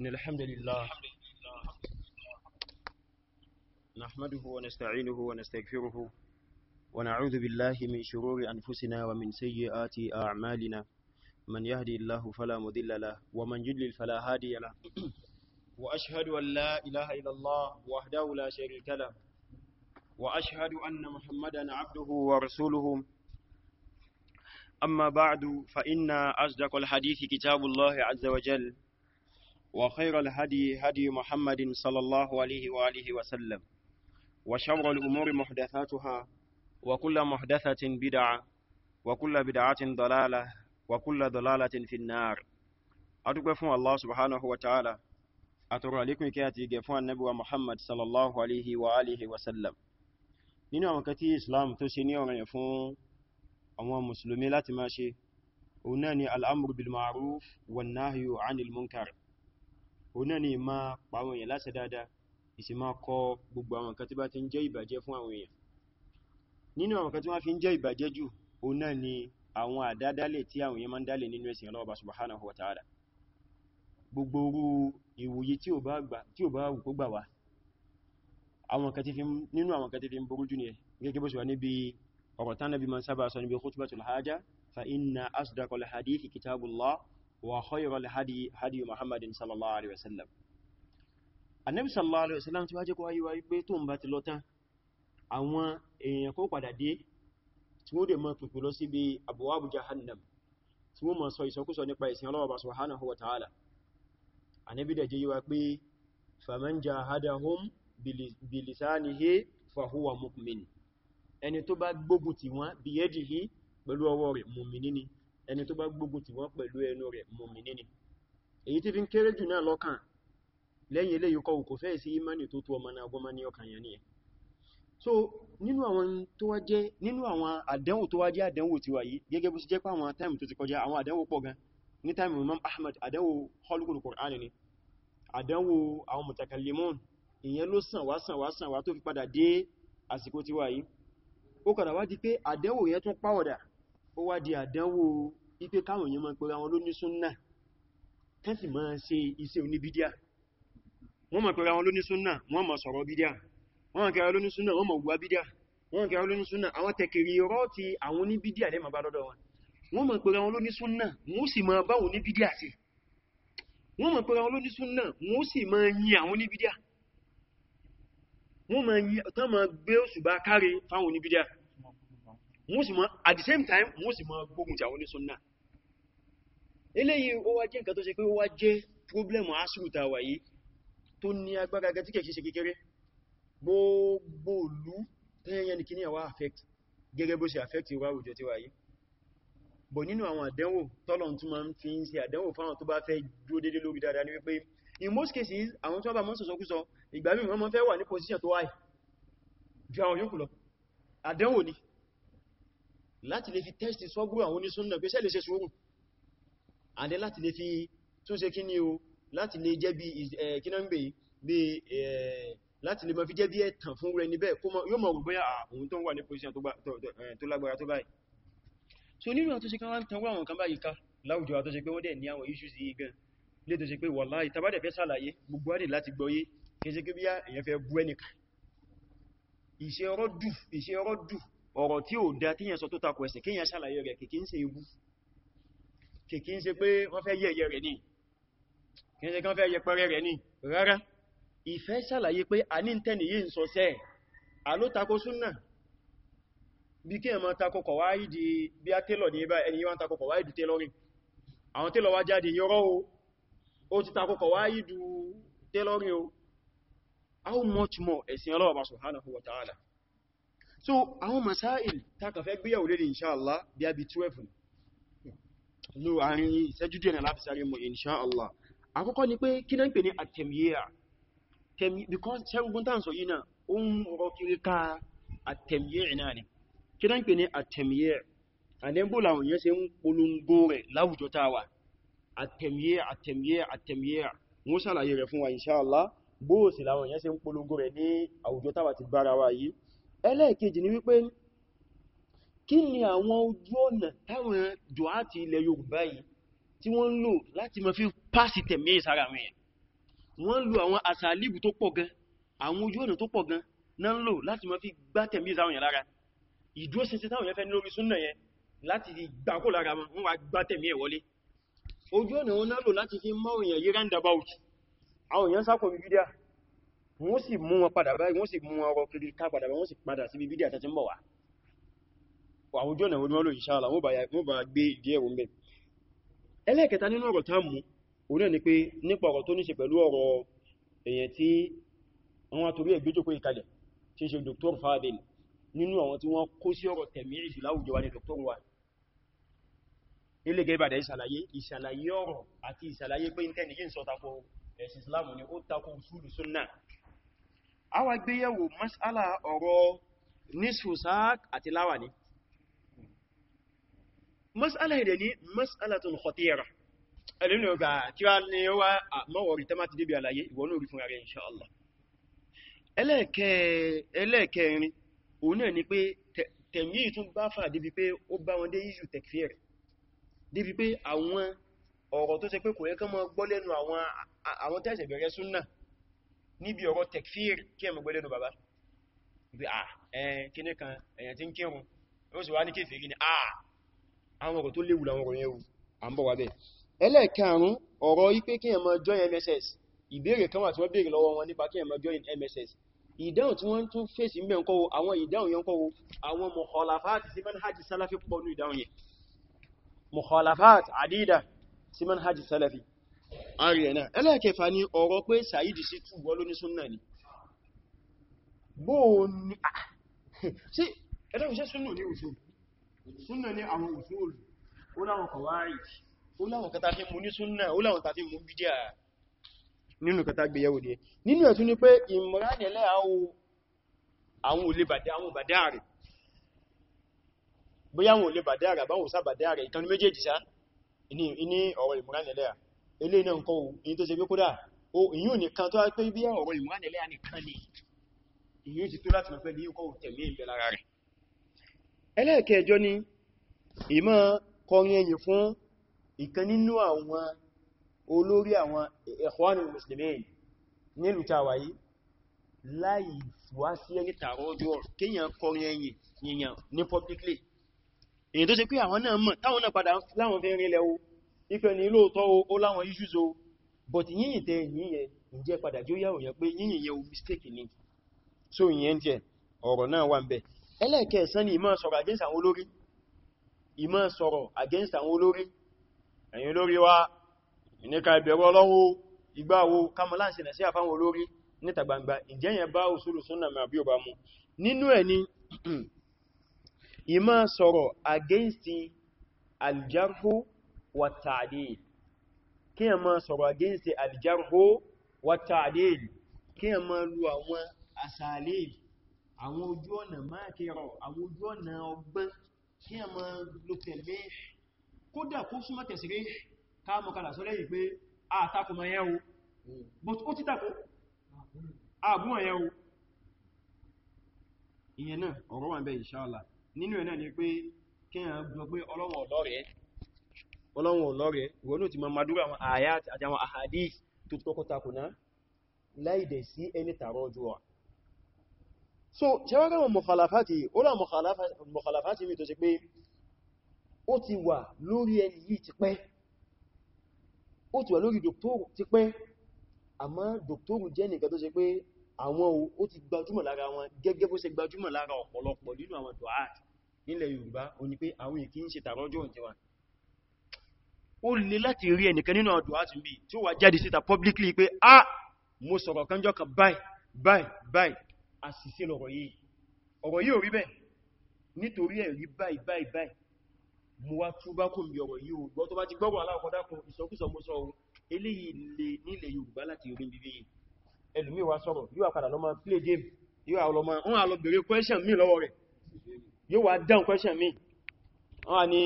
إن الحمد لله نحمده ونستعينه ونستغفره ونعوذ بالله من شرور أنفسنا ومن سيئات أعمالنا من يهدي الله فلا مضل له ومن يضلل فلا هادي له وأشهد أن لا إله إلا الله وحده لا شريك له وأشهد أن محمدا عبده ورسوله أما بعد فإن أصدق الحديث كتاب الله عز وجل وخير الهدي هدي محمد صلى الله عليه وآله وسلم وشر الأمور محدثاتها وكل محدثة بدعة وكل بدعة ضلالة وكل ضلالة في النار أتقفون الله سبحانه وتعالى أترى لكم كياتي قفون النبي محمد صلى الله عليه وآله وسلم نينو àwọn kan tí islam tó ṣe ní ọ̀ranyàn fún àwọn mùsùlùmí láti máa ṣe òun náà ni máa pa àwọn èèyàn láṣẹ dáadáa ìsì máa kọ gbogbo àwọn nǹkan tí bá ti ń jẹ́ ìbàjẹ́ fún àwọn èèyàn nínú àwọn nǹkan tí wọ́n fi ń jẹ́ ìbàjẹ́ jù òun náà ni àwọn àdádálẹ̀ tí àwọn èèyàn máa ń dálẹ̀ nínú ẹ̀sìn ọlọ́ọ̀bá subhanahu wa ta'ala gbogbo orú ìwòye tí ò bá وخير الهدي هدي محمد صلى الله عليه وسلم النبي صلى الله عليه وسلم tí wá jẹ́ kó ayi wa pé tó ń bá ti lọ tán àwọn èèyàn kó padà dé tí wọ́n dẹ̀ máa pèpè lọ síbi abwabu jahannam tí wọ́n máa sọ ìsọkúsọ nípa ìsìn Ọlọ́run Ọba subhanahu wa ta'ala Ànábì dẹ̀ jẹ́ yíwa pé faman jahadahum bilisanihi fahuwa mu'min ẹni tó bá gbógun ti wọn biyadihi pẹ̀lú ọwọ́ rẹ̀ mu'mini ni ẹni tó bá gbógun tì wọ́n pẹ̀lú ẹnu rẹ̀ mùmínì ni èyí tí fi ń kéré jù náà lọ́kàn lẹ́yìn eléyìí kọ́ kò fẹ́ sí imani tó tó ọmọ náà gọ́mọ́ ní ọkàn yẹn nìyẹn so nínú àwọn tó wá jẹ́ nínú àwọn àdánwò tó wá jẹ́ àdánwò ti wà yìí gẹ́gẹ́ bó sì jẹ́ pé àwọn táìmù tó ti kọjá àwọn àdánwò pọ̀ gan ní táìmù Imam Ahmad àdánwò hollywood Qur'an ni àdánwò àwọn mutakallimun ìyẹn ló ó wá di àdánwò ipé káwọn èèyàn máa pẹ̀lú àwọn lóní súnnà tẹ́sì máa ṣe iṣẹ́ oníbídíà wọ́n máa pẹ̀lú àwọn lóní súnnà wọ́n máa sọ̀rọ̀ bídíà wọ́n máa kẹrẹ lóní súnnà wọ́n máa wùwá bídíà wọ́n máa kẹrẹ lóní súnnà àwọn tẹ̀kẹ̀rẹ̀ ọ̀rọ̀ ti àwọn oníbídíà lẹ́mà bá lọ́dọ̀ wọn wọ́n máa pẹ̀lú àwọn lóní súnnà wọ́n sì máa bá wọn oníbídíà sí wọ́n máa pẹ̀lú gbé òṣùbà káre fáwọn oníbídíà wọ́n at the same time wọ́n sì mọ́ gbógun ti àwọn onísúnnà eléyìí ó wá jẹ́ nǹkan tó ṣe pé ó wá jẹ́ problem asúrùta wà yìí tó ní agbára gẹ́gẹ́ tí kẹ̀kẹ́ ṣe kékeré gbogbo ìlú tẹ́yẹn ní kíní àwá affect gẹ́gẹ́ in most cases àwọn tó bá mọ́ sọ̀sọ́kúsọ ìgbà mí wọ́n mọ́ fẹ́ wà ní position tó wáyìí ju àwọn yòókù lọ àdánwò ni láti lè fi test sọ́gbùrù àwọn onísúnnà pé sẹ́lẹ̀ ṣe sùúrù àdẹ́ láti lè fi tún ṣe kíní o láti lè jẹ́ bí eh, kínàmbé bí eh, láti lè máa fi jẹ́ bí ẹ̀tàn fún rẹ̀ níbẹ̀ yóò mọ̀ gbogbo àwọn tó wà ní position eh, tó lágbára tó báyìí so nínú àtúnṣe kan wá ń tan wọ́n àwọn kan báyìí ká láwùjọ àtúnṣe pé wọ́n dẹ̀ ní àwọn ìṣẹ́ ọ̀rọ̀ dù ọ̀rọ̀ tí ó dá tíyàn sọ tó takò ẹ̀sìn kíyàn ṣàlàyé rẹ̀ kìkí se ṣe ewu kìkí ń ṣe pé wọ́n fẹ́ yẹ̀yẹ̀ rẹ̀ ní kìí se kán fẹ́ yẹpẹrẹ rẹ̀ ní rárá ìfẹ́ ṣàlàyé pé a ní tẹ́ni yìí ń sọ sẹ́ àló takò súnà bí kí ẹ̀mọ́ takò kọ̀wáìdì bí a tẹ́lọ̀ ní ibá ẹni wọ́n takò kọ̀wáìdù tẹ́lọ̀rìn àwọn tẹ́lọ̀ wá jáde yọrọ o ó ti takò kọ̀wáìdù tẹ́lọ̀rìn o how much more ẹ̀sìn ọlọ́ọ̀bá subhanahu wa so àwọn masáìl takàfẹ́ gbéyàwó lè inṣáàlá bí a bí 12 ní àárín ìṣẹ́jú díẹ̀ láti sáré mọ̀ inṣáàlá àkọ́kọ́ ni pé kí náà ń pè ní àtẹ̀míyà because ṣẹ́gbùn tàn sọ yìí náà ó ń rọ kiri ká àtẹ̀míyà náà ni kí náà ń pè ní àtẹ̀míyà àdẹ́bò làwọn èèyàn ṣe ń polongo rẹ̀ láwùjọ táwà àtẹ̀míyà àtẹ̀míyà àtẹ̀míyà wọ́n ṣàlàyé rẹ̀ fún wa inṣáàlá ẹlẹ́ẹ̀kejì ni wípé kí ni àwọn ojú ọ̀nà táwọn dùátì ilẹ̀ Yorùbá yìí tí wọ́n ń lò láti mọ̀ fi pàṣì tẹ̀mí ìsára rẹ̀ wọ́n ń lò àwọn àsàlíbù tó pọ̀ gan àwọn ojú ọ̀nà tó pọ̀ gan náà ń lò láti mọ̀ fi gbá tẹ̀mí ìsára yẹn lára ìdúróṣinṣin táwọn yẹn fẹ́ ní lórí súnnà yẹn láti gbà kó lára wọ́n sì mú wọn padà báyìí wọ́n sì mú wọn ọ̀rọ̀ kiri ká padà wọ́n sì padà sí ibi díà tàbí mọ̀wá àwùjọ náà wọ́n lò inshallah wọ́n bá gbé ìdí ẹ̀wọ̀n bẹ̀ ẹlẹ́ẹ̀kẹta nínú ọ̀rọ̀ tá mú ni pé nípa ọ̀rọ̀ tó ní Dr. Fadil nínú àwọn tí wọ́n kó sí Dr. wa ilé gẹ́bàdà ìṣàlàyé ìṣàlàyé ọ̀rọ̀ àti ìṣàlàyé pé ní tẹ́ni yí ń sọ tako ẹ̀sìn Islam ni ó tako usulu sunnah a wá gbéyẹ̀wò mas'ala ọ̀rọ̀ nisfu sa'q àti láwàní mas'ala ìdẹ̀ ní mas'alatun khatira ẹlẹ́nu ọgbà kí wá ní ó wá mọ́wọ̀rí tẹ́mà ti débi àlàyé ìwọ̀n orí fún ààrẹ insha Allah ẹlẹ́ẹ̀kẹ́rin òun náà ni pé tẹ̀mí ìtún bá fà débi pé ó bá wọn dé ìṣù tekfir débi pé àwọn ọ̀rọ̀ tó ṣe pé kò yẹ kán mọ́ gbọ́ àwọn tẹ́sẹ̀ bẹ̀rẹ̀ súnnà níbi ọ̀rọ̀ tekfir kí ẹmọ̀ gbẹ́lẹ́nu bàbá bí à ẹ̀yìn kíní kan ẹ̀yìn tí ń kírun ó sì wá ní kéfèrí ni àà àwọn ọ̀rọ̀ tó léwu làwọn ọ̀rọ̀ yẹn à ń bọ̀ wá bẹ́ẹ̀ join MSS ìbéèrè kan wà tí wọ́n béèrè lọ́wọ́ wọn nípa kí ẹmọ join MSS ìdáhùn tí wọ́n tún fèsì ń bẹ̀ ń kọ́ àwọn ìdáhùn yẹn ń kọ́ àwọn mukhalafat sí manhaj salafi pọ̀ ààrẹ ẹ̀ náà ẹlẹ́ẹ̀kẹfà ni ọ̀rọ̀ pé Saidi sí túbọ̀ ló ní súnnà ni bóò ní sí ẹlẹ́wọ̀ṣẹ́ súnnà ní òṣù súnnà ní àwọn òṣù olù ó láwọn kọ̀wárì ó láwọn kata fi mú ní súnnà ó láwọn tàbí mú bídíà nínú kata gbéyàwó ni pé Imran ẹlẹ́ àwọn olè bàdá rẹ̀ bóyá àwọn olè bàdá rẹ̀ àbáwọn òsà bàdá rẹ̀ ìkanu méjèèjì sá ní ilé náà kọ́ èyí tó ṣe pé kódà èyí ò nìkan tó pé bí ọ̀rọ̀ ìmúránilẹ́ ànìkan ni èyí ti tó láti mọ̀ pé ní kọ́ tẹ̀lé ìbẹ̀ lára rẹ̀ ẹlẹ́ẹ̀kẹjọ ni ìmọ̀ kọrin ẹ̀yìn fún ìkan nínú àwọn olórí àwọn Ikhwanul Muslimin nílùú tàwà yìí láì wá sí ẹni tààrọ̀ ọjọ́ kíyàn kọrin ẹ̀yìn yìnyàn ní publicly èyí ife ni lóòtọ́ ó láwọn issues o but yínyìn tẹ yínyẹ ǹjẹ́ padà jí ó yàwó yẹn pé yínyìn yẹ o mistake ni so yínyẹn jẹ ọ̀rọ̀ náà wà ń bẹ ẹlẹ́ẹ̀kẹ́ẹ̀sán ni ìmọ̀ sọ̀rọ̀ against àwọn olórí ìmọ̀ sọ̀rọ̀ against àwọn olórí ẹ̀yin olórí wa ìníkà ìbẹ̀rù ọlọ́wọ́ ìgbàwó kamaláǹsì nà sí àfáwọn olórí níta gbangba ìjẹ́yẹn bá òṣùlù súnnà mẹ́ àbí ọba mú nínú ẹ̀ ni والتعديل كما سورة جنس الجرح والتعديل كما لو àwọn asalib àwọn ojú ọ̀nà makiro àwọn ojú ọ̀nà ọgbọ́n kema lo tẹ̀lé kódà kó súnmọ́ tesire ká mọ̀ kala so leyi pé a but ó ti tako a bu mo yen o ìyẹn náà ọ̀rọ̀ wà ńbẹ̀ inshallah nínú ẹ̀ náà ọlọ́wọ̀ ọ̀dọ́ ọlọ́run ọlọ́rẹ̀ ìwọ̀n náà ti ma madúrà àwọn àyà àti àwọn ahadith tó tọ́kọ́ takùnà láìdẹ̀ sí ẹni tààrọ ojú wa so ṣẹwọ́gbọ́n wọn mọ̀kàlàfàtì ó rà mọ̀kàlàfàtì mi tó ṣe pé ó ti wà lórí ẹni yìí ti pẹ́ ó ti wà lórí dòktóòrù ti pẹ́ àmọ́ dòktóòrù jẹ́ nìkan tó ṣe pé àwọn ó ti gbajúmọ̀ lára wọn gẹ́gẹ́ bó ṣe gbajúmọ̀ lára ọ̀pọ̀lọpọ̀ nínú àwọn dùá nílẹ̀ Yorùbá ó pé àwọn èkí ń ṣe tààrọ́jọ́ ìjẹwàá ó lè láti rí ẹnìkan nínú àdúwà tí ń bí tí ó wà jáde síta publicly pé a mo sọ̀rọ̀ kanjọ́ kan báyìí báyìí báyìí àṣìṣe lọ̀rọ̀ yìí ọ̀rọ̀ yìí ò rí bẹ́ẹ̀ nítorí ẹ̀rí báyìí báyìí báyìí mo wá túbá kò mi ọ̀rọ̀ yìí ò gbọ́ tó bá ti gbọ́rọ̀ aláàkọ́dákùn ìsọkúsọ mo play game yóò àwọn ọmọ wọn àlọ bèèrè question mi lọ́wọ́ rẹ̀ yóò wá dáhùn question mi wọn ni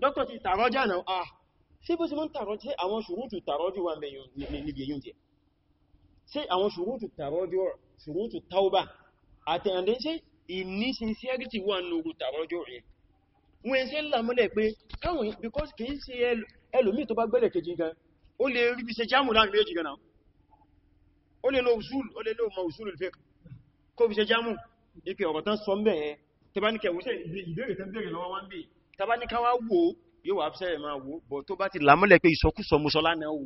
dókítà ti tàrọ́jà náà ah ṣe bó ṣe mọ́ ń tàrọ́jẹ́ àwọn ṣùrútù tàrọ́jù wà níbi èyí jẹ́ ṣe àwọn ṣùrútù tàrọ́jù ṣùrútù taubá àtẹ̀yàndé ṣe ìní sincerity wà nínú tàrọ́jù rẹ̀ wọ́n ṣe lámọ́lẹ̀ pé káwọn because kìí ṣe ẹlòmí tó bá gbẹ́lẹ̀ kejì gan ó lè rí bí ṣe jámù láàrin méjì gan náà ó lè lo usul ó lè lo ma usul ọ̀rọ̀ tán sọ mẹ́ ẹ tẹbánikẹ̀ wọ́n ṣe lọ́wọ́ wọ́n bèèrè tàbá ní káwà wò yóò wà fẹ́ ma wò bọ̀ tó bá ti lámọ́lẹ̀ pé ìsọkúsọ mọ́sọ́lá náà wò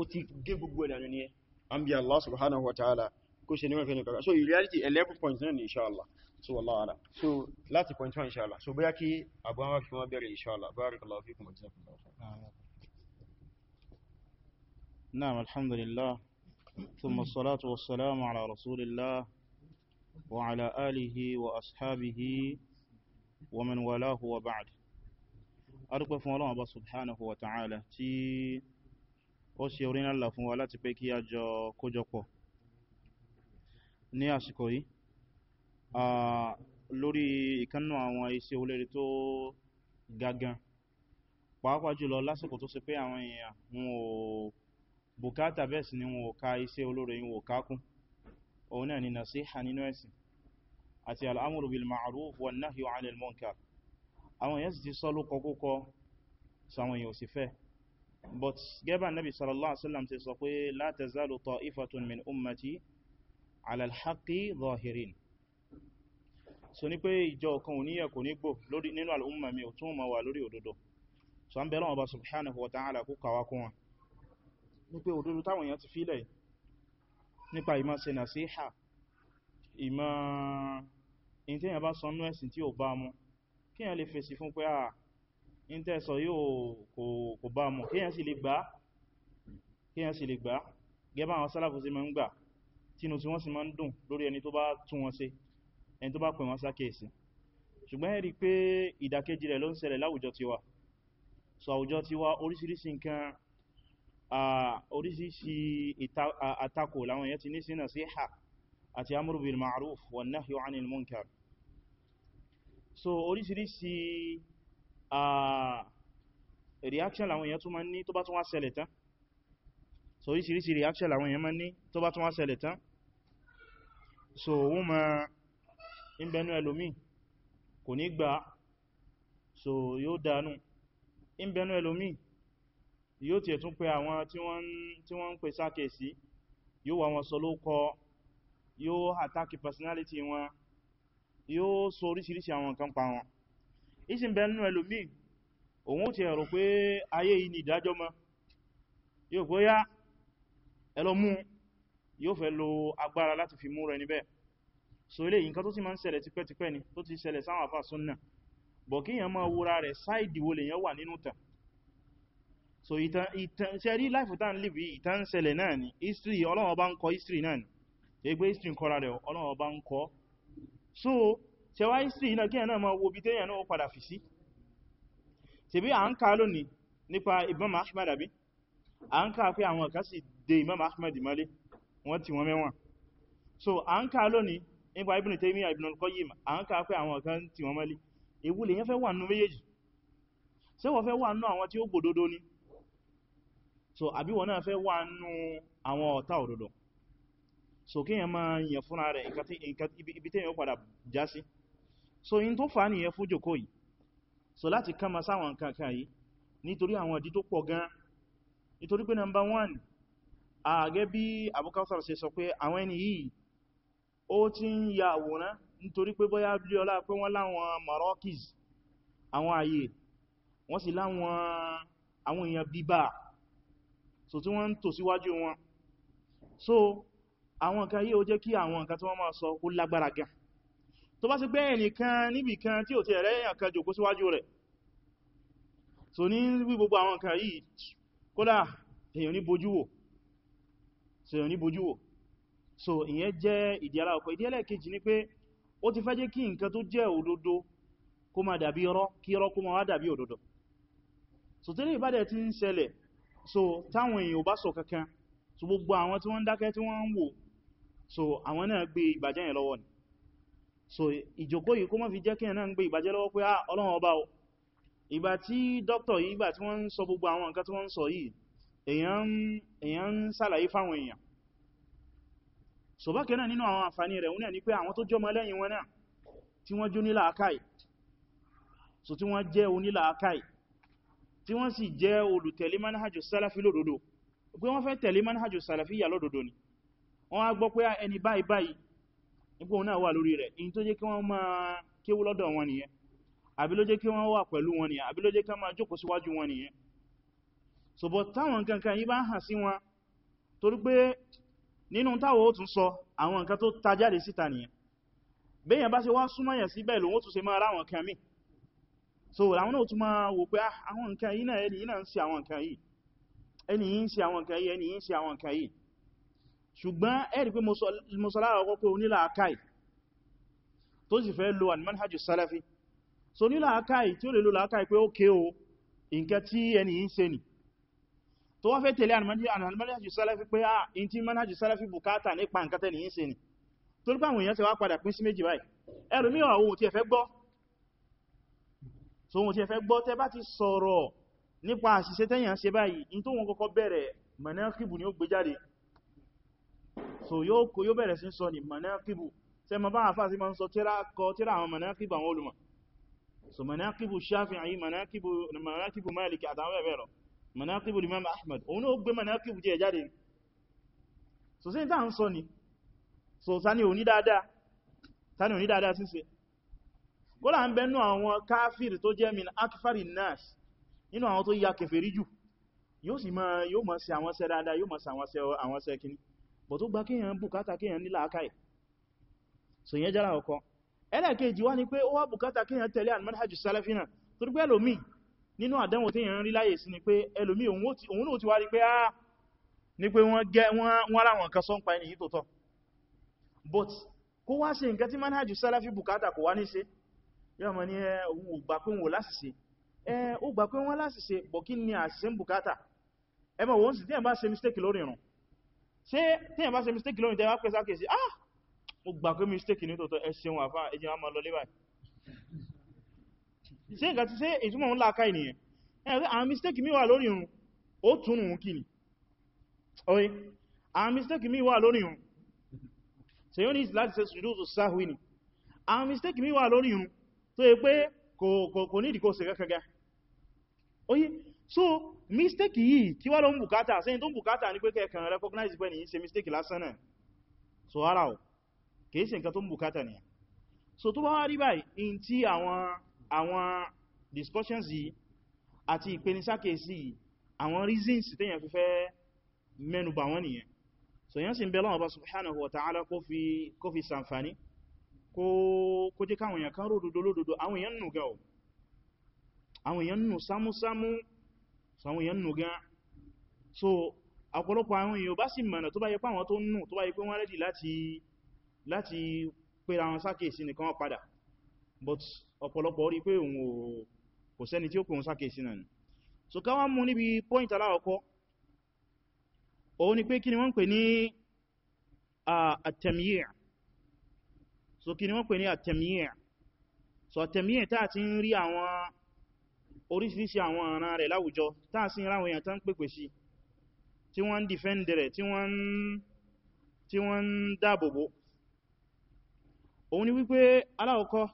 ó ti gé gbogbo ẹ̀dà ní ẹ an Allah subhanahu wa ta'ala kó ṣe níwọ̀n fẹ́nu kọ̀kọ̀ so in reality 11 points náà ni inshallah so Allah ala so láti point 1 inshallah so bóyá kí abu hawa fi wọ́n bẹ̀rẹ̀ inshallah barakallahu fikum wa jazakumullahu khairan na'am alhamdulillah thumma salatu wassalamu ala rasulillah wa ala alihi wa ashabihi ومن والاه وبعد adúpẹ́ fún Ọlọ́run Ọba subhanahu wa ta'ala tí ó ṣe orí ńlá fún wa láti pé kí a jọ kójọpọ̀ ní àsìkò yìí lórí ìkánnà àwọn iṣẹ́ olóri tó gagan pàápàá jùlọ lásìkò tó ṣe pé àwọn èèyàn wọn ò bùkátà bẹ́ẹ̀ sì ni wọn ò ka iṣẹ́ olóri wọn ò kákún òun náà ni nasiha nínú ẹ̀sìn àti al'amuru bil ma'ruf wa nahyu 'anil munkar àwọn èèyàn sì ti sọ lókọ kókọ sàwọn èèyàn sì fẹ́ but gẹ́bà nabi sallallahu alaihi wasallam ti sọ pé la tazalu ta'ifatun min ummati ala al-haqqi zahirin so ní pé ìjọ kan ò níyẹ kò ní gbò nínú al'umma mi ò tún ma wà lórí òdodo so an bẹ̀rẹ̀ ọba subhanahu wa ta'ala kó kàwà kún wọn ní pé òdodo táwọn èèyàn ti fílẹ̀ nípa ìmá ṣe nasiha in tẹ́yàn bá sọ nú ẹ̀sìn tí ò bá mu kíyàn lè fèsì fún pé àà in tẹ́sọ yóò kò bá mu kíyàn sì lè gbà kíyàn sì lè gbà gẹ́bà àwọn sálàfù sí ma ń gbà tínú tí wọ́n sì ma ń dùn lórí ẹni tó bá tún wọn ṣe ẹni tó bá pè wọn sákèèsí ṣùgbọ́n ẹ̀rí pé ìdàkejì rẹ̀ ló ń ṣẹlẹ̀ láwùjọ tiwa so àwùjọ tiwa oríṣiríṣi nǹkan oríṣiríṣi àtakò làwọn èèyàn ti ní sí nasiha àti amúrùbìl ma'ruf wa nahyu anil munkar so oríṣiríṣi reaction làwọn èèyàn tún máa ní tó bá tún wá ṣẹlẹ̀ tán so oríṣiríṣi reaction làwọn èèyàn máa ní tó bá tún wá ṣẹlẹ̀ tán so wọ́n ma ń bẹnu ẹlòmí kò ní gbà so yóò dánú ń bẹnu ẹlòmí yóò tiẹ̀ tún pé àwọn tí wọ́n ń pè sákèsí yóò wà wọn sọ ló yóò attack personality wọn yóò sọ oríṣiríṣi àwọn nǹkan pa wọn ìsìn bẹ nínú òun ti ẹ̀rọ pé ayé yìí ni ìdájọ́ mọ́ yóò pé yá ẹlọ́mú yóò fẹ́ lo agbára láti fi mú rẹ níbẹ̀ so ilé yìí nǹkan tó ti máa ń ṣẹlẹ̀ tipẹ́tipẹ́ ni tó ti ṣẹlẹ̀ sáwọn àfà súnnà bọ̀ kí èèyàn máa wúra rẹ̀ sáìdì so ìtàn ìtàn ṣe rí láìfù tán lè bí ìtàn history ọlọ́wọ́ bá history náà ni history ń kọ́ra rẹ̀ ọlọ́wọ́ so ṣe wá history náà kíyàn náà ma wo bí tẹ́yàn náà padà fi sí ṣe bí à ń ká lónìí nípa Imam Ahmad àbí à ń ká pé àwọn Imam Ahmad mọ́lé wọ́n ti wọ́n mẹ́wọ̀n so à ń ká lónìí nípa Ibn Taymiyyah Ibn al-Qayyim à ń ká pé àwọn ti wọ́n mọ́lé ewu lèyàn fẹ́ wà nú méjèèjì ṣé wọ́n fẹ́ wà nú àwọn tí ó gbòdodo ni so àbí wọ́n náà fẹ́ wà nú àwọn ọ̀tá òdodo so kí yẹn máa yẹn fúnra rẹ̀ ibi tí yẹn padà já sí so in tó fà ní yẹn fún jòkó yìí so láti kama sáwọn kankan yìí nítorí àwọn ìdí tó pọ̀ gan nítorí pé number one ààgẹ́ bí abúkásar ṣe sọ pé àwọn ẹni yìí ó ti ń ya àwòrán nítorí pé bóyá bí ọlá pé wọ́n láwọn marokies àwọn ààyè wọ́n sì láwọn àwọn èèyàn bíbà so tí wọ́n ń tò síwájú wọn so àwọn nǹkan yíò jẹ́ kí àwọn nǹkan tí wọ́n máa sọ kó lágbára gan tó bá sì pé ẹnìkan níbi kan tí ò ti ẹ̀rẹ́ èèyàn kan jòkó síwájú rẹ̀ so ní wí gbogbo àwọn nǹkan yìí kódà èèyàn ní bojú wò so èèyàn ní bojú wò so ìyẹn jẹ́ ìdíyàlá ọkọ̀ ìdíyàlá kejì ni pé ó ti fẹ́ jẹ́ kí nǹkan tó jẹ́ òdodo kó máa dàbí irọ́ kí irọ́ kó máa wá dàbí òdodo so tẹ́lẹ̀ ìbádẹ̀ ti ń ṣẹlẹ̀ so táwọn èèyàn ò bá sọ kankan so gbogbo àwọn tí wọ́n ń dákẹ́ tí wọ́n ń wò so àwọn náà gbé ìbàjẹ́ yẹn lọ́wọ́ ni so ìjòkó yìí kó má fi jẹ́ kí ẹ̀nà ń gbé ìbàjẹ́ lọ́wọ́ pé ah, ọlọ́run ọba o ìgbà tí dókítọ̀ yìí ìgbà tí wọ́n ń sọ gbogbo àwọn nǹkan tí wọ́n ń sọ yìí èèyàn ń sàlàyé fáwọn èèyàn so bákan náà nínú àwọn àǹfààní rẹ̀ wọ́n náà ni pé àwọn tó jọmọ lẹ́yìn wọ́n fẹ́ tẹ̀lé manhajus salafiyya lódodo ni wọ́n á gbọ́ pé ah, ẹni báyìí báyìí nípò náà wà lórí rẹ̀ in tó jẹ́ kí wọ́n máa kéwú lọ́dọ̀ wọn nìyẹn àbí ló jẹ́ kí wọ́n wà pẹ̀lú wọn nìyẹn àbí ló jẹ́ kí wọ́n máa jókòó síwájú wọn nìyẹn Sọ̀bọ̀ táwọn nǹkan yí bá hàn sí wọn torí pé nínú táwọn ó tún sọ àwọn nǹkan ṣùgbọ́n ẹ̀rì pé mọ́sọ̀lára ọkọ̀ pé onílàákàì tó sì fẹ́ lo al-manhaju salafi so nílàákàì tí ó lè lo làákàì pé ókè o nǹkan tí ẹni yìí ń ṣe ni tó wá fẹ́ tẹ̀lé al-manhaju salafi pé a ah, in tí manhaju salafi bukata nípa nǹkan tẹ́ni yìí ń ṣe ni tó ní pàwọn èèyàn ti wá padà pín sí méjì báyìí ẹlòmíì àwọn tí ẹ fẹ́ gbọ́ so wọn tí ẹ fẹ́ gbọ́ tẹ́ bá ti sọ̀rọ̀ nípa àṣìṣe tẹ́yàn ṣe so yóò kó yóò bẹ̀rẹ̀ sí sọ ní manaqibu tẹ ma bá àfáà sí ma ń sọ tíra kọ tíra àwọn manaqibu àwọn olùmọ̀ so manaqibu shafi'i manaqibu manaqibu maliki àtàwọn ẹ̀bẹ̀ lọ manaqibu imam òun ó gbé jáde so sí ní sọ ni so tani òní dáadáa síse kódà ń bẹnu àwọn káfíìrì tó jẹ́ min akfari nas nínú àwọn tó ya kèfèrí yóò sì máa yóò máa àwọn dáadáa yóò máa àwọn but ó gba kíyàn bùkátà kíyàn ní làákàyè so yẹn jára ọkọ ẹlẹ́kejì wá ní pé ó wá bùkátà kíyàn tẹ̀lé al-manhaj salafina tó rí pé ẹlòmí nínú àdánwò tí yẹn rí láyè sí ni pé ẹlòmí òun náà ti wá rí pé á ní pé wọ́n gẹ́ wọ́n ara wọn kan sọ pa ẹni yìí but kó wá ṣe nǹkan tí manhaj salafi bùkátà kò wá ní ṣe yọ́ mọ̀ ní ẹ ò gbà pé wọ́n láṣìṣe ẹ ó gbà pé wọ́n láṣìṣe bọ̀ kí ṣe tí ẹ̀ bá ṣe mistake lónìí tẹ́wàá pẹ́ sákèsí ah mo gbà pé mistake ní tòótọ́ ẹ ṣeun àfá ẹjẹ́ wọn máa lọ lébàá ṣe nǹkan ti ṣe ìtumọ̀ ń láàká ènìyàn ẹ̀rẹ́ àwọn mistake mi wà lórí irun ó tún un kí ni ọ̀rẹ́ àwọn mistake mi wà lórí irun ṣe yóò ní láti ṣe sùdúrù sáhùí ni àwọn mistake mi wà lórí irun tó yẹ pé kò ní ìdíkò ṣe kẹ́kẹ́gẹ́ so mistake yìí kí wá ló ń bùkátà sẹ́yìn tó ń bùkátà ní pé kẹ́ẹ̀kan recognize pé ní ṣe mistake lásán náà so ara o kìí ṣe nǹkan tó ń bùkátà ní so tó bá wá rí báyìí in tí àwọn àwọn discussions yìí àti ìpenisákèsí yìí àwọn reasons tẹ́yàn fi fẹ́ mẹ́nubà wọ́n nìyẹn so yẹn sì ń bẹ Ọlọ́run Ọba subhanahu wa ta'ala kó fi kó fi sàǹfàní kó jẹ́ káwọn èèyàn kan ródòdó lódòdó àwọn èèyàn nù gẹ́ ọ̀ àwọn èèyàn nù sámúsámú sàwọn èèyàn nù gan so ọ̀pọ̀lọpọ̀ àwọn èèyàn bá sì mọ̀nà tó bá yẹ pàwọn tó nù tó bá yẹ pé wọ́n rẹ́dì láti láti pèrà wọn sákèsí nìkan wọ́n padà but ọ̀pọ̀lọpọ̀ rí pé òun kò sẹ́ni tí ó pè wọn sákèsí náà so ká wọ́n mú níbi point aláwọ̀kọ́ òun ni pé kí ni wọ́n pè ní àtẹ̀míyà so kí ni wọ́n pè ní àtẹ̀míyà so àtẹ̀míyà táà ti ń rí àwọn oríṣiríṣi àwọn ọ̀ràn rẹ̀ láwùjọ táà sí ráwọn èèyàn tán pèpè sí tí wọ́n ń dìfẹ́ndì rẹ̀ tí wọ́n ń dáàbòbò òun ni wípé aláwọ̀kọ́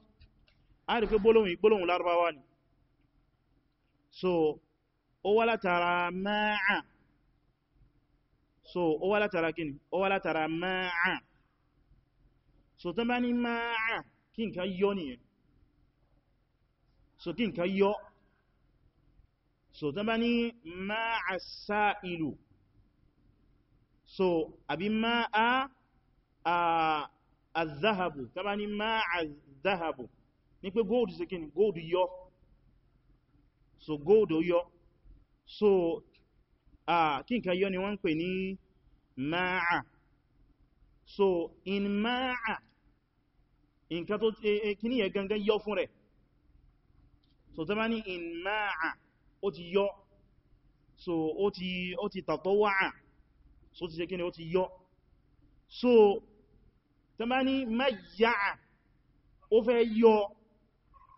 àríkẹ́ gbólóhùn ìgbólóhùn ni so ó wá látara máa so ó wá látara kíni ó wá látara máa so tán bá ní máa kí nǹkan yọ nìyẹn so kí nǹkan yọ so tán bá ní máa àṣà ìlú so àbí máa a àzáhàbù tán bá ní máa àzáhàbù ní pé gold sí kí gold yọ so gold yọ so kí nǹkan yọ ni wọ́n ń pè ní máa so in máa nǹkan tó e, e, kí ní ẹ̀ gangan yọ fún rẹ̀ so tán bá ní in máa ó ti yọ́ so ó ti ó ti tàtọ́ so ti ṣe kí ni ó ti yọ́ so tó bá ní mẹ́yà ó fẹ́ yọ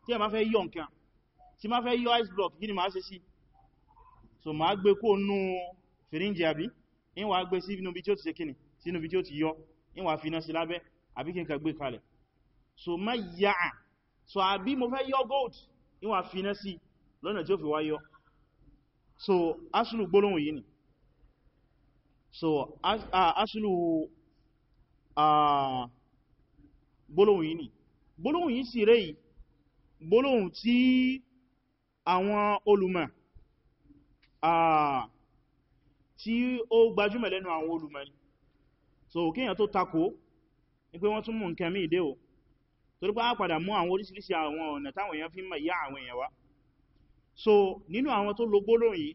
tí a máa fẹ́ yọ nǹkan tí máa fẹ́ yọ ice block kí máa ṣe sí so máa gbé kó nú fìríǹjì àbí in gbé sí inú bí tí ó ti ṣe kí sí inú bí tí ó ti yọ in wà sí lábẹ́ àbí kí n kà kalẹ̀ so mẹ́yà so àbí mo fẹ́ yọ gold in wà sí lọ́nà tí ó fi wá yọ so asìlù gbólóhùn yìí ni so asìlù gbólóhùn yìí ni gbólóhùn yìí sì rẹ̀ yìí gbólóhùn tí àwọn olùmọ̀ tí ó gbajúmọ̀ lẹ́nu àwọn ni so kíyàn tó takò ní pé wọ́n tún mú nkẹ̀mí ìdé o torípá padà mú àwọn oríṣiríṣi àwọn ọ̀nà táwọn èèyàn fi mọ̀ yá àwọn èèyàn wá so nínú àwọn tó lo gbólóhùn yìí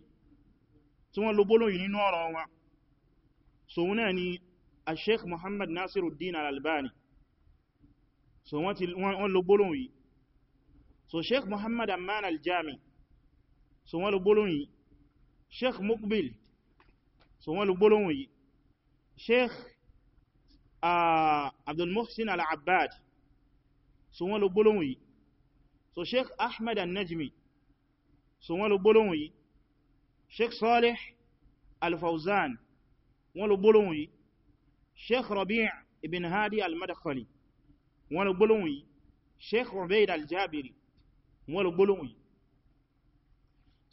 tí wọ́n lo gbólóhùn yìí nínú ọ̀rọ̀ wọn so wọ́n náà ni a sheikh muhammad nasiruddin al-albani so wọ́n ti wọ́n lo gbólóhùn yìí so sheikh muhammad amman al-jami so wọ́n lo yìí sheikh mukbil so wọ́n lo yìí sheikh abdul al-abbad so wọ́n lo yìí so sheikh ahmad al-najmi so wọ́n lo gbólóhùn yìí sheikh salih al-fawzan wọ́n lo gbólóhùn yìí sheikh rabi' ibn hadi al-madkhali wọ́n lo gbólóhùn yìí sheikh ubayd al-jabiri wọ́n lo gbólóhùn yìí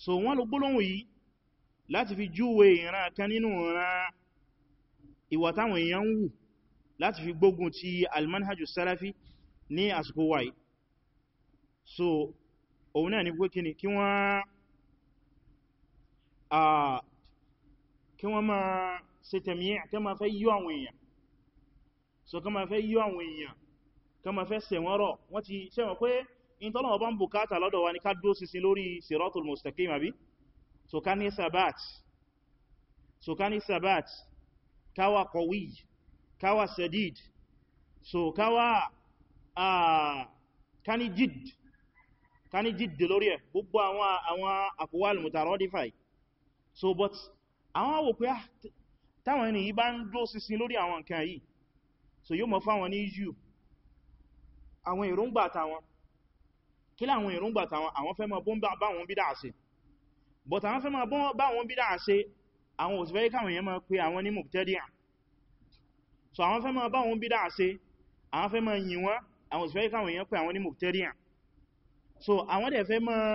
so wọ́n lo gbólóhùn yìí láti fi júwe ìran kan nínú ìran ìwà táwọn èèyàn wù láti fi gbógun ti almanhajus salafi ní àsìkò wáyé so òun náà ni pé kí ni kí wọ́n kí wọ́n máa ṣe tẹ̀míyàn kí ma fẹ́ yíò àwọn èèyàn so kí ma fẹ́ yíò àwọn èèyàn kí ma fẹ́ sẹ̀wọ́rọ̀ wọ́n ti sẹ́wọ̀n pé in tọ́lọ̀ bá ń bùkátà lọ́dọ̀ wa ní ká dó sísin lórí siratul mustaqim àbí so ká ní sabat so ká ní sabat káwà qawi káwà sadid so káwà ká ní jid Kani ní jíde lórí ẹ̀ gbogbo àwọn àwọn àkówàlù mùtàrọ́dífà so but àwọn àwò pé ah, táwọn ẹni yìí bá ń dó sísin lórí àwọn nǹkan yìí so yóò mọ̀ fáwọn ní yíò àwọn èròǹgbà tàwọn kí láwọn èròǹgbà tàwọn àwọn fẹ́ máa bá but àwọn fẹ́ máa bá wọn bídà àṣe àwọn òsìfẹ́ káwọn èèyàn máa pé àwọn ní mubtadi'a so àwọn fẹ́ máa bá wọn bídà àṣe àwọn fẹ́ máa yìn wọ́n àwọn òsìfẹ́ káwọn èèyàn pé àwọn ní so àwọn dẹ̀ fẹ́ máa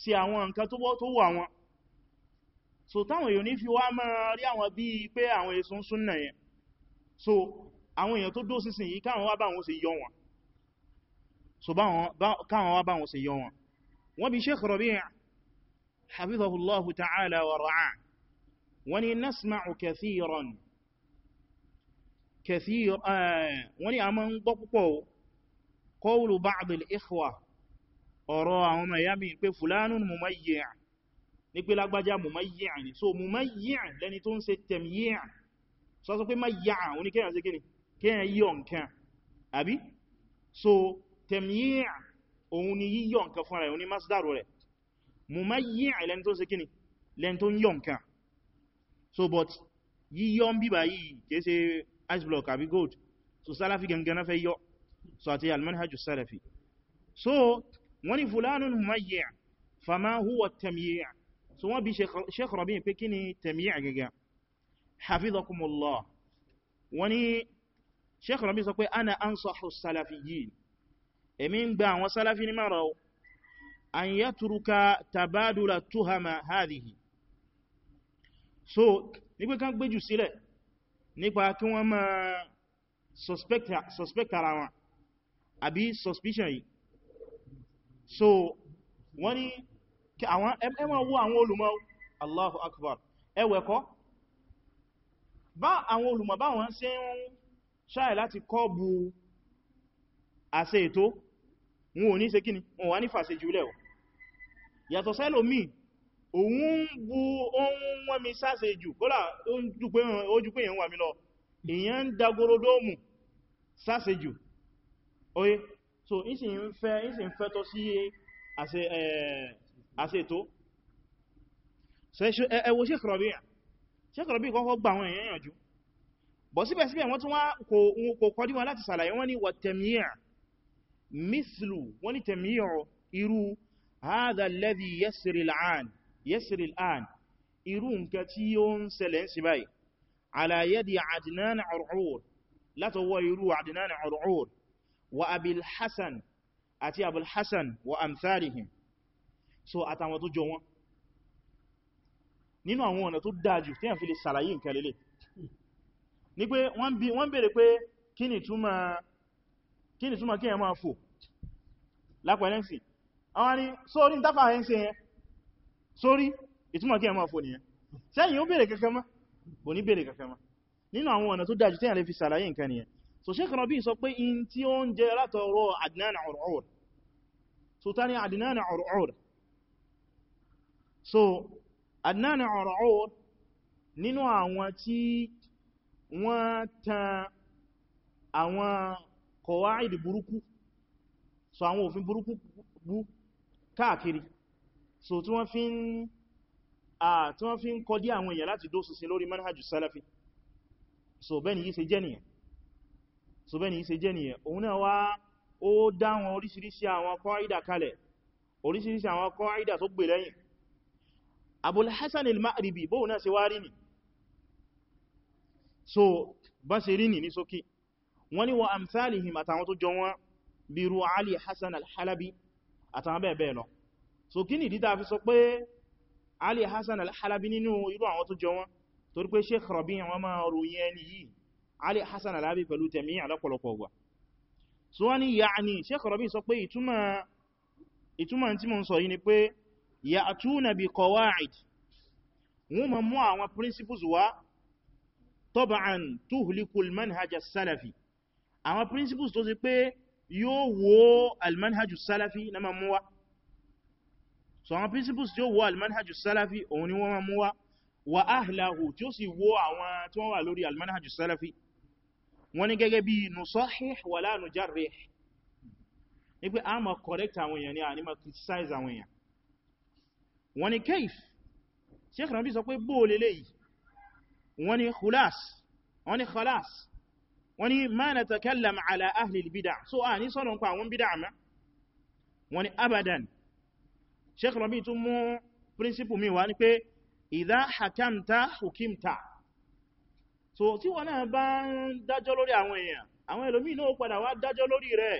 ṣe àwọn nǹkan tó wù àwọn so táwọn èèyàn ní fi wá máa rí àwọn bí pé àwọn èso súnnà yẹn so àwọn èèyàn tó dó sísìn yìí káwọn wá bá wọn ṣe yọ wọn so káwọn wá bá wọn ṣe yọ wọn wọ́n bí Sheikh Rabi' hafizahullahu ta'ala wa ra'a wọ́n ni nasma'u kathiran kathir eh, wọ́n ni a máa ń gbọ́ púpọ̀ qawlu ba'd ikhwa ọ̀rọ̀ àwọn ọmọ ìyá mi pé fulanun mumayyi' ní pé lágbájá mumayyi' ni so mumayyi' lẹni tó ń ṣe tẹ̀míyà so sọ pé mayya òní kéyàn sí kíni kéyàn yíyọ nǹkan àbí so tẹ̀míyà òun ni yíyọ nǹkan fún rẹ̀ òun ni masdaru rẹ̀ mumayyi' lẹni tó ń ṣe kíni lẹni tó ń yọ so but yíyọ ń bíbà yìí kìí ṣe ice block àbí gold so salafi gangan fẹ́ yọ so àti almanhajus salafi so wọ́n ni fulanun humayya fama huwa tamyi'a so wọ́n bí sheikh rabi pé kí ni tamyi'a gaga hafizakumullah wọ́n ni sheikh rabi sọ pé ana ansahu salafiyyin èmi ń gba àwọn salafi ní mara an yatruka tabadula tuhama hadhihi so ní pé kan gbéjù sílẹ̀ nípa kí wọ́n máa suspect ara wọn àbí suspicion yìí so wọ́n ní àwọn ẹmọ wo àwọn olùmọ̀ Allahu Akbar ẹwẹ̀kọ́ bá àwọn olùmọ̀ bá wọ́n ṣe ń ṣáì láti kọ́ bu àṣẹ ètò wọn ò ní ṣe kíni wọn wà ní fàṣẹ jùlẹ̀ ọ̀ yàtọ̀ sẹ́lò mí òun ń bu ohun wọ́n mi sáṣẹ jù kólà ó jù pé èyàn wà mí lọ èyàn ń dagoro sáṣẹ jù oye so isi ń fẹ́ isi ń fẹ́ tó sí àṣètò ẹwọ Sheikh Rabi' Sheikh Rabi' kọ́kọ́ gba àwọn èèyàn yànjú bọ̀ síbẹ̀síbẹ̀ wọ́n tún wá kò kọjú wọn láti sàlàyé wọ́n ni wà tẹ̀míyà mislu wọ́n ni tẹ̀míyà irú hadha alladhi yasri al'an yasri al'an irú nǹkan tí ó ń ṣẹlẹ̀ ń sí báyìí ala yadi Adnan Ur'ur látọwọ́ irú Adnan Ur'ur wa abil hassan àti abul hassan wa amtharihim so àtàwọn tó jọ wọn nínú àwọn ọ̀nà tó dájú tí yàn fi lè sàlàyé nǹkan lélẹ̀ ní pé wọ́n bèèrè pé kí ni túmọ̀ kí yàn máa fò lápẹ̀lẹ́sì àwọn ni sórí dáfà ẹ̀ ń ṣe yẹn sórí ìtúmọ̀ kí yàn máa fò nìyẹn sẹ́yìn ó bèèrè kankan mọ́ kò ní bèèrè kankan mọ́ nínú àwọn ọ̀nà tó dájú tí yàn lè fi sàlàyé nǹkan nìyẹn so Sheikh Rabi sọ pé in tí ó ń jẹ látọrọ Adnan Ur'ur so ta ni Adnan Ur'ur so Adnan Ur'ur nínú àwọn tí wọ́n tan àwọn kọwàáìdì burúkú so àwọn òfin burúkú bú káàkiri so tí wọ́n fi ń tí wọ́n fi ń kọdí àwọn èèyàn láti dó sísin lórí manhajus salafi so bẹ́ni yí ṣe jẹ́ nìyàn so bẹ́ni ṣe jẹ́ nìyẹn òun náà wá ó dáwọn oríṣiríṣi àwọn kọ́ìdà kalẹ̀ oríṣiríṣi àwọn kọ́ìdà tó gbè lẹ́yìn Abul Hasan al-Ma'ribi bóò náà ṣe wá rí ni so bá ṣe rí ni ní sókè wọ́n ni wa amsalihim àtàwọn tó jọ wọ́n bí ru Ali Hasan al àtàwọn bẹ́ẹ̀ bẹ́ẹ̀ lọ so kí ni dídá fi sọ pé Ali Hasan al-Halabi nínú irú àwọn tó jọ wọ́n torí pé Sheikh Rabi' wọ́n máa ròyìn ẹni yìí Ali Hassan Alabi pẹ̀lú tẹ̀mí alápọ̀lọpọ̀ ọgbà so wọ́n ni ya ni Sheikh Rabi sọ pé ìtumọ̀ tí mo ń sọ yìí ni pé ya atuna bi qawaid wọ́n ma mú àwọn principles wá taba'an tuhlikul manhaja salafi àwọn principles tó sì pé yóò wó almanhajus salafi na ma mú wá so àwọn principles tí ó wó almanhajus salafi òun ni wọ́n ma mú wá wa ahlahu tí ó sì wó àwọn tí wọ́n wà lórí almanhajus salafi wọ́n ní gẹ́gẹ́ bí nusahih wala nujarrih ní pé a ma correct àwọn èèyàn ní a ní ma criticize àwọn èèyàn wọ́n ní kaif Sheikh Rabi sọ pé bóò lélẹ̀ yìí wọ́n ní khulas wọ́n ní khalas wọ́n ní ma natakallam ala ahli al so a ní sọ́nà pa àwọn bid'ah ma wọ́n ní abadan Sheikh Rabi tún mú principle mi wá ní pé idha hakamta hukimta so tí wọ́n náà bá ń dájọ́ lórí àwọn èèyàn àwọn ẹlòmí náà padà wá dájọ́ lórí rẹ̀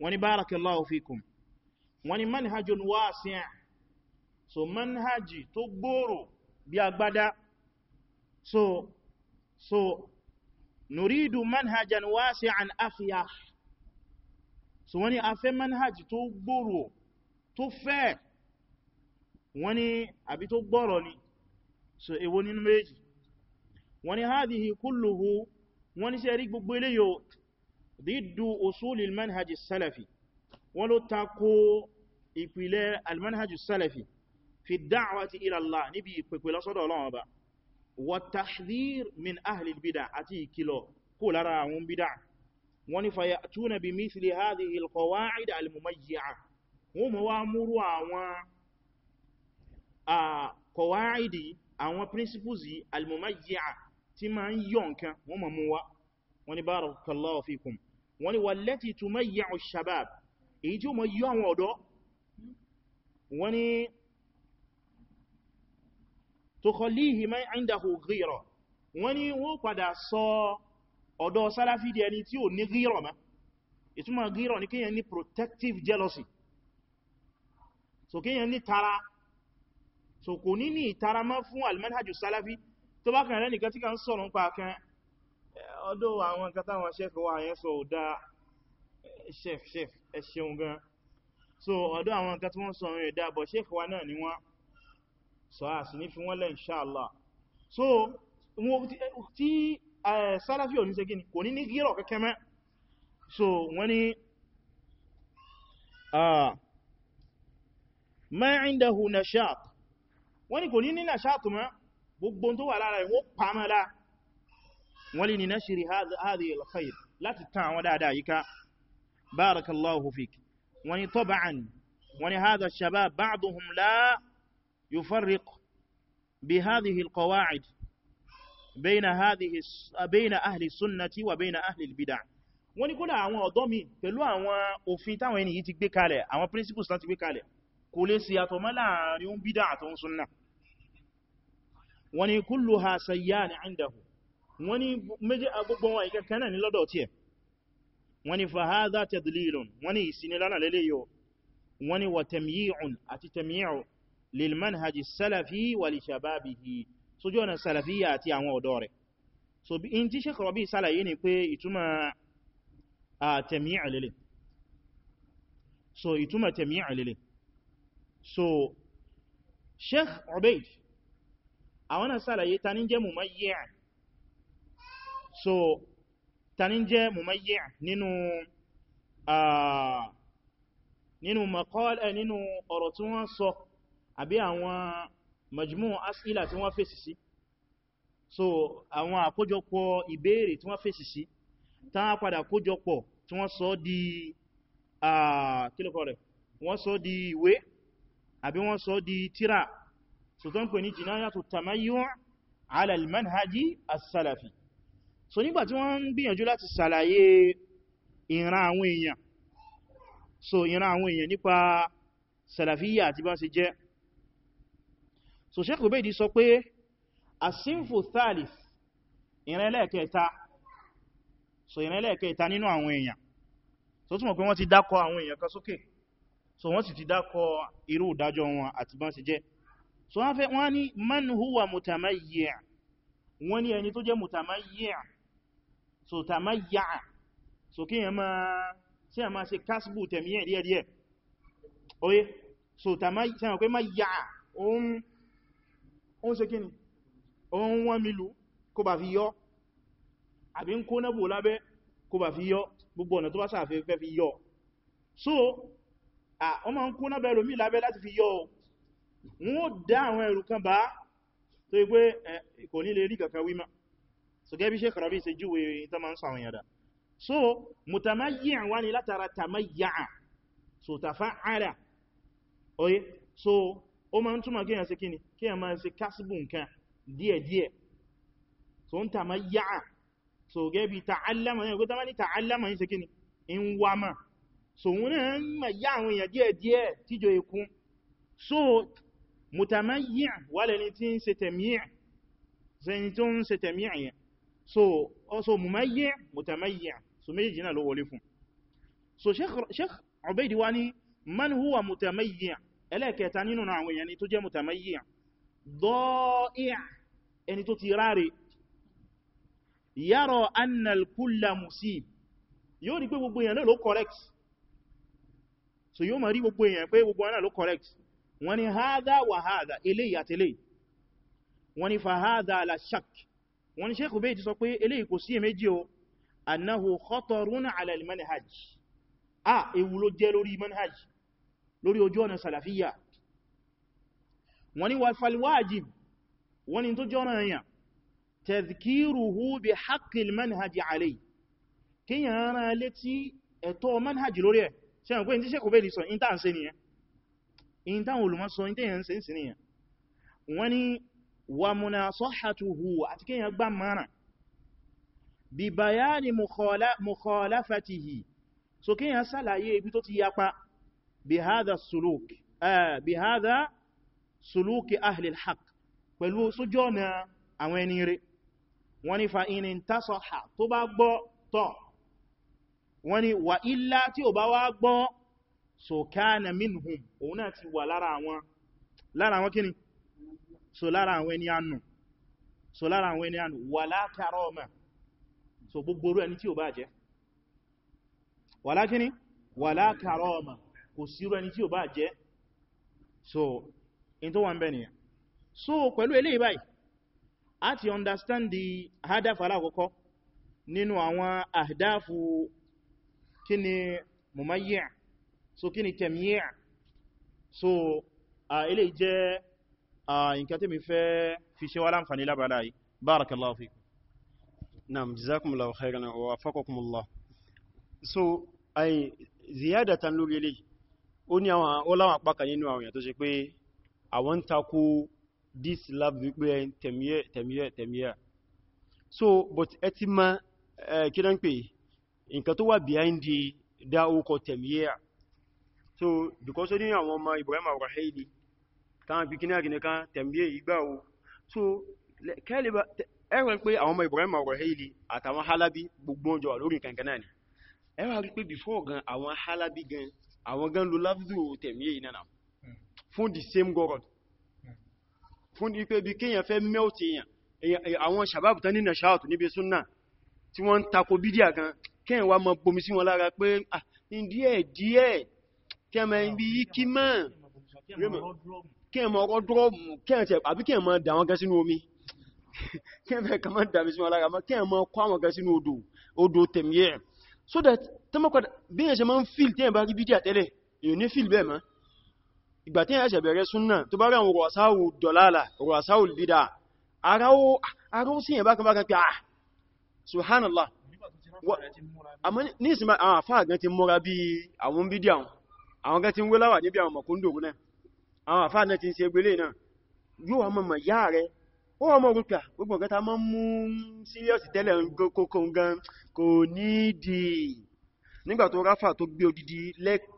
wọ́n ní barakallahu fikum wọ́n ní manhajun wasi' so manhaji tó gbòòrò bí agbádá so so nuridu manhajan wasi'an afyah so wọ́n ní afẹ́ manhaji tó gbòòrò tó fẹ̀ wọ́n ní àbí tó gbòòrò ni so èwo nínú méjì wọ́n ni hadhihi kulluhu wọ́n ni sẹ́rí gbogbo eléyò dídú usuli almanhaj salafi wọ́n ló takò ìpìlẹ̀ almanhaj salafi fi da'wati ila Allah níbi ìpẹ̀pẹ̀ lọ́sọ́dọ̀ Ọlọ́run ba wa tahdhir min ahli àwọn bid'a wọ́n ni fayatuna tí ma ń yọ nǹkan wọ́n mọ̀ mú wá wọ́n ni barakallahu fikum wọ́n ni wallati tumayyi'u shabab èyí tí ó mọ̀ yọ àwọn ọ̀dọ́ wọ́n ni tukhallihi man 'indahu ghira wọ́n ni wọ́n padà sọ ọ̀dọ́ sáláfí ẹni tí ò ní ghira ma ìtumọ̀ ghira ni kíyàn ní protective jealousy so kíyàn ní tara so kò ní ní ìtara mọ́ fún almanhajus salafi tó bá kàn rẹ̀ nìkan tí ká ń sọ̀rọ̀ ń pa kan ọdọ́ àwọn nǹkan táwọn sẹ́ẹ̀kì wà yẹn sọ òdá sẹ́ẹ̀f sẹ́ẹ̀f ẹ̀ṣẹ̀un gan so ọdọ́ àwọn nǹkan tí wọ́n sọ rẹ̀ dá bọ̀ sẹ́ẹ̀kì wà náà ni wọ́n sọ á sì ní fi wọ́n lẹ́ so tí sálàfí ò ní ṣe gíní kò ní ní gírọ̀ so wọ́n ni ma indahu nashat wọ́n ni kò ní ní nashat gbogbo tó wà lára ìwọ́n pàmọ́lá wọ́n lè ní nashri hadhihi al-khair láti tán àwọn dáadáa yíká barakallahu fik wọ́n ni tab'an wọ́n ni hadha ash-shabab ba'duhum la yufarriq bi hadhihi al-qawa'id bayna hadhihi bayna ahli sunnati wa bayna ahli al-bid'ah wọ́n ní kódà àwọn ọ̀dọ́ mi pẹ̀lú àwọn òfin wọ́n ní kulluha sayyan 'indahu wọ́n ní méjì agbogbo wọn ìkẹ́kẹ́ náà ní lọ́dọ̀ tí ẹ̀ wọ́n ní fa hadha tadlilun wọ́n ní ìsinilánà lélé yóò wọ́n ní wa tamyi'un àti tamyi'u lil manhaji salafi wa li shababihi sójú ọ̀nà salafiyya àti àwọn ọ̀dọ́ rẹ̀ so bí in tí Sheikh Rabi sálàyé ni pé ìtumọ̀ tamyi'u lélé so ìtumọ̀ tamyi'u lélé so Sheikh Ubayd àwọn náà sàlàyé ta ní jẹ́ mumayyi' so ta ní jẹ́ mumayyi' nínú nínú maqal eh, nínú ọ̀rọ̀ tí wọ́n sọ àbí àwọn majmu' as'ila tí wọ́n fèsì sí so àwọn àkójọpọ̀ ìbéèrè tí wọ́n fèsì sí ta padà kójọpọ̀ tí wọ́n sọ di kílùkọ́ rẹ̀ wọ́n sọ di ìwé àbí wọ́n sọ di tírà so tó ń pè ní jinayatu tamayyu' ala al-manhaji as-salafi so nígbà tí wọ́n ń gbìyànjú láti ṣàlàyé ìran àwọn èèyàn so ìran àwọn èèyàn nípa salafiyya àti bá ṣe jẹ́ so Sheikh Ubaydi sọ pé as-sinfu thalith ìran ẹlẹ́ẹ̀kẹta nínú àwọn èèyàn so túnmọ̀ pé wọ́n ti dákọ àwọn èèyàn kan sókè so wọ́n sì ti dákọ irú ìdájọ́ wọn àti bá ṣe jẹ́ so wọ́n fẹ́ wọ́n ní man huwa mutamayyi' wọ́n ní ẹni tó jẹ́ mutamayyi' so tamayya' so kí yẹn máa sí àmá ṣe kásbù tẹ̀míyàn díẹ̀díẹ̀ oye so tamayya' pé má yà oun ṣe kíni oun wọ́n milu kó bà fi yọ àbí ń kó nẹ́bù lábẹ́ kó bà fi yọ gbogbo ọ̀nà tó bá sáà fẹ́ fi yọ so a ọmọ ń kó nẹ́bù lábẹ́ láti fi yọ o wọ́n dá àwọn ẹ̀rù kan bá tó yí pé kò ní lè rí kankan wímá so gẹ́bí ṣe kọ̀rọ̀bí ṣe júwe tó máa ń sọ àwọn yàdá so mutamayya wá ní látara tamayya so tafa'ala oye so ó máa ń túnmà kíyàn sí kíni kíyàn máa sí kásìbù nǹkan díẹ̀díẹ̀ so ń tamayya so gẹ́bí ta'allama ní ẹgbẹ́ tamani ta'allama ní sí kíni in wá ma so wọn náà ń mà yá àwọn èèyàn díẹ̀díẹ̀ tíjọ ikú so mutamayyi' wà lẹni tí ń ṣe tẹ̀míyà zẹni tó ń ṣe tẹ̀míyà yẹn so also mumayyi' mutamayyi' so méjì náà ló wọlé fún so sheikh Ubaydi wá ní man huwa mutamayyi' ẹlẹ́kẹta nínú àwọn èèyàn ni tó jẹ́ mutamayyi' dọ́ọ̀íà ẹni tó ti ráre yàrọ̀ annal kulla musib yóò rí pé gbogbo èèyàn náà correct wọ́n ni haza wa haza eléyìí àti eléyìí wọ́n ni fa haza la shak wọ́n ni sheikh ubeid sọ pé eléyìí kò sí èméjì o annahu khatarun ala al-manhaj a ewu ló jẹ́ lórí manhaj lórí ojú ọ̀nà salafiyya wọ́n ni wal fal wajib wọ́n ni tó jọ́nà yàn tadhkiruhu in táwọn olùmọ̀ sọ in tẹ́yàn sí sí nìyàn wọ́n ni wà munasahatuhu àti kíyàn gbá mara bí bayani mukhalafatihi so kíyàn sàlàyé ibi tó ti yapa bí hadha suluk bí hadha suluki ahlil haq pẹ̀lú sójọ́ na àwọn ẹni rẹ̀ wọ́n ni fa inin tasaha tó bá gbọ́ tọ́ wọ́n ni illa tí ò bá wá gbọ́ so kana minhum òun náà ti wà lára àwọn lára àwọn kíni so lára àwọn ẹni ànù so lára àwọn ẹni ànù wala karama so gbogbo orú ẹni tí ò bá jẹ́ wala kíni wala karama kò sírú ẹni tí ò bá jẹ́ so in tó wà ń bẹ nìyà so pẹ̀lú eléyìí báyìí a ti understand the hadaf alákọ̀ọ́kọ́ nínú àwọn ahdafu kíni mumayya so kí ni tẹ̀míyà so ilé jẹ́ nǹkan tẹ́mi fẹ́ fi ṣe wá láǹfàní lábàlá yìí barakallahu fikum na'am jazakumullahu khairan wa wafaqakumullah so ay ziyadatan lórí ilé ó ní àwọn oláwọn apákan nínú àwọn èèyàn tó ṣe pé àwọn ń takó this lab wípé tẹ̀míyà tẹ̀míyà tẹ̀míyà so but ẹ ti ma kí náà ń pè nǹkan tó wà behind the dáókọ so because ó ní àwọn ọmọ Ibrahim al-Rahili táwọn pí kíní àgìnìkan tẹ̀mbíyè ìgbà o so kẹ́lẹ̀bà ẹ̀rọ pé àwọn ọmọ Ibrahim al-Rahili àtàwọn Halabi gbogbo ọjọ́ lórí kankan náà ni ẹ̀rọ rí pé before gan àwọn Halabi gan àwọn gan ló láfíìdò tẹ̀mbíyè ìnáná fún the same god fún ní pé bí kíyàn fẹ́ mẹ́ọ̀tì èyàn àwọn sàbábù tán ní nàṣáàtù níbi súnnà tí wọ́n ń takò bídíà gan kíyàn wá mọ́ bomi sí wọn lára pé ah ní díẹ̀ díẹ̀ kí ẹmọ ibi ikí mọ́ kí ẹmọ ọkọ̀ dúrọ́mù kí ẹmọ àbí kí ẹmọ dà wọn gẹ́ sínú omi kí ẹmọ ẹ̀kọ́ mọ́ dà mí sínú alára mọ́ kí ẹmọ kọ́ àwọn gẹ́ sínú odò odò tẹ̀míyẹ̀ so that tẹ́mọ́kọ̀dá bí ẹ̀ṣẹ̀ mọ́ ń fíl tí ẹ bá rí bídí àtẹ́lẹ̀ èyàn ní fíl bẹ́ẹ̀ ah subhanallah àmọ́ ní ìsinmi àwọn àfáà gan ti mọ́ra àwọn kan ti ń wé láwà níbi àwọn mọ̀kúndòrò náà àwọn àfáà náà ti ń ṣe gbélé náà yóò wà mọ̀mọ̀ yá rẹ̀ ó wà mọ̀ rúpìá gbogbo ọ̀gá ta mú síríọ̀sì tẹ́lẹ̀ kókó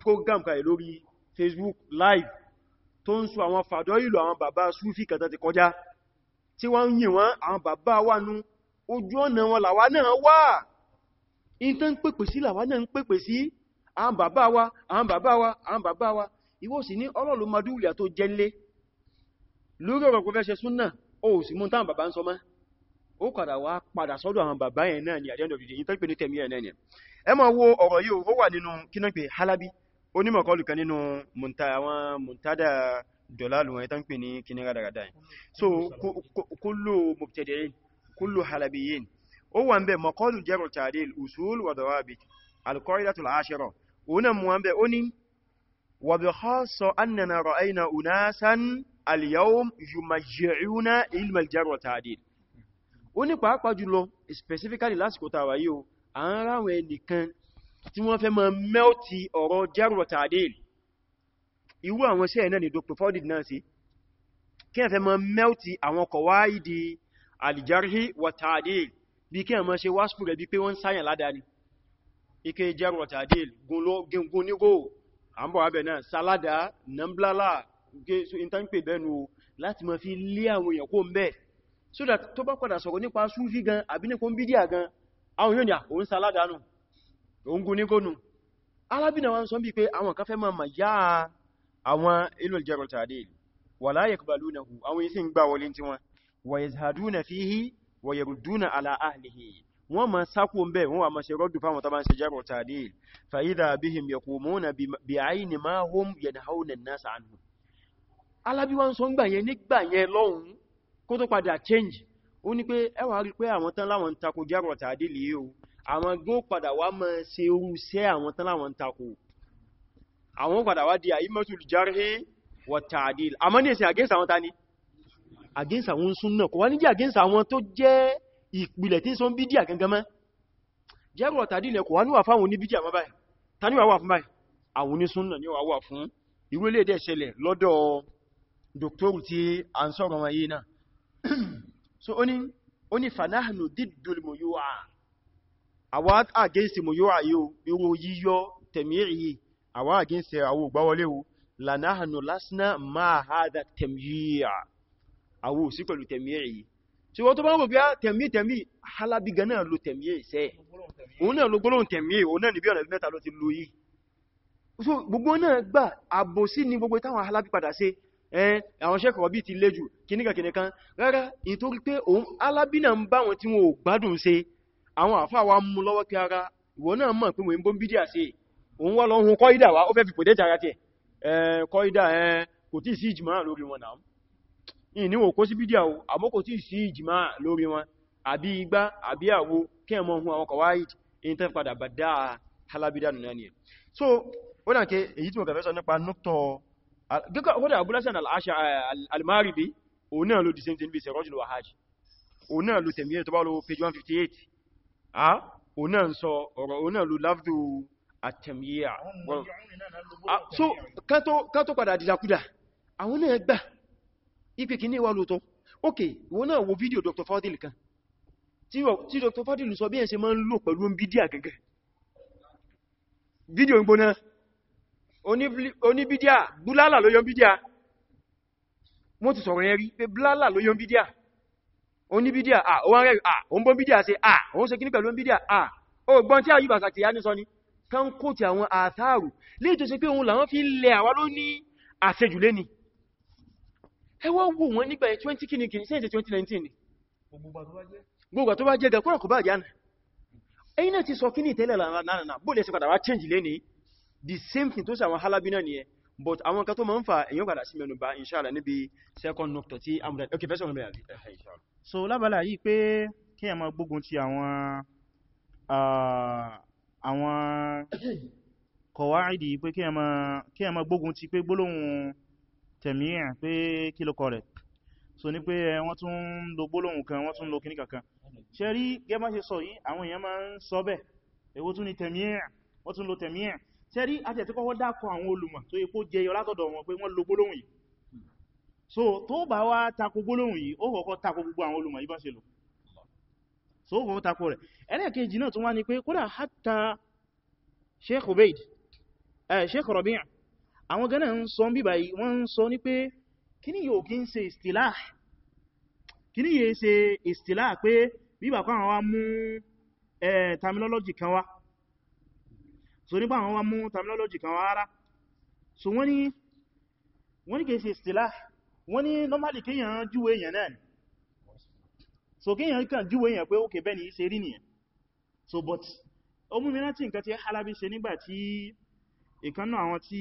program kalẹ̀ Facebook live tó ń sọ àwọn fàdọ́ ìlú àwọn bàbá súfì kẹta ti kọjá tí wọ́n ń yìn wọ́n àwọn bàbá wà nú ojú ọ̀nà wọn làwa náà wà in tó pèpè sí làwa náà ń pèpè sí àwọn bàbá wa àwọn bàbá wa àwọn bàbá wa ìwọ sì ní ọlọ́lù madúlìà tó jẹ́ nlé lórí ọ̀rọ̀ kò fẹ́ ṣe súnnà ó sì mú táwọn bàbá ń sọ mọ́ ó padà wá padà sọ́dọ̀ àwọn bàbá yẹn náà ni at the end of the day ìtọ́pẹ̀ ní tẹ̀mí ẹ̀ náà ni ẹ máa wo ọ̀rọ̀ yìí ó wà nínú kínàpẹ̀ halabi onímọ̀kọlù kan nínú muntada dọ̀lálù wọn ìtọ́pẹ̀ ní kíní rádaràdá so kullu mubtadi'in kullu halabiyin ó wà ń bẹ maqalu jarh ta'dil usul wa dawabit alqaidatul ashira ona mu ambe oni wa bi khassa annana ra'ayna unasan al-yawm yumajji'una ilma al-jar wa ta'dil oni pàápàá jùlọ specifically lásìkò tá wà yìí o an nìkan tí wọ́n fẹ́ ma melti ọ̀rọ̀ jar wa ta'dil àwọn se na ni Dr. Fordid náà sí kí fẹ́ ma melti àwọn qawaidi al-jarh wa ta'dil bí kí ma ṣe wasfu rẹ̀ bí pé wọ́n sayan ladani ike jẹ́rọ tàdíl gungun nígò àmbọ̀ abẹ̀ náà salada namblala gẹ́sù intanpe bẹnu láti ma fi lé àwọn èèyàn kó ń bẹ́ so that tó bá padà sọ̀rọ̀ nípa súfí gan àbí ní kó ń bídíà gan àwọn yóò ní àwọn salada nù òǹgun nígò nù alábìnà wọn sọ bí pé àwọn kan ma ma yá àwọn ilú jẹ́rọ tàdíl wà láyẹ̀ kúbalúnahu àwọn isi ń gbà wọlé tí wọn wà yẹ̀ wọ́n ma sákò mbẹ̀ wọ́n wà ma ṣe rọ́dù fáwọn tàbí ṣe jẹ́rọ tàdíl fa idha bihim yaqumuna bi aini ma hum yanhauna an-nas anhu alábí wọ́n sọ ngbà yẹn nígbà lọ́hun kó tó padà change ó ní pé ẹ wá rí pé àwọn tán láwọn tako jẹ́rọ tàdíl yìí o àwọn gún padà wá ma ṣe against àwọn against àwọn súnnà kò against àwọn ìpìlẹ̀ tí ń sọ ń bídíà gangan mọ́ jẹ́rù ọ̀tàdí ilẹ̀ kò wá níwà fáwọn oníbídíà mọ́ báyìí ta níwà wà fún báyìí àwọn onísúnnà níwà wà fún irú ilé ẹ̀dẹ́ ṣẹlẹ̀ lọ́dọ̀ dòktórù tí a so ó ní ó ní fanahnu diddul muyu'a àwa against muyu'a yóò irú yíyọ tẹ̀míìrì yìí àwa against àwọn ògbáwọlé wo lasna ma hadha tẹ̀míìrì àwa ò pẹ̀lú tẹ̀míìrì yìí tí wọ́n tó bá ń gbogbo tẹ̀mí tẹ̀mí halabi gan náà lo tẹ̀mí ìṣẹ́ òun náà lo gbólóhùn tẹ̀mí òun náà ní bí ọ̀nà mẹ́ta ló ti lo yìí so gbogbo náà gbà àbòsí ni gbogbo táwọn halabi padà ṣe ẹn àwọn sẹ́kọ̀ọ́ bí ti léjù kíníkàkíníkan rárá halabi náà ń bá wọn tí wọn ò gbádùn ṣe àwọn àfáà wa mú lọ́wọ́ kí ara ìwọ náà wa ó fẹ́ fi pòdé jara tiẹ̀ kọ́ ìdà kò tí lórí wọn náà ìníwò kó sí bídíà o àmọ́kò tí sí ìjìmá lórí wọn àbí igbá àbí àwo kí ẹmọ ohun àwọn kọwàáìtì in tẹ́ padà bà dáa halabida nìyà so ó dà kí èyí tí mo kàfẹ́ sọ nípa nọ́tọ̀ gẹ́gọ́ abúlásán al-Maribi òun náà ló dìsẹ́ bí sẹ rọ́jùlọ wàhájì page 158 ah òun náà sọ ọ̀rọ̀ òun náà ló láfdù àtẹ̀míyà so kátó padà dìdàkúdà àwọn náà gbà ipe kìíní wà lóòtọ́ ok wọ́n náà wo fídíò Dr. Fadil kan tí Dr. Fadil sọ bí ẹ̀ ṣe máa ń lò pẹ̀lú bídíà gẹ́gẹ́ fídíò ń gbóná oní bídíà búlálà ló yọ bídíà wọ́n ti sọ̀rọ̀ yẹn rí pé búlálà ló yọ bídíà oní bídíà à wọ́n rẹ̀ à òun bọ́ bídíà ṣe à òun ṣe kíní pẹ̀lú bídíà à ó gbọ́n tí àyíbà sàkìyà ní sọ ni kan kó ti àwọn àtàrù léè tó ṣe pé òun làwọn fi ń lẹ àwa ló ní àṣejù lénìí ẹ wá wò wọ́n nígbà 20 kìíní kìíní sí ẹ̀sẹ̀ 2019 ni gbogbo tó bá jẹ́ gẹ̀kúrò kò bá jẹ́ ẹ̀yìn náà ti sọ kí ní ìtẹ́lẹ̀ lánàá bó lè ṣe padà wá change lé ní the same thing tó sàwọn halabi náà ni ẹ but àwọn kan tó ma ń fa èyàn padà sí mẹ́nu bá inṣàlá níbi second noctor tí amúdá ok fẹ́ sọ̀rọ̀ mẹ́rin so lábàlá yìí pé kí ẹ má gbógun ti àwọn àwọn kọ̀wáìdì pé kí ẹ má gbógun ti pé gbólóhùn tẹ̀míyà pé kí ló kọ rẹ̀ so ní pé wọ́n tún ń lo gbólóhùn kan wọ́n tún ń lo kìní kankan ṣe rí gẹ́bá ṣe sọ yìí àwọn èèyàn máa ń sọ bẹ̀ èwo tún ni tẹ̀míyà wọ́n tún lo tẹ̀míyà ṣe rí àtẹ̀tíkọ́kọ́ dákọ àwọn olùmọ̀ tó yẹ kó jẹyọ látọ̀dọ̀ wọn pé so tó bá wá tako gbólóhùn yìí ó kọ́kọ́ tako gbogbo so ó kọ́kọ́ tako rẹ̀ ẹlẹ́ẹ̀kejì náà tún wá ní sheikh obeid sheikh rabi' àwọn gánà ń sọ bí báyìí wọ́n ń sọ ní pé kí ní yóò kí ń ṣe ìstìlá kí ní yóò ṣe ìstìlá pé bíbà kan àwọn mú terminology kan wá so nípa àwọn wá mú terminology kan wá rárá so wọ́n ní wọ́n ní kí ṣe ìstìlá wọ́n ní normally kíyàn júwe èèyàn náà so kíyàn kàn júwe èèyàn pé ókè bẹ́ẹ̀ ṣe rí nìyẹn so but ó mú mi rántí nǹkan tí Halabi ṣe nígbà tí ìkan náà àwọn tí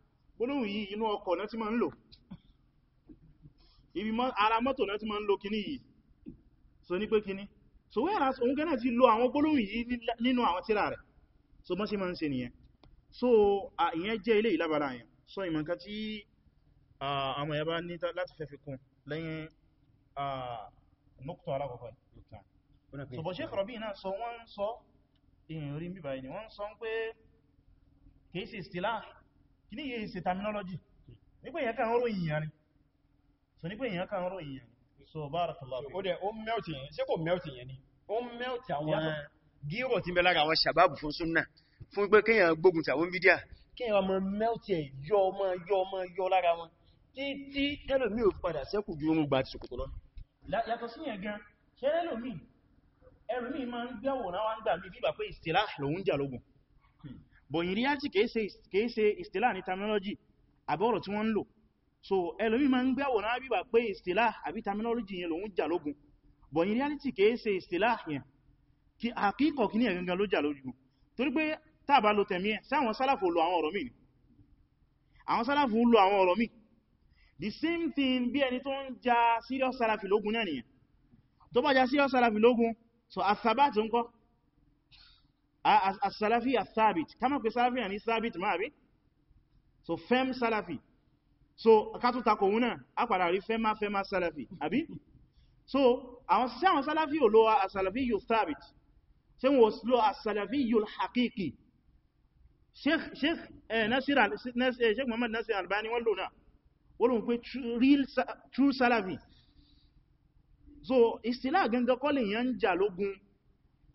gbólóhùn yìí inú ọkọ̀ náà ti máa ń lò ibi ara mọ́tò náà ti máa ń lò kíní yìí so ní pé kíní so whereas òun gánà ti lo àwọn gbólóhùn yìí nínú àwọn tírà rẹ̀ so mọ́ sí máa ń ṣe nìyẹn so ìyẹn jẹ́ ilé ìlábára yẹn so ìmọ̀ǹkan tí àwọn ẹ̀yà bá ní láti fẹ́ fi kún lẹ́yìn nọ́kùtọ̀ alákọ̀ọ́kọ́ sọ̀bọ̀ kí ní yìí ṣe terminology nígbé èyàn kan ròyìn ìyàn ni so nígbé èyàn kan ròyìn ìyàn ni so barakallahu ó dẹ̀ ó mẹ́ọ̀tì yẹn ṣé kò mẹ́ọ̀tì yẹn ni ó mẹ́ọ̀tì àwọn gírò tí ń bẹ lára àwọn sàbábù fún súnnà fún pé kéèyàn gbógun tàwọn bídíà kéèyàn ọmọ mẹ́ọ̀tì ti sòkòtò lọ yàtọ̀ sí yẹn gan ṣẹ́lẹ́lòmí ẹlòmí máa ń gbẹ́wò náà wá ń gbà mí bí bà pé ìsìlá lòun jà lógun but in reality kìí ṣe ìstìlá ní terminology àbọ̀rọ̀ tí wọ́n ń lò so ẹlòmí ma ń gbé àwòrán àbíbà pé ìstìlá àbí terminology yẹn lòun jà lógun but in reality kìí ṣe ìstìlá yẹn kí àkíkọ̀ kí ní ẹ̀gangan ló jà lógun torí pé tàbá lo tẹ̀mí ẹ̀ sí àwọn sálàfò lo àwọn ọ̀rọ̀ míì àwọn the same thing bí ẹni tó ń ja serious salafi lógun so àsàbá ti as-salafi as-sabit kama pe salafi ni sabit ma abi so fem salafi so ká tún takò wuna a padà rí fema fema salafi abi so àwọn sí àwọn salafi o lo as-salafi yu sabit ṣe os lo as-salafi yu al-haqiqi sheikh sheikh eh, nasir al eh, sheikh muhammad nasir albani wọ́n lò na, wọ́n lò pé real true salafi so istila gangan kọ́lẹ̀ yẹn ń jà lógun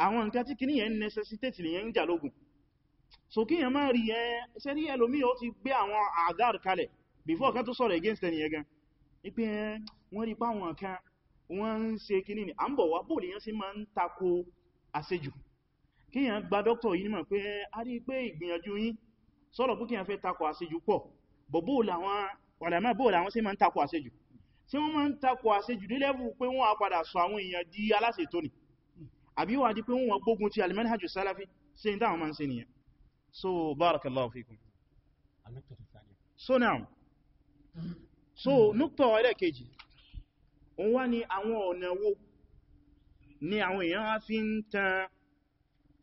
àwọn nǹkan tí kìí yẹn necessitate lè yẹn ń jàlógún so kí yẹn máa rí ẹ ṣe rí ẹlòmí ó ti gbé àwọn àgáàrù kalẹ̀ before kan tó sọ̀rọ̀ against ẹni yẹn gan ní pé wọ́n rí páwọn kan wọ́n ń ṣe kìí ní àmbọ̀ wá bò lè yẹn sí máa ń tako àṣejù kí yẹn gba dókítà yìí mọ̀ pé a rí pé ìgbìyànjú yín sọ̀rọ̀ pé kí yẹn fẹ́ level pé wọ́n á padà sọ àwọn èèyàn di aláṣetò àbí wà di pé wọ́n wọ́n gbógun ti almanhajus salafi sí ní dáwọn ma ń ṣe nìyàn so barakallahu fikum so now so nukta ẹlẹ́kejì òun wá ní àwọn ọ̀nà wo ni àwọn èèyàn á fi ń tan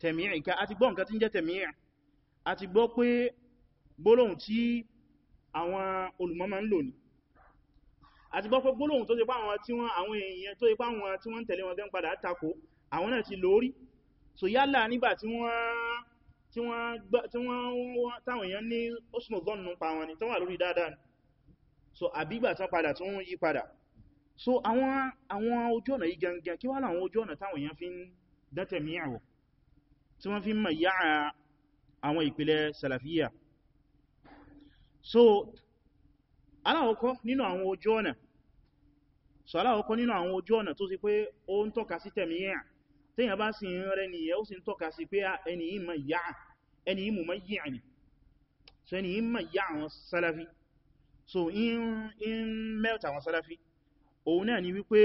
tẹ̀míì ká àti gbọ́ nǹkan tí ń jẹ́ tẹ̀míì àti gbọ́ pé gbólóhùn tí àwọn olùmọ̀ àwọn náà ti lórí so yálà nígbà tí wọ́n tí wọ́n táwọn èèyàn ní osmo gọ́nù pa wọn ni tó wà lórí dáadáa ni so àbígbà tán padà tó ń yí padà so àwọn àwọn ojú ọ̀nà yìí gangan kí wá láwọn ojú ọ̀nà táwọn èèyàn fi ń dátẹ̀mí àwọ̀ tí wọ́n fi ń mọ̀ yá àwọn ìpìlẹ̀ salafiyya so aláwọ̀kọ́ nínú àwọn ojú ọ̀nà so aláwọ̀kọ́ nínú àwọn ojú ọ̀nà tó sì pé ó ń tọ́ka sí tẹ̀mí yẹn tẹ́yàn bá sì ń rẹ ni yẹ́ ó sì ń tọ́ka sí pé ẹni yìí mọ̀ yá ni so ẹni yìí mọ̀ yá àwọn sálàfí so in melt àwọn sálàfí òun náà ni wípé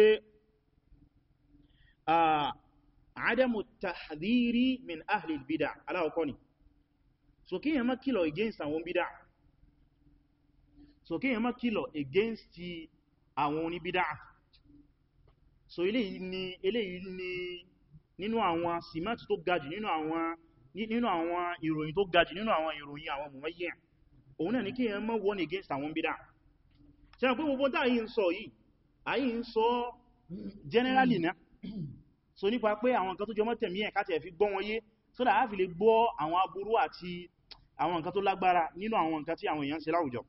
àádámù tàhàdírí min ahli bídà aláwọ̀kọ́ ni so kíyàn má kìlọ̀ against àwọn bídà so kíyàn má kìlọ̀ against àwọn oníbídà so eléyìí ni eléyìí ni nínú àwọn símẹ́ntì tó gajù nínú àwọn nínú àwọn ìròyìn tó gajù nínú àwọn ìròyìn àwọn mọ̀mọ́yìn òun náà ní kí ẹmọ́ wọ́n against àwọn bídá ṣe pé gbogbo dáyí ń sọ yìí ayí ń sọ generally náà so nípa pé àwọn nǹkan tó jọmọ́ tẹ̀mí ẹ̀ káàtẹ̀ fi gbọ́ wọn yé so that a fi lè gbọ́ àwọn aburú àti àwọn nǹkan tó lágbára nínú àwọn nǹkan tí àwọn èèyàn ṣe láwùjọ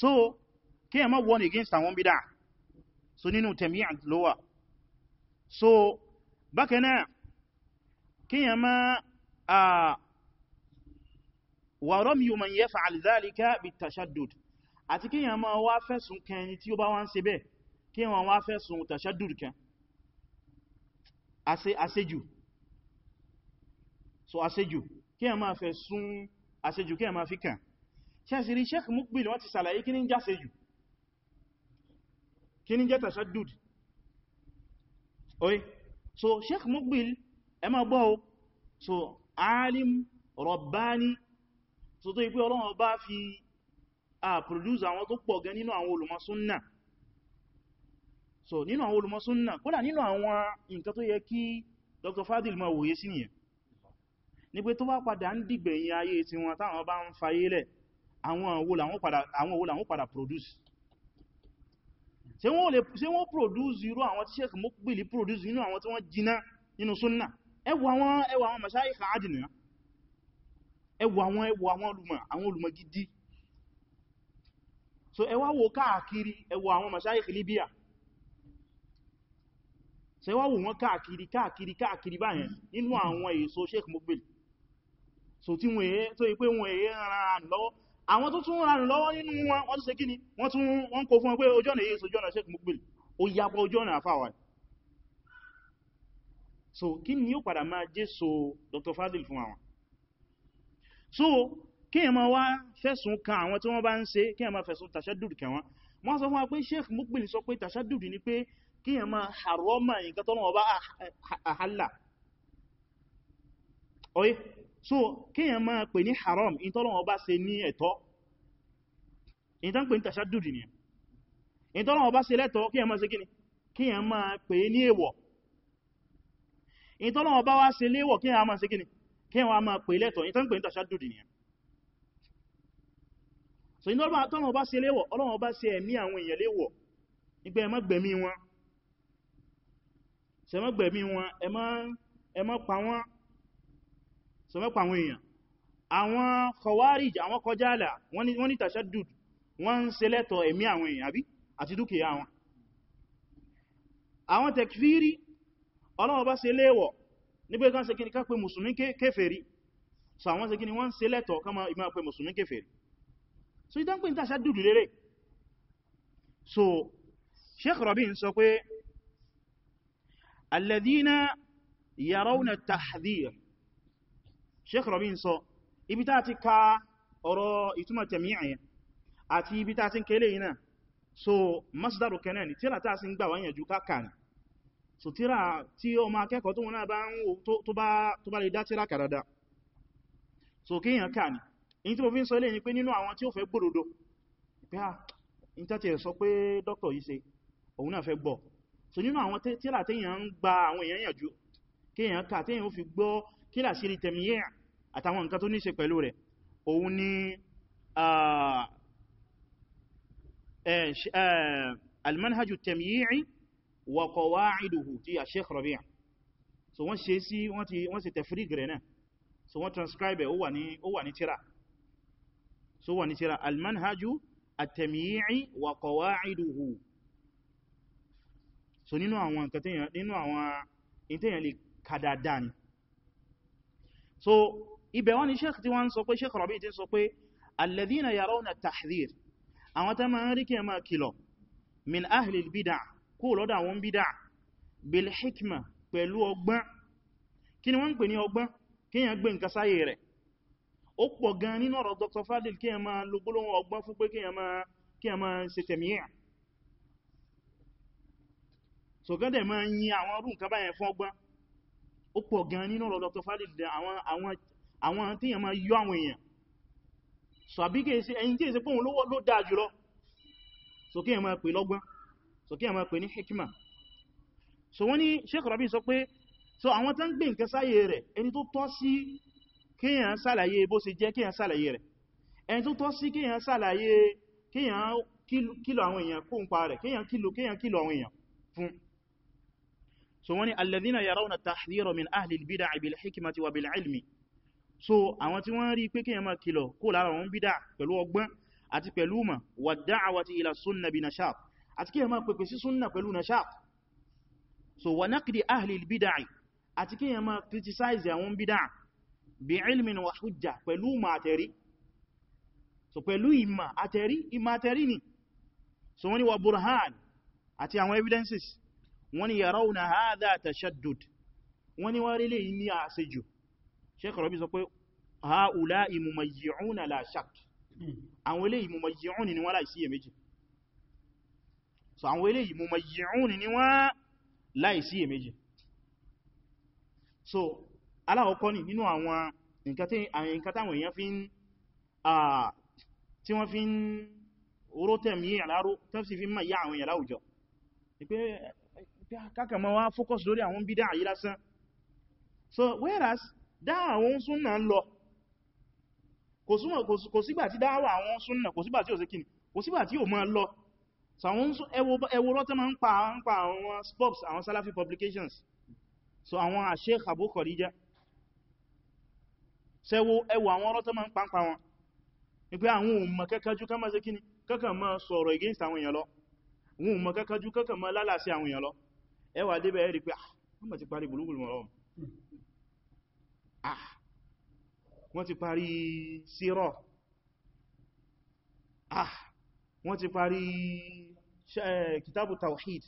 so kí ẹmọ́ wọ́n against àwọn bídá so nínú tẹ̀mí àti lówà so bákan náà kíyàn má a wà ramyu man yaf'al dhalika bitashaddud àti kíyàn má wá fẹ́sùn kẹni tí ó bá wá ń ṣe bẹ́ẹ̀ kíyàn wá fẹ́sùn tashaddud kẹ àṣejù so àṣejù kíyàn má fẹ́sùn àṣejù kíyàn má fi kàn ṣẹ́sìrí Sheikh Muqbil wọ́n ti sàlàyé kí oye so sheikh mukbil ẹ ma gbọ́ so alim rabbani so tó ipé ọlọ́run ọba fi a produce àwọn tó pọ̀ gan nínú àwọn olùmọ̀ súnnà so nínú àwọn olùmọ̀ súnnà kódà nínú àwọn nǹkan tó yẹ kí dr fadil ma wòye sí nìyẹn ní pé tó bá padà ń dìgbẹ̀yìn ayé tiwọn táwọn bá ń fayé lẹ̀ àwọn òwò làwọn padà produce ṣé wọ́n lè ṣé wọ́n produce irú àwọn tí sheikh Muqbil produce nínú àwọn tí wọ́n jìnnà nínú sunna ẹwà àwọn ẹwà àwọn mashayikh adìnà ẹwà àwọn ẹwà àwọn olùmọ̀ àwọn olùmọ̀ gidi so ẹwà wo káàkiri ẹwà àwọn mashayikh Libya ṣé wá wò wọ́n káàkiri káàkiri káàkiri báyẹn nínú àwọn èso sheikh Muqbil so tí wọ́n èé tó ipé wọ́n èé rán lọ́wọ́ àwọn tó tún ránù lọ́wọ́ nínú wọn wọ́n tún ṣe kí ni wọ́n tún wọ́n kò fún wọn ojú ọ̀nà yìí sojú ọ̀nà Sheikh Mukbil ó yapa ojú ọ̀nà àfáwà so kí ni yóò padà máa jẹ́ so Dr. Fadil fún àwọn so kí ẹ máa wá fẹ̀sùn kan àwọn tí wọ́n bá ń ṣe kí ẹ máa fẹ̀sùn tashadud kan wọ́n sọ fún wa pé Sheikh Mukbil sọ pé tashadud ni pé kí ẹ máa haroma nǹkan tọ́lọ́wọ́ bá àhálà ọyẹ́ so kíyàn máa pè ní haram in tọ́lọ́wọ́ bá ṣe ní ẹ̀tọ́ in tán pè ní tàṣádùdì ni in tọ́lọ́wọ́ bá ṣe lẹ́tọ́ kíyàn máa ṣe kíni kíyàn máa pè ní èwọ̀ in tọ́lọ́wọ́ bá wá ṣe léwọ̀ kíyàn máa ṣe kíni kíyàn wá máa pè lẹ́tọ́ in tán pè ní tàṣádùdì ni so in tọ́lọ́wọ́ bá ṣe léwọ̀ ọlọ́wọ́ bá ṣe ẹ̀mí àwọn èèyàn léwọ̀ nígbẹ́ sọ fẹ́ pa àwọn èèyàn àwọn khawarij àwọn kọjáàlà wọ́n ní tashaddud wọ́n ń ṣe lẹ́tọ̀ ẹ̀mí àwọn èèyàn àbí àti dúkìá wọn àwọn tekfiri ọlọ́wọ́ bá ṣe léèwọ̀ nígbé kan ṣe kí ní ká pè mùsùlùmí kéfèrí so àwọn ṣe kí ní wọ́n ṣe lẹ́tọ̀ kama ìmá sheikh rabi ń ibi tá ti ka ọ̀rọ̀ ìtumọ̀ tẹ̀míyàn Ati ibi tá ti ń kélé iná so masdaru kẹ́nẹ̀ ni tíra tá sí ń gbà ni so tira tí o ma kẹ́kọ̀ọ́ tó wọn náà bá ń wo tó bá lè dá tíra kàdàdà so kí èyàn káà ni èyí mo fi ń sọ ilé ni pé nínú àwọn tí ó fẹ́ gbòdòdó pé à ń tẹ́tẹ̀ sọ pé dókítà yìí ṣe òun náà fẹ́ gbọ́ so nínú àwọn tíra téèyàn ń gba àwọn èèyàn yànjú kéèyàn ká téèyàn ó fi gbọ́ kí làṣírí tẹ̀míyà àtàwọn nǹkan tó ní ṣe pẹ̀lú rẹ̀ òun ni almanhajjú tẹ̀míyà wa qawaiduhu tí a Sheikh Rabi' so wọ́n ṣe sí wọ́n ṣe tafriq rẹ̀ náà so wọ́n transcribe ó wà ní tírà so wà ní tírà almanhajjú at-tamyi' wa qawaiduhu so nínú àwọn nǹkan tẹ́yàn lè kàdàdà ni so ibẹ̀ wọ́n ni sheikh tí wọ́n sọ pé sheikh Rabi ti sọ pé alladhina yarawna tahdhir àwọn tá máa ń rí kí ẹ máa kìlọ̀ min ahlil bid'a kú lọ́dọ̀ àwọn bid'a bil hikma pẹ̀lú ọgbọ́n kí ni wọ́n ń pè ní ọgbọ́n kí yẹn gbé nǹkan sáyé rẹ̀ ó pọ̀ gan nínú ọ̀rọ̀ Dr. Fadil kí yẹn máa lo gbólóhùn ọgbọ́n fún pé kí yẹn máa ṣe tẹ̀míyàn so gẹ́dẹ̀ máa yin àwọn ọdún nǹkan báyẹn fún ọgbọ́n ó pọ̀ gan nínú ọ̀rọ̀ Dr. Fadil àwọn tíyàn máa yọ àwọn èèyàn so àbí kèèsí ẹ̀yìn kèèsí pé òun ló dáa jùlọ so kí ẹ̀mà pè lọ́gbọ́n so kí ẹ̀mà pè ní hikima so wọ́n ní Sheikh Rabi sọ pé so àwọn tán gbé nǹkan sáyé rẹ̀ ẹni tó tọ́ sí kíyàn sàlàyé bó ṣe jẹ́ kíyàn sàlàyé rẹ̀ ẹni tó tọ́ sí kíyàn sàlàyé kíyàn kílò àwọn èèyàn kó ń pa rẹ̀ kíyàn kílò àwọn èèyàn fún so wọ́n ni alladhina yarawna tahdhira min ahli al-bid'ah bil hikmati wa bil ilmi so àwọn tí wọ́n rí pé kí yẹn máa kìlọ̀ kó lára wọn bídá pẹ̀lú ọgbọ́n àti pẹ̀lú ma wa da'wati ila sunna bi nashat àti kí yẹn máa pèpè sunna pẹ̀lú nashat so wa naqdi ahli al-bid'ah àti kí yẹn criticize àwọn bídá bi ilmin wa hujja pẹ̀lú ma àtẹ̀rí so pẹ̀lú ìmà àtẹ̀rí ìmà àtẹ̀rí ni so wọ́n wa burhan àti àwọn evidences wọ́n ni yarawna hadha tashaddud wọ́n ni wọ́n rílẹ̀ ní àṣejù Sheikh Rabi sọ pé haula'i mumayyi'una la shak àwọn eléyìí mumayyi'un ni wọ́n láì sí èméjì so àwọn eléyìí mumayyi'un ni wọ́n láì sí èméjì so alákọ̀ọ́kọ́ ni nínú àwọn nǹkan tí wọ́n fi ń oró tẹ̀mí àláró tẹ́fì fi ń mọ̀ yá àwọn èèyàn Ah, kákà ma wá fókọ́s lórí àwọn bídá àyí lásán so whereas dáwà àwọn súnnà ń lọ kò sígbà tí dáwà àwọn súnnà kò sígbà tí ò sí kíni kò sígbà tí ò máa lọ so àwọn ẹwọ rọ́tẹ́ ma ń pa àwọn pa àwọn spobs àwọn salafi publications so àwọn àṣẹ Abu Khadija sẹ́wọ ẹwọ àwọn rọ́tẹ́ ma ń pa ń pa wọn ní pé àwọn òun mọ̀ kẹ́kẹ́jú kẹ́ mọ́ sí kíni kẹ́kẹ́ mọ́ sọ̀rọ̀ against àwọn èèyàn lọ wọn ò mọ̀ kẹ́kẹ́jú kẹ́kẹ́ mọ́ lálàsí àwọn èèyàn ẹwà débẹ̀ ẹ̀rí pé ah, ah, wọ́n ti parí bulugul maram ah, wọ́n ti parí sírọ̀ wọ́n ti parí kitabu tawhid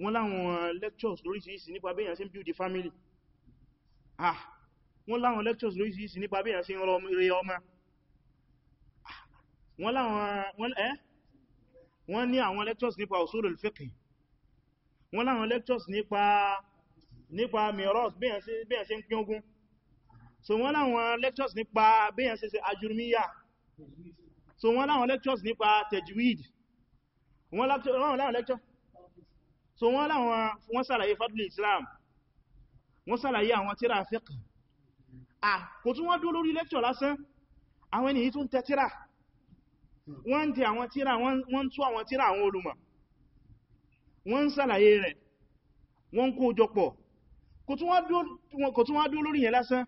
wọ́n láwọn lectures lóríṣìíṣìí nípa bí èyàn ṣe ń build the family wọ́n láwọn lectures lóríṣìíṣìí nípa bí èyàn ṣe wọ́n ní àwọn lectures nípa usulul fiqh wọ́n láwọn lectures nípa nípa miros bíyàn ṣe ń pín ogún so wọ́n láwọn lectures nípa bíyàn ṣe ṣe ajurmiya so wọ́n láwọn lectures nípa tajwid wọ́n láwọn lecture so wọ́n láwọn wọ́n sàlàyé fadlul islam wọ́n sàlàyé àwọn tírà fiqh ah kò tún wọ́n dúró lórí lecture lásán àwọn ènìyàn tún tẹ tírà wọ́n ń tẹ àwọn tíra wọ́n tú àwọn tíra àwọn olùmọ̀ wọ́n ń sàlàyé rẹ̀ wọ́n kó jọpọ̀ kò tún wá dúró lórí yẹn lásán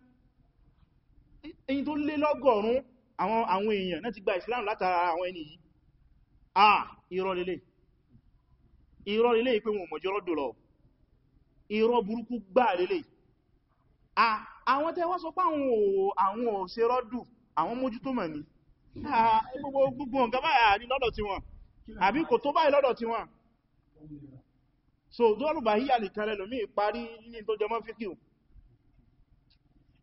èyí tó lé lọ́gọ̀rún àwọn èèyàn náà ti gba Islam látara àwọn ẹni yìí ah irọ́ lélẹ̀ irọ́ lélẹ̀ pé wọn mọ̀jọ́rọ́ dòlọ irọ́ burúkú gbà lélẹ̀ ah àwọn tẹ́wọ́ sọ pé àwọn òṣèrọ́dù àwọn mójútó mọ̀ ni Ah, gbogbo nǹkan báyà ní lọ́dọ̀ tí wọn àbí kò tó báyìí lọ́dọ̀ tí wọn so dọ́rùbà híyà nìkan ẹlòmí parí ní tó jẹmọ́ fíkí o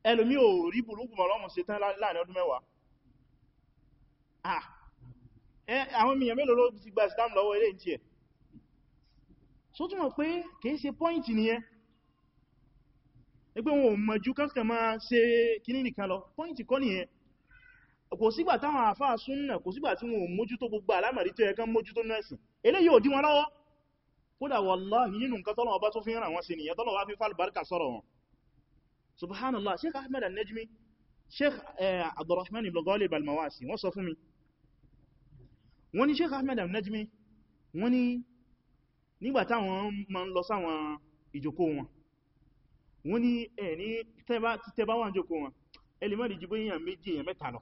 ẹlòmí ò rí burúkú mọ̀lọ́mù ṣe tán láàrin ọdún mẹ́wàá ah, àwọn èèyàn mélòó ló ti gba Islam lọ́wọ́ ilé ìtì ẹ̀ so túnmọ̀ pé kìí ṣe pọ́ìntì nìyẹn ẹgbẹ́ wọn ò mọ̀jú kankan máa ṣe kíní nìkan lọ pọ́ìntì kọ́ nìyẹn kò sígbà táwọn àfáà súnnà kò sígbà tí wọn ò mójútó gbogbo alámàrí tó yẹ kán mójútó nẹ́sìn eléyìí ò dí wọn lọ́wọ́ kódà wàláhì nínú nǹkan tọ́lọ̀ ọba tó fi ràn wọ́n sí nìyẹn tọ́lọ̀ wá fi fàlbárkà sọ́rọ̀ wọn subhanallah sheikh ahmed al-najmi sheikh eh, al-mawasi wọ́n sọ fún mi sheikh ahmed al-najmi wọ́n ní nígbà táwọn ma ń lọ sáwọn ìjókòó wọn wọ́n ní ẹ̀ ní tẹ́bá wọn jókòó wọn ẹlẹ́mọ́dì méjì èèyàn mẹ́ta lọ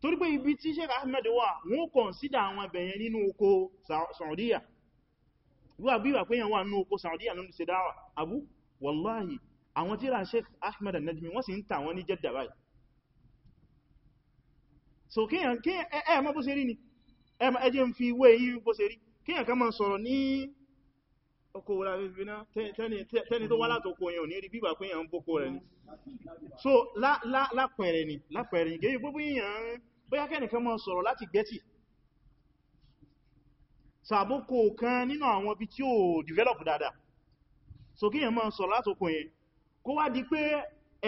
torí pé ibi tí Sheikh Ahmed wà wọ́n consider àwọn ẹbẹ̀yẹn nínú oko Saudiya wọ́n bí wà pé yẹn wà nínú oko Saudiya ló ń ṣe dáwà abú wallahi àwọn tíra Sheikh Ahmed al-Najmi wọ́n sì ń tà wọ́n ní Jeddah báyìí so kíyàn ẹ mọ́ bó ṣe rí ni ẹ jẹ́ ń fi wé yí bó ṣe rí kíyàn ká máa sọ̀rọ̀ ní oko wọ́la fẹ́ tẹ́ni tó wá mm-hmm. látòkò yẹn ò ní rí bíbà pé yẹn ń bókó rẹ̀ ni so lápẹẹrẹ ni lápẹẹrẹ ni gẹ́yìn gbogbo yìnyàn bóyá kẹ́nìkan mọ́ sọ̀rọ̀ láti gẹ́tì sàbókò kan nínú àwọn ibi tí ó develop dáadáa so kí yẹn mọ́ sọ̀rọ̀ látòkò yẹn kó wá di pé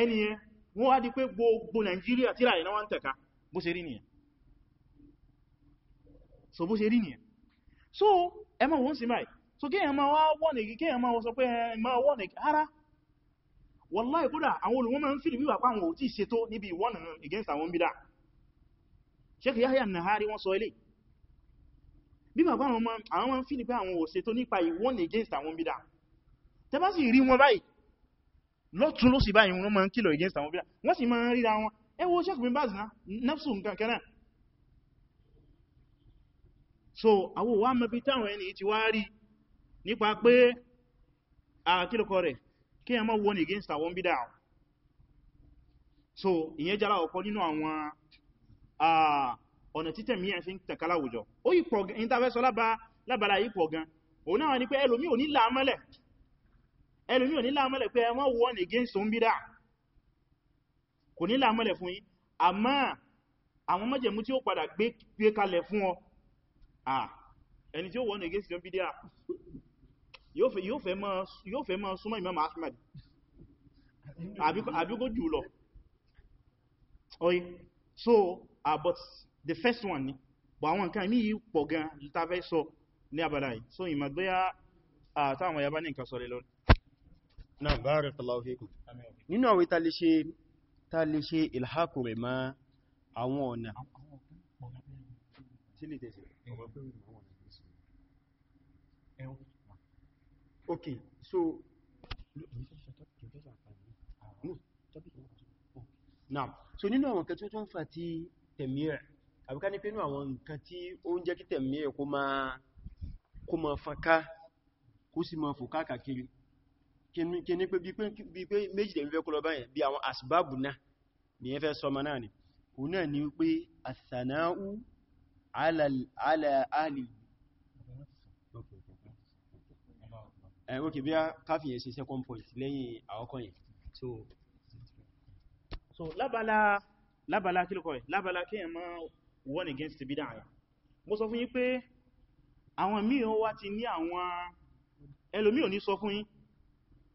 ẹni yẹn wọ́n so bó so ẹmọ wọ́n sì máa so kéèyàn máa wá wọ́nìkì kéèyàn máa wọ́n sọ pé ẹgbẹ́ wọ́nìkì ara wallahi kódà àwọn olùwọ́n máa fìlì wíwà pàwọn ò tí ṣe tó níbi ìwọ́n against àwọn bídá Sheikh Yahya Nahari wọ́n sọ ilé bí bàbá àwọn máa against àwọn bídá tẹ́ bá sì rí wọn báyìí lọ́tún ló sì against àwọn bídá wọ́n sì máa ń ríra wọn nafsu nǹkan so àwọn wà mọ̀ táwọn ẹni ti wá rí nípa pé àkílùkọ rẹ̀ kí ẹ mọ́ wọ́n ní against àwọn bídá so ìyẹn jára ọ̀kọ́ nínú àwọn ọ̀nà títẹ̀ mí ẹ̀fin tẹ̀kálá àwùjọ ó yí pọ̀ gan ìntàfẹ́sọ lábàlá yí pọ̀ gan òun náà ni pé ẹlòmí ò ní láàmọ́lẹ̀ against òun bídá kò ní láàmọ́lẹ̀ fún yín àmọ́ àwọn mọ́jẹ̀mú tí ó padà gbé kalẹ̀ fún ọ ẹni tí ó wọ́n ní against òun bídá yóò fẹ́ máa súnmọ́ Imam Ahmad àbíkó jù lọ oye so uh, but the first one ni bọ̀ àwọn nǹkan ní yí pọ̀ gan ta fẹ́ sọ ní abala yìí so ìmọ̀gbéyà àtàwọn yaba ní nǹkan sọ lè lọ náà barakallahu fikum nínú àwọn ta lè ṣe ta lè ṣe ìlhàkù rẹ̀ ma àwọn ọ̀nà tí okay so ah, hmm. now so nínú àwọn kan tí ó tún fà tí tẹ̀mí ẹ̀ àbíká ní pé nínú àwọn nǹkan tí ó ń jẹ́ kí tẹ̀mí ẹ̀ kó máa kó máa fàká kó sì máa fò káàkiri kí ní pé bí pé méjì tẹ̀mí fẹ́ kó lọ báyẹn bí àwọn asbábù náà ni ẹ fẹ́ sọmọ náà ni òun náà ni pé àsànáú ala ahli Eh, okay bí a káfíyẹ̀ sí second point lẹ́yìn àkọ́kọ́ so so labala labala kílùkọ́ labala lábala kí ẹ̀mọ́ wọ́n against the bidan rẹ̀ mo sọ fún yín pé àwọn míì wá ti ní àwọn ẹlòmíì ò ní sọ fún yín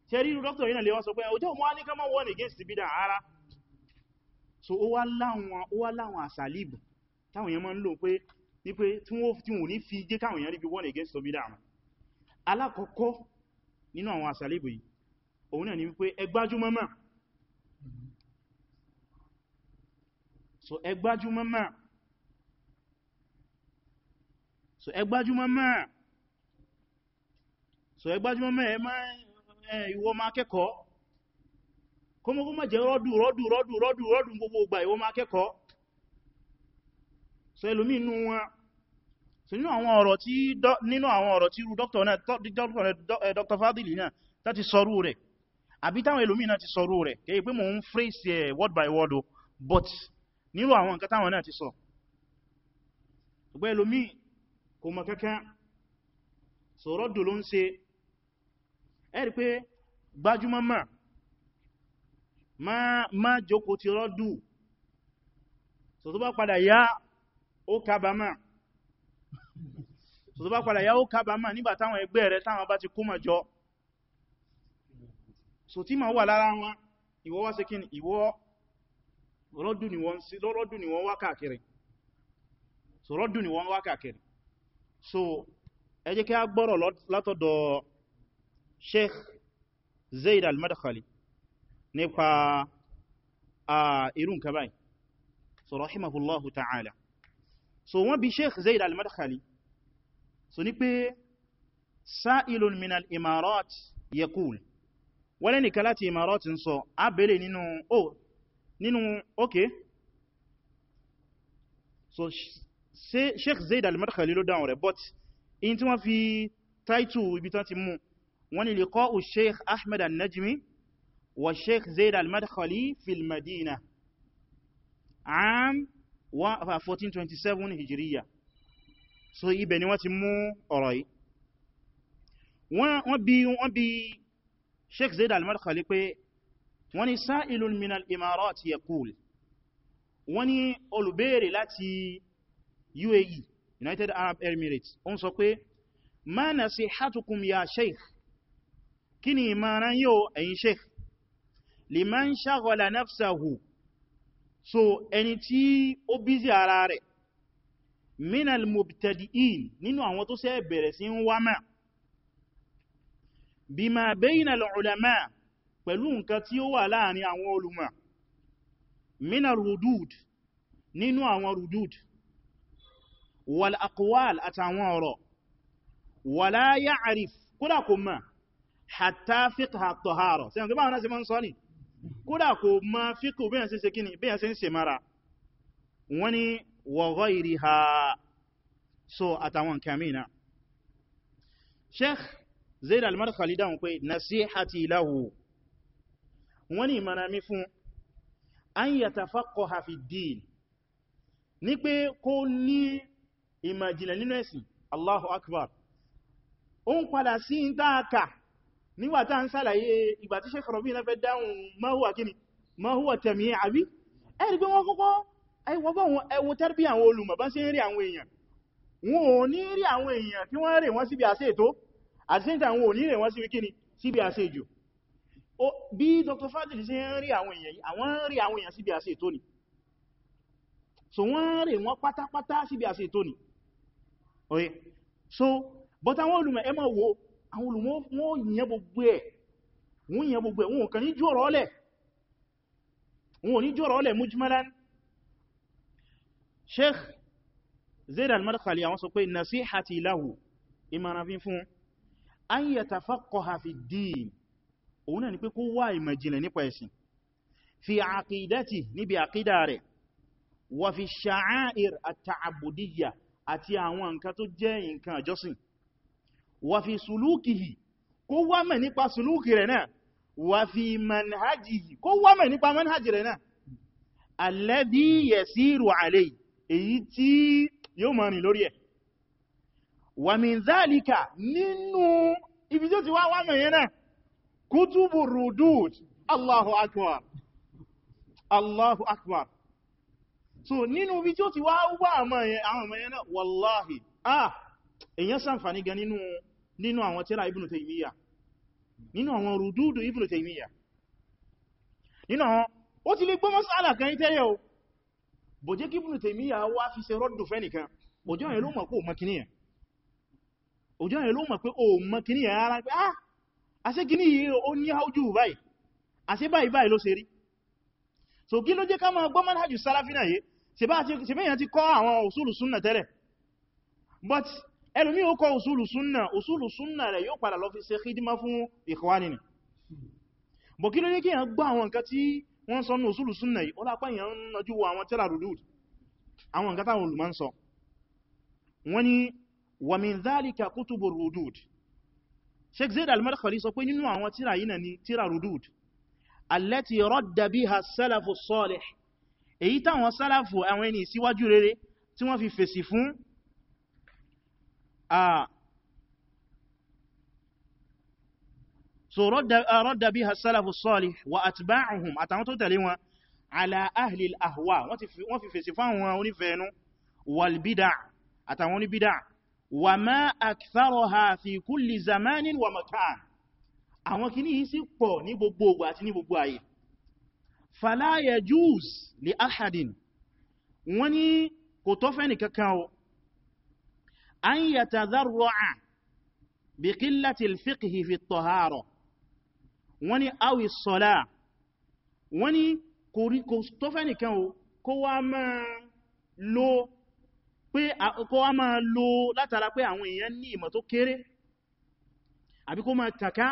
tẹ́ rí dr yínà lè wá sọ pé ọjọ́ mọ́ ní kọ́mọ́ wọ́n against the bidan ara so ó wá láwọn ó wá láwọn àsàlìbù táwọn èèyàn máa ń lò pé ní pé tí wọ́n ní fi jẹ́ káwọn èèyàn rí bí wọ́n against the bidan alákọ̀ọ́kọ́ nínú àwọn àsàlébù yìí òun náà ni wípé ẹgbájúmọ́ so ẹgbájúmọ́ so ẹgbájúmọ́ ma ẹ máa ìwọ máa má jẹ rọ́dù rọ́dù rọ́dù rọ́dù gbogbo ìgbà ìwọ ma kẹ́kọ̀ọ́ so ẹlòmí so nínú àwọn ọ̀rọ̀ tí nínú àwọn ọ̀rọ̀ tí irú dr náà eh, dr fadili náà tá ti sọrú rẹ̀ àbí táwọn ẹlòmíì náà ti sọrú rẹ̀ kìí pé mò ń phrase ẹ̀ eh, word by word o but nínú àwọn nǹkan táwọn náà ti sọ ọgbẹ́ ẹlòmíì kò mọ̀ kankan sọ̀rọ̀ dò ló ń ṣe ẹ̀rí pé gbájúmọ́ mà má jókòó ti rọ́dù so tó bá padà yá ó so tó bá padà yáwó kábàámà nígbà táwọn ẹgbẹ́ rẹ̀ táwọn bá ti kó mọ̀ jọ so tí ma wà lára wọn ìwọ wá sí kí ni ìwọ rọ́dù ni wọ́n sí so rọ́dù ni wọ́n wá káàkiri so ẹ jẹ́ kí a gbọ́rọ̀ látọ̀dọ̀ Sheikh Zaid al-Madkhali nípa irun kabai so rahimahullahu ta'ala so wọ́n bi Sheikh Zaid al-Madkhali so ní pé sa'ilun minal imarat yakul wọ́n ní kala ti imarat ń sọ abẹ́lẹ̀ nínú o oh, nínú okay so sheikh zaid al-madkhali ló dáhùn rẹ̀ but in tí wọ́n fi taitu ibi tán ti mú wọ́n ní sheikh ahmed al-najmi wa sheikh zaid al-madkhali fil madina am 1427 hijriya so ibẹ̀ ni wọ́n ti mú ọ̀rọ̀ yìí wọ́n bi wọ́n bi sheikh zaid al-madkhali pé wọ́n ni sa'ilun min al-imarat yaqul wọ́n ni olùbéèrè láti UAE United Arab Emirates ó ń sọ pé ma nasihatukum ya sheikh kí ni ìmọ̀ràn yóò ẹ̀yin sheikh liman shaghala nafsahu so ẹni tí ó bízi ara rẹ̀ minal mubtadi'in nínú àwọn tó ṣe bẹ̀rẹ̀ sí ń wá máa bima bayna al-ulama pẹ̀lú nǹkan tí ó wà láàrin àwọn olùmọ̀ minal rudud nínú àwọn rudud wal aqwal àtàwọn ọ̀rọ̀ wala ya'rif kódà kò mọ̀ hatta fiqha at-tahara sẹ́yàn tó bá wọn náà sọ ni kódà kò mọ̀ fíkù bí wa ghayriha so àtàwọn kàmínà sheikh zaid al-madkhali dáhùn pé nasihati lahu wọ́n ni ìmọ̀nàmí fún an yatafaqqaha fi ddin ní pé kó ní ìmọ̀jìnlẹ̀ nínú ẹ̀sìn allahu akbar ó ń padà sí ń dáaka nígbàtá ń sàlàyé ìgbà tí sheikh rabi na fẹ́ dáhùn ma huwa kíni ma huwa tẹ̀mí pé wọ́n kọ́kọ́ ẹwọ bọ́ wọn ẹwọ tẹ́rbí àwọn olùmọ̀ bá sí rí àwọn èèyàn wọn ò ní rí àwọn èèyàn tí wọ́n rè wọ́n síbi àṣẹ ètò àṣíntà wọn ò ní rè wọ́n síbi kíni síbi àṣẹ èjò bí Dr. Fadil sí rí àwọn èèyàn yìí àwọn rí àwọn èèyàn síbi àṣẹ ètò ni so wọ́n rè wọ́n pátápátá síbi àṣẹ ètò ni oye so but àwọn olùmọ̀ ẹ máa wo àwọn olùmọ̀ wọ́n yẹn gbogbo ẹ̀ wọ́n yẹn gbogbo ẹ̀ wọ́n kàn ní jọ̀rọ̀ ọlẹ̀ wọ́n ní jọ̀rọ̀ ọlẹ̀ mujmalan sheikh zaid al-madkhali àwọn sọ pé nasihati lahu ìmọ̀ràn fi fún an yatafaqqaha fi ddin òun náà ni pé kó wá ìmọ̀ jìnlẹ̀ nípa ẹ̀sìn fi aqidati níbi àkídà rẹ̀ wà fi sha'air at-ta'abudiyya àti àwọn nǹkan tó jẹ́ nǹkan àjọsìn wà fi sulukihi kó wá mẹ́ nípa suluki rẹ̀ náà wà fi manhajihi kó wá mẹ́ nípa manhaji rẹ̀ náà alladhi yasiru alayhi èyí tí yóò máa rìn lórí ẹ̀ wà nínú ibi tí ó ti wá wá mẹ́yẹn náà rudud Allahu akbar Allahu akbar so nínú ibi tí ó ti wá wá mẹ́yẹn náà wallahi ah èyàn sàǹfàní gan nínú àwọn tírà Ibn Taymiyyah nínú àwọn rùdúdù Ibn Taymiyyah nínú àwọn ó ti lè gbọ́mọ́sí yau? bọ̀jẹ́ kí Ibn Taymiyyah wá fi ṣe rọ́dù fẹ́ nìkan òjò yẹn ló mọ̀ pé o mọ̀ kìíní ẹ̀ ara pé ah àṣẹ kìíní yìí ó ní áójú báyìí àṣẹ báyìí báyìí ló ṣe rí so kí ló jẹ́ ká máa gbọ́ manhajus salafina yìí ṣe bẹ́yàn ti kọ́ àwọn òsúlù súnnà tẹ́lẹ̀ but ẹlòmí ó kọ́ òsúlù súnnà òsúlù súnnà rẹ̀ yóò padà lọ fi ṣe khidima fún ikhwanini but kí wọ́n sọ ní òsúlù súnnà yìí ó lápá èèyàn ń nọjú wo àwọn tẹ́lá rudud àwọn nǹkan táwọn olùmọ́ ń sọ wọ́n ni wa min dhalika kutubu rudud sheikh zaid al-madkhali sọ pé nínú àwọn tírà yìí náà ni tírà rudud allati radda biha as-salafu èyí táwọn sálàfù àwọn ẹni ìsíwájú rere tí wọ́n fi fèsì fún so uh, radda biha as-salafu as-salih wa atba'uhum àtàwọn tó tẹ̀lé wọn ala ahli al-ahwa wọ́n fi fèsì fáwọn onífẹ́ẹ̀nú wal bid'ah àtàwọn oníbídà wa ma aktharuha fi kulli zamanin wa makan àwọn kìí yìí sí pọ̀ ní gbogbo ogun àti ní gbogbo ayé fala yajuz li ahadin wọ́n ní kò tọ́ fẹ́ni kankan o an yatadarra'a bi qillati al-fiqhi fi at wọ́n ní awi sọ́lá wọ́n ní kò rí kò tó fẹ́ nìkan o kó wá máa lo pé kó wá máa lo látara pé àwọn èèyàn ní ìmọ̀ tó kéré àbí kó máa tàká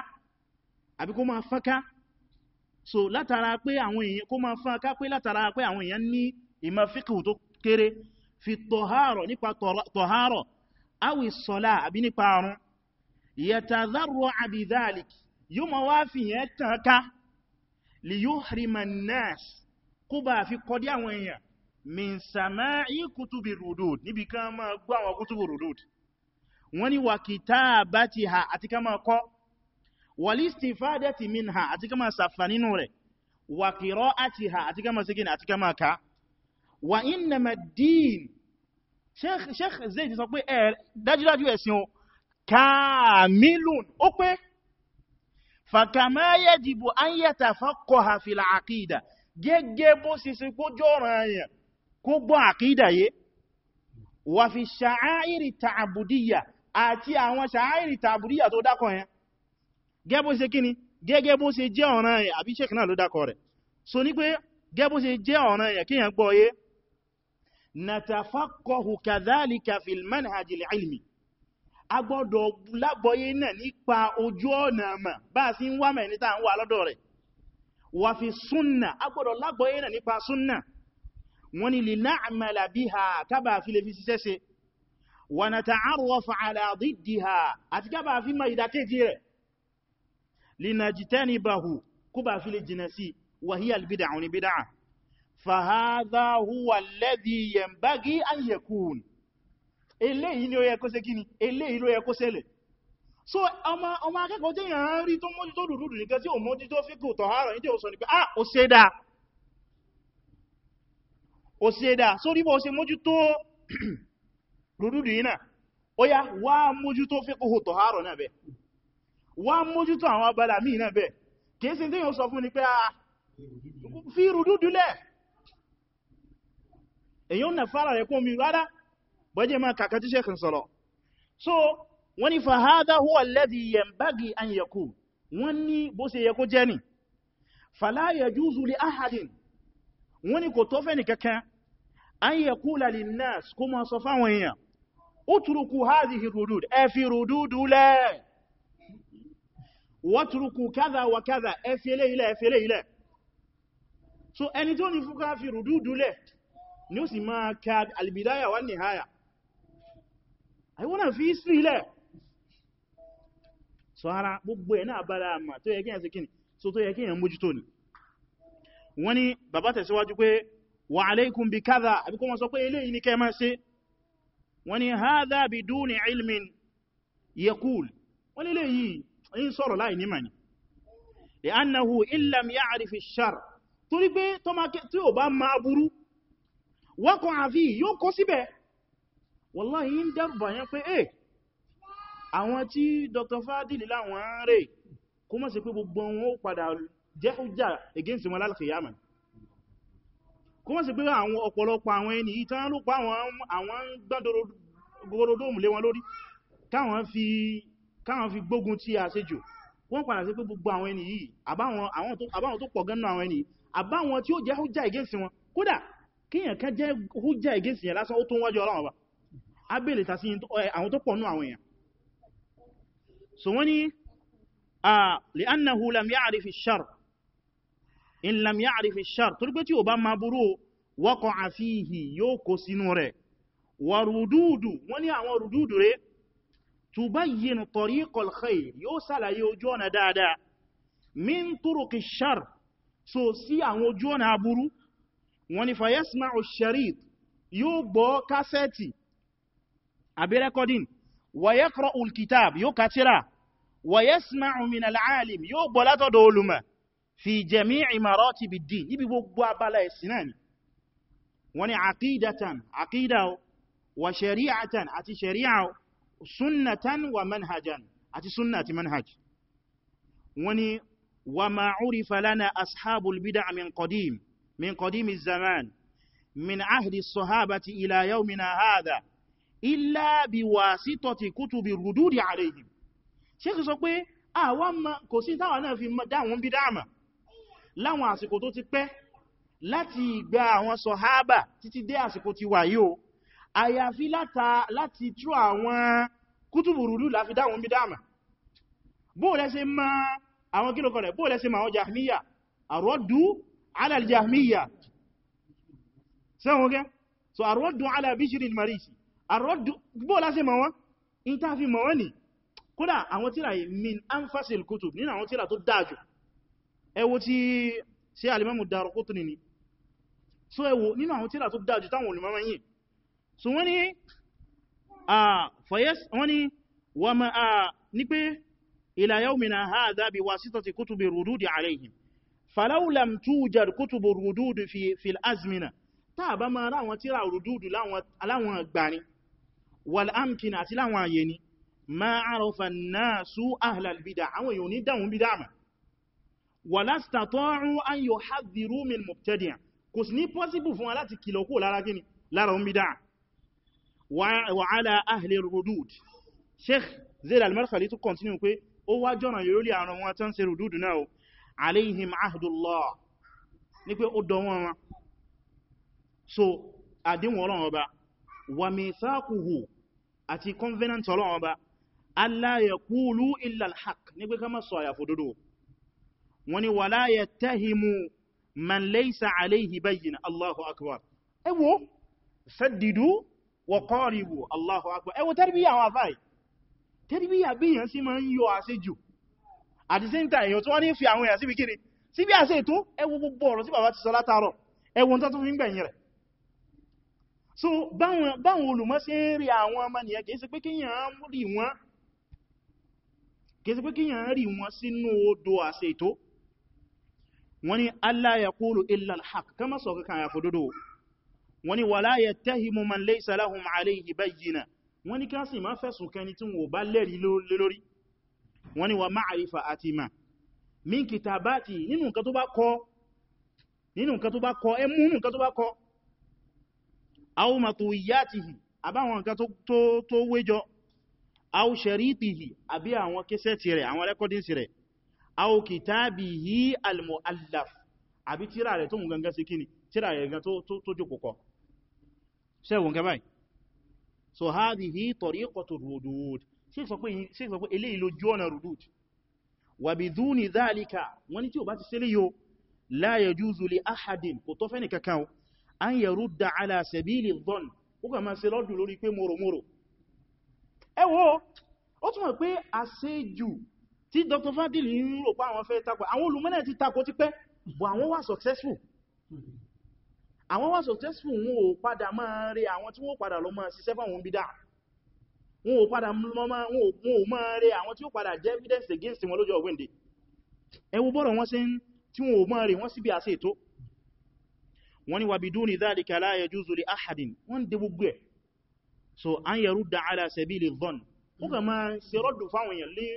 àbí kó máa fánká so látara pé àwọn èèyàn kó máa fánká pé látara pé àwọn èèyàn ní ìmọ̀ fíkù tó kéré fi tọ̀hárọ̀ nípa tọ̀hárọ̀ awi sọ́lá àbí nípa àrùn yàtàzárọ̀ àbí dáàlìkì yóò mọ̀ wá fi yẹn tàn ká li yuhrima an-nas kó bá fi kọdí àwọn èèyàn min sama'i kutubi rudud níbi kan máa gbọ́ àwọn kutubu rudud wọ́n ní wa kitabatiha àti ká máa kọ́ walistifadati minha àti ká máa sàfà nínú rẹ̀ wa qira'atiha àti ká máa sígin àti ká máa ká wa innama ad-din sheikh zayd sọ pé dájúdájú ẹ̀sìn o kàmílùn ó pé fàkàmá yajibu an yatafaqqaha fil aqida gẹ́gẹ́ bó sì sí kó jọ́rọ̀ ayẹ̀ kó gbọ́ àkídà yé wà fi ṣàáìrì tààbùdíyà àti àwọn ṣàáìrì tààbùdíyà tó dákọ̀ yẹn gẹ́bó ṣe kíni gẹ́gẹ́ bó ṣe jẹ́ ọ̀ràn ayẹ̀ àbí agbọ́dọ̀ lágbọ́yé náà nípa ojú ọ̀nà àmà bá sí ń wá mẹ́ níta ń wà lọ́dọ̀ rẹ̀ wà fi súnnà agbọ́dọ̀ lágbọ́yé náà nípa súnnà wọ́n ni lè na'mala biha kábà fi lè fi ṣiṣẹ́ ṣe wà na ta'arrafa ala eléyìí ni ó yẹ kó ṣe kíni eléyìí ló yẹ so ọmọ akẹ́kọ̀ọ́ jẹ́ yàn án rí tó mọ́jú tó si nìkan tí o mọ́jú tó fíkù tọ̀hárọ̀ ní tí ó sọ ní pé so ah, ríbọ̀ ó ṣe mọ́jú tó dùdù nìyàn ó yá wá mọ́jú tó fíkù tọ̀hárọ̀ náà bẹ́ wá mọ́jú tó àwọn abala míì náà bẹ́ tí sọ ah, fi rùdùdù lẹ̀ fara rẹ̀ bọ́jẹ́ máa kàkà tí sẹ́kùn sọ̀rọ̀ so wọ́n ni fahada huwa alladhi yanbaghi an yakun wọ́n ní bó ṣe yẹ kó jẹ́ ni fala yajuzu li ahadin wọ́n ni kò tó fẹ́ ni kankan an yaqula lin nas kó máa sọ fáwọn èèyàn so ni ó sì máa ka albidaya wa nihaya àìwọ́n náà fi history lẹ̀ so ara gbogbo ẹ̀ náà bára àmà tó yẹ kí ẹ̀sẹ̀ kíni so tó yẹ kí ẹ̀ mójútó ni wọ́n ni bàbá tẹ̀síwájú pé wa alaykum bi kadha àbí kó wọ́n sọ pé eléyìí ni kẹ́ máa ṣe wọ́n ni hadha biduni ilmin yaqul wọ́n léyìí yìí wallahi ń dẹ́rùbà yẹn pé eh àwọn tí Dr. Fadil láwọn rẹ̀ kó mọ́ sí pé gbogbo wọn ó padà jẹ́ hujja against wọn lálkìyàmà kó mọ́ sí pé àwọn ọ̀pọ̀lọpọ̀ àwọn ẹni ìtàn ló pa àwọn gbọ́dọ̀dọ̀mù lé wọn lórí káwọn fi gbógun tí a ṣejò wọ́n padà sí pé gbogbo àwọn ẹni yìí àbáwọn tó pọ̀ gánà àwọn ẹni àbáwọn tí ó jẹ́ hujja against wọn kódà kíyàn kan jẹ́ hujja against yẹn lásán ó tó wájú Ọlọ́run abẹ́lẹ̀ tàbí àwọn tó pọ̀ nú àwọn èèyàn so wọ́n ni a lè annahu lam ya'rif ash-shar in lam ya'rif ash-shar torí pé tí ó bá máa burú waqa'a fihi yóò kó sínú rẹ̀ wà rùdúdù wọ́n ni àwọn rùdúdù tariqal khayr yóò sàlàyé ojú ọ̀nà dáadáa min turuqi ash-shar so sí àwọn ojú ọ̀nà aburú fa yasma'u ash-sharit yóò gbọ́ kásẹ̀tì àbí rẹ́kọ́dín wàyẹ́kọ́rọ̀ ulkitab yóò kàtírà wàyẹ́smáhùn min al'alim yóò gbọ́ látọ̀dọ̀ olùmọ̀ fi jẹ́mí ìmọ̀rọ̀tì bí dín níbi gbogbo abala ẹ̀sìn náà ni wọ́n ni àkídatan àkídà wa shari'atan àti shari'a sunnatan wa manhajan àti sunna àti manhaj wọ́n ni wa ma'urifa lana ashabul bid'a min qadim min qadim zaman min ahdi as-sahabati ila yawmina hadha illa bi wasitati kutubi rududi alayhim sheikh sọ pé àwọn ma kò sí táwọn náà fi dá àwọn bí dáàmà láwọn àsìkò tó ti pẹ́ láti ìgbà àwọn sọ̀hábà títí dé àsìkò ti wà yìí o àyàfi láti tú àwọn kútùbù rúdú láfi dáwọn bí dáàmà bóòlẹ́ ṣe ma àwọn kílòkọ̀rẹ̀ bóòlẹ́ ṣe ma àwọn so àrọ́dú alàbíṣirin marisi àrọ́dù gbọ́ lásì mọ̀ wọ́n in ta fi mọ̀ wọ́n ni kódà àwọn tíra min anfasil kutub nínú àwọn tíra tó dájú ẹwọ tí sí alimamu Daraqutni ni so ẹwọ nínú àwọn tíra tó dájú táwọn olùmọ́mọ́ yìí so wọ́n ni a fayes wọ́n ni wà ma a ní pé ila yawmina hadha bi wasitati kutubi rududi alayhim falau lam tujad kutubu rududi fi fil ta ba ma ra àwọn tíra rududi láwọn aláwọn wàl'amkina àti láwọn àyè ni ma àrọ̀fà náà sú ahlal bidà àwọn èèyàn ní dáhùn bidà mà wà lástàtọ́rún an yóò hadiru min mubtadi'a kò sí ní pọ́síbù fún wa láti kìlọ̀ kó lára gini lára un bidà wà ala ahli rudud so àdínwọ̀n ọlọ́run ọba wà àti covenant ọlọ́run ọba alla yaqulu illa al-haqq ní pé ká má sọ àyàfò dúdú wọ́n ni wala yattahimu man laysa alayhi bayyina allahu akbar ẹ wò saddidu wa qaribu allahu akbar ẹ wò tarbiyya àwọn afáì tarbiyya bí so báwọn olùmọ̀ ṣe ń rí àwọn ọmọ nìyẹn kìí ṣe pé kíyàn rí wọn kìí ṣe pé kíyàn rí wọn sínú odò àṣẹ ètò wọ́n ni Allah yaqulu illa al-haqq kama sọ kankan ya fòdodo wọ́n ni wala yattahimu man laysa lahum alayhi bayyina wọ́n ni káàsì máa fẹ̀sùn kẹni tí wọ́n bá lẹ́rí ni wa ma'rifa àti ma min aw matuyatihi àbáwọn nǹkan tó wéjọ aw sharitihi àbí àwọn kẹsẹ̀tì rẹ̀ àwọn rẹ́kọ́dínsì rẹ̀ aw kitabihi al-mu'allaf àbí tíra rẹ̀ tó mú gangan sí kíni tíra rẹ̀ gangan tó jókòkọ́ sẹ́wọ̀n gẹ́bàí so hadhihi tariqatu rudud sí sọ pé eléyìí lójú ọ̀nà rudud wa biduni dhalika wọ́n ni tí ò bá ti sílé yóò la yajuzu li ahadin kò tọ́fẹ́ nìkankan an yarudda ala sabili dhann ó kà máa ṣe lọ́dún lórí pé mòròmòrò ẹ wò ó túnmọ̀ pé àṣejù tí Dr. Fadil ń rò pa àwọn fẹ́ takò àwọn olùmọ́nà ti takò ti pẹ́ bọ̀ àwọn wà successful àwọn wà successful wọn ò padà máa rí àwọn tí wọ́n padà lọ máa ṣiṣẹ́ fáwọn bídá wọn ò padà wọn ò máa rí àwọn padà jẹ́ evidence against wọn lójọ́ ọgbẹ́ndẹ̀ ẹ wò bọ́rọ̀ wọ́n ṣe tí wọn ò máa rí wọ́n wọ́n ni wà biduni dhalika la yajuzu li ahadin wọ́n dé gbogbo ẹ̀ so an yarudda ala sabili dhann ó kà máa ṣe rọ́dù fáwọn èèyàn lé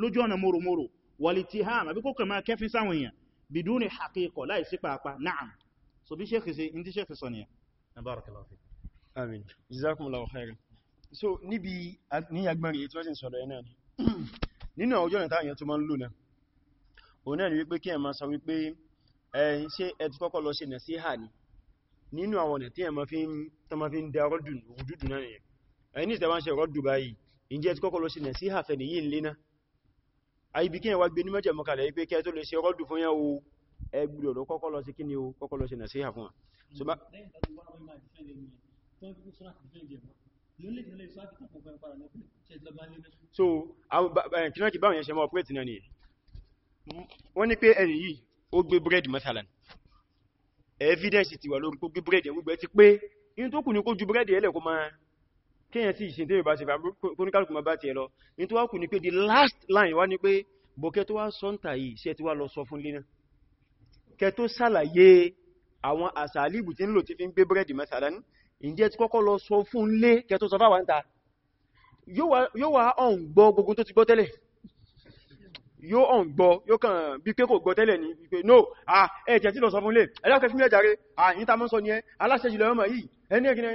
lójú ọ̀nà mòròmòrò walitiham àbí kó kà máa kẹfin sáwọn èèyàn so bí sheikh ṣe in ti sheikh sọ nìyà na barakallahu fik amin so níbi ní agbárí ètò ọ̀sìn sọ̀rọ̀ ẹ̀ náà nínú ọjọ́ ìta àyẹ̀ tó máa ń lò ẹ̀yìn ṣe ẹ̀tù kọ́kọ́ lọ ṣe nàṣíhà ní nínú àwọn ọ̀nà tí ẹ̀mọ́ fi ń da rọ́dùdù náà yẹn ẹni ìsẹ̀wà ń ṣe rọ́dù báyìí ìjẹ́ ẹ̀tù kọ́kọ́ lọ ṣe nàṣíhà fẹ̀ni yìí lena àìbí kí ẹwà gbé ní mẹ́jẹ̀ mọ́kàlẹ̀ wípé kẹ́ so kí náà kí báwọn yẹn ṣe mọ́ ọ̀pẹ́ẹ̀tì náà nìyẹn wọ́n ní pé ẹni yìí ó gbé búrẹ́dì mẹ́sàlán evidence ti wà lórí pé gbé búrẹ́dì ẹ̀wùgbẹ́ ti pé in tó kù ní kó ju búrẹ́dì ẹlẹ́ kó máa kíyàn sí ìṣẹ́ tẹ́rẹ bá ṣe fàbíkóníkàlùkù ma bá ti ẹ lọ in tó wá kù ní pé the last line wá ní pé bọ̀kẹ́ tó wá sọ́ntà yìí ṣe ti wá lọ sọ fún lína kẹ tó sàlàyé àwọn àsàlìbù tí ń lò ti fi ń gbé búrẹ́dì mẹ́sàlán ìjẹ́ ti kọ́kọ́ lọ sọ fún lé kẹ tó sọ fáwọn ta yóò wá ọ̀n gbọ́ gbogbo tó ti gbọ́ tẹ́lẹ̀ yóò ọ̀n gbọ́ yóò kàn bí pé kò gbọ́ tẹ́lẹ̀ ní wípé no ah ẹ̀jẹ̀ tí lọ sọ fún lè ẹlẹ́kẹ́ fún ẹjàre ah yínta mọ́ sọ ní ẹ aláṣẹ́jì lọ ọmọ yìí ẹni ẹ̀kì náà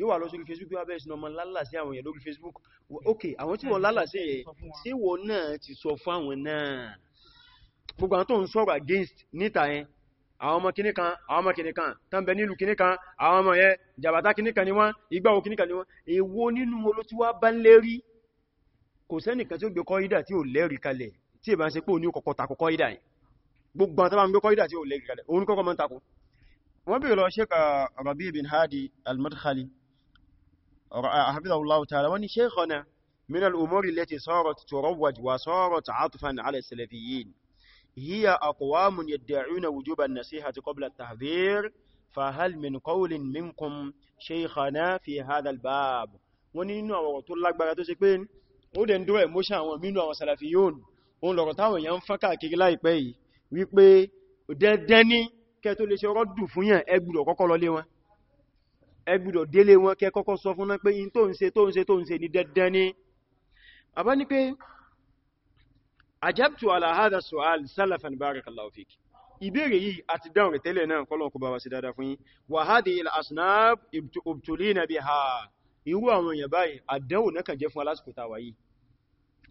yóò wà lọ sórí Facebook yóò abẹ́ ìsinmi lálà sí àwọn èèyàn lórí Facebook ok àwọn tí wọ́n lálà sí ẹ̀ sí wọ́n náà ti sọ against níta yẹn àwọn ọmọ kìní kan ni wọ́n ìgbàwo kìní kan ni wọ́n èwo nínú olótíwá bá ń lérí kò sẹ́nìkan tí ó gbé kọ́ ìdá tí ò lẹ́rìí kalẹ̀ tí ìbá ń ṣe pé òní kọ̀kọ́ takò kọ́ ìdá gbogbo àtàbà ń gbé kọ́ ìdá tí ó lè gẹ̀rẹ̀ òun kọ́kọ́ mọ́ takò wọ́n bí lọ ṣe ka Rabi bin Hadi al-Madkhali uh, nínú àwọn tó lágbára tó ṣe pé ó dẹ̀ ń dúró ẹ̀mọ́ṣà àwọn mínú àwọn salafiyyun òun lọ̀rọ̀ táwọn èèyàn ń fán káàkiri láìpẹ́ yìí wípé dẹ́dẹ́ ní kẹ tó lè ṣe rọ́dù fún yàn ẹ gbọ́dọ̀ kọ́kọ́ lọ lé wọn ẹ gbọ́dọ̀ délé wọn kẹ kọ́kọ́ sọ fún náà pé in tó ń ṣe tó ń ṣe tó ń ṣe ní dẹ́dẹ́ ní biha irú àwọn èèyàn báyìí àdánwò náà kàn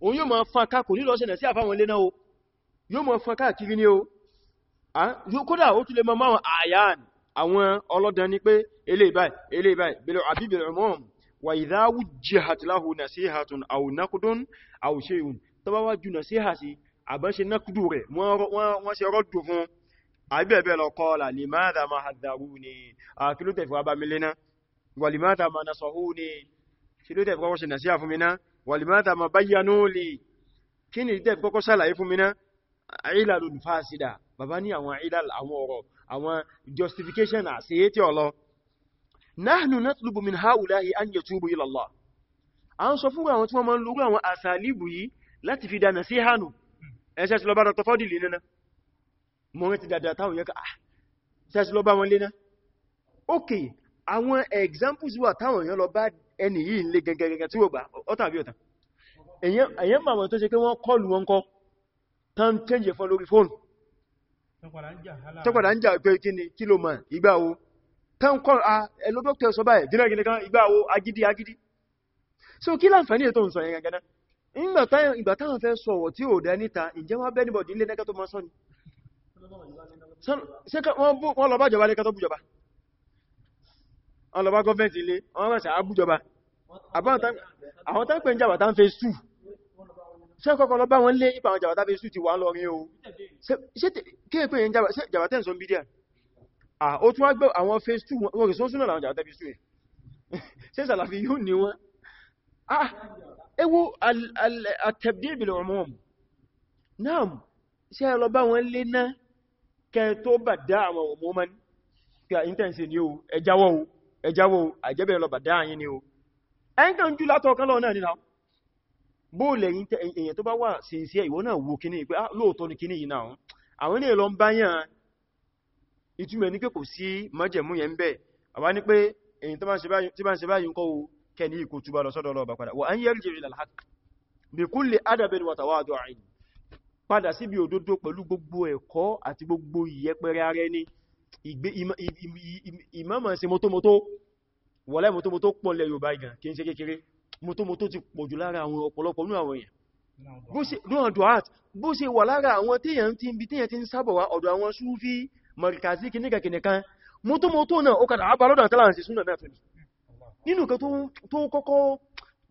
òun yóò máa fán ká kò nílọ ṣẹlẹ̀ sí àfáwọn ilé náà o yóò máa fán káàkiri ní o kódà ó tún lè máa máa àyàn àwọn ọlọ́dàn ní pé eléyìí báyìí eléyìí báyìí bil abi bil umum wa idha wujjihat lahu nasihatun aw naqdun aw shay'un tó bá wá ju nasiha sí àbáṣe nákùdù rẹ̀ wọ́n ṣe rọ́dù fún àbẹ̀bẹ̀ lọ kọ́ọ̀lá ma haddaruni àkílótẹ̀fẹ́ wà bá mi wọ́n ṣe nasiha fún mi náà wàlìmáta ma bayyanu lè kí ni ìdẹ́ kọ́kọ́ sàlàyé fún mi ná ìlàlù fásídà bàbá ní àwọn ìlàlù àwọn ọ̀rọ̀ àwọn justification àṣeyẹ́tì ọlọ́ nahnu natlubu min haulahi an yatubu ila Allah an sọ fún àwọn tí wọ́n máa ń lórí àwọn àsàlìbù yìí láti fi dànà sí hànù ẹ̀ṣẹ́ ti lọ bá dr fọ́dìlì nínú mọ́rin ti dàdà táwọn yẹ́ka ah, ṣẹ́ ti lọ bá wọn léná ok àwọn examples wà táwọn yẹ́ lọ bá ẹni yìí ń lé gẹgẹgẹgẹ tí ó gbà ọ́tàbí ọ̀tàn èyàn màmọ̀ tó ṣe pé wọ́n kọlù wọn kọ tán change fún lórí fóònù tọ́pàdà ń jà pé kí ni kí ló mọ̀ ìgbàwo tán kọ́ ẹlọ́dọ́kẹ́ sọ báyìí agidi agidi so kí láǹfàní ètò ń sọ yẹn gẹ́gẹ́ ìgbà táwọn fẹ́ sọ̀wọ̀ tí ò dá níta ìjẹ́ wọ́n bẹ́ẹ̀ níbọ̀dí ilé nẹ́gẹ́ tó mọ́ sọ́ni wọ́n lọ bá wọ́n lọ bá gọ́ọ̀mẹ́ntì ilé wọ́n rẹ̀ sàábùjọba àwọn tán pè ń jàbàtà ń fẹ́ sù ṣe kọ́kọ́ lọ bá wọn lé ipa àwọn jàbàtà fẹ́ sù ti wà lọ́rin o ṣe kéè pè ń jàbàtà ń sọ bídíà ó tún wágbẹ́ àwọn fẹ́ sù wọ́n rẹ̀ sọ́sùn náà àwọn jàbàtà fẹ́ sù ẹ̀ ṣe sàlàfi yóò ní wọn ewu àtẹ̀bdí ìbìlẹ̀ ọmọ náà ṣe lọ bá tó bà dá àwọn ọmọ mọ́ ní pé à ẹjáwó àjẹ́bẹ̀rẹ̀ lọ bàdá yìí ni o ẹnkàn jù látọ̀ kan lọ náà nínú bóòlẹ̀ èyàn tó bá wà sínsí ìwọ náà wo kíní pé ah, lóòtọ́ ni kíní yìí náà àwọn ilé lọ ń báyàn ìtumẹ̀ ní pé kò sí májẹ̀mú yẹn bẹ́ẹ̀ àwa ní pé èyàn tó bá ń ṣe báyìí ń kọ́ o kẹni ikú túbá lọ sọ́dọ̀ lọ́ọ̀bà padà wà á ń yẹ́rì jẹ́rì ìgbé ìmọ́mọ̀ sí mọ́tọ́mọ́tọ́ wọ́lẹ́ mọ́tọ́mọ́tọ́ pọ̀ lẹ Yorùbá igan kí n ṣe kékeré mọ́tọ́mọ́tọ́ ti pọ̀ jù lára àwọn ọ̀pọ̀lọpọ̀ ní àwọn èèyàn bó ṣe wà lára àwọn téèyàn tí ibi téèyàn ti ń sábọ̀ wá ọ̀dọ̀ àwọn súfí mọ̀rìkàzí kìníkàkìníkan mọ́tọ́mọ́tọ́ náà ó kàdà àbálọ́dà tàlà sí súnà náà fún mi nínú nǹkan tó kọ́kọ́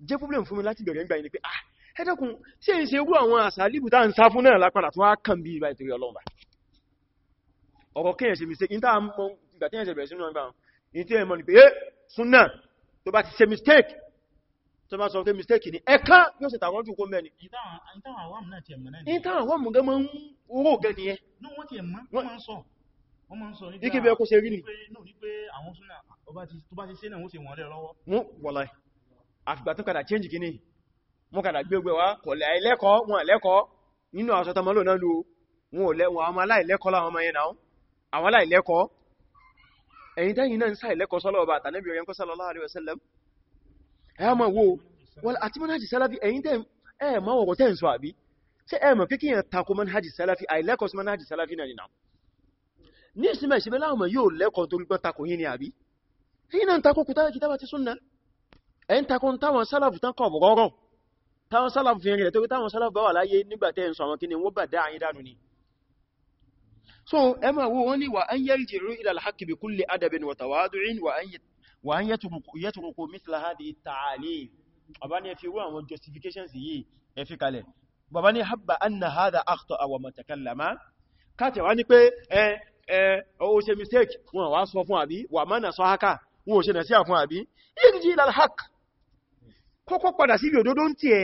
jẹ́ problem fún mi láti bẹ̀rẹ̀ ń gbà ní pé ah ẹ́dẹ́kùn tí èyí ṣe irú àwọn àṣà líbù tá ń sá fún náà lápàdà tó wá kàn bí ibà ìtòrí ọlọ́mà ọ̀rọ̀ kíyàn ṣe mistake ìta mọ́ ìgbà tí yẹn ṣe bẹ̀rẹ̀ sínú ọgbà ìtí ẹ̀mọ́ ni pé eh súnà tó bá ti ṣe mistake tó bá sọ pé mistake ni ẹ̀ká yóò ṣe tàwọn jùkó mẹ́ni ìta àwọn mú gẹ́mọ́ oró gẹ́ ni ẹ ike bí ẹkó ṣe rí ni àfìgbà tó kàdà change kìíní mọ́ kàdà gbégbé wá kọ̀lẹ̀ àìlẹ́kọ̀ọ́ wọn àìlẹ́kọ̀ọ́ nínú àwọn sọtamọ́lò náà lò wọn ò lẹ́wọ̀n àwọn aláìlẹ́kọ̀ọ́ láwọn ọmọ yẹn náà àwọn aláìlẹ́kọ́ ẹ̀yin tẹ́yìn náà ń sá ìlẹ́kọ́ sọ́lọ́ọ̀bá àtànẹ́bì ọ̀yẹn kọ́ sallallahu alaihi wasallam ẹ ma wo wọ́n àti manhajì sálàfí ẹ̀yin tẹ́ ẹ ma wọ̀kọ̀ tẹ́ ń sọ àbí ṣe ẹ mọ̀ ni àbí ẹ̀yin náà ń tako kùtà kìtàbà ti súnnà ẹ̀ ń tako táwọn sálàfù tán kọ̀ bọ̀gọ́rọ̀ táwọn sálàfù fi rìn rẹ̀ torí táwọn sálàfù bá wà láyé nígbà tẹ́ ń sọ àwọn kíni wọ́n bà dá so ẹ máa wo wọ́n ní wà an yarji'u ila al-haqqi bi kulli adabin wa tawadu'in wa an yatruku mithla hadhihi at-ta'alil bàbá ní ẹfi wọ́n àwọn justifications yìí ẹfi kalẹ̀ bàbá ní habba anna hadha akhta'a wa matakallama káàtẹ̀ wá ní pé ẹ ẹ ó ṣe mistake wọn wá sọ fún àbí wà mánà sọ haka wọn ò ṣe nà sí àfún àbí yarji ila al kọ́kọ́ padà sí ìdòdó tí ẹ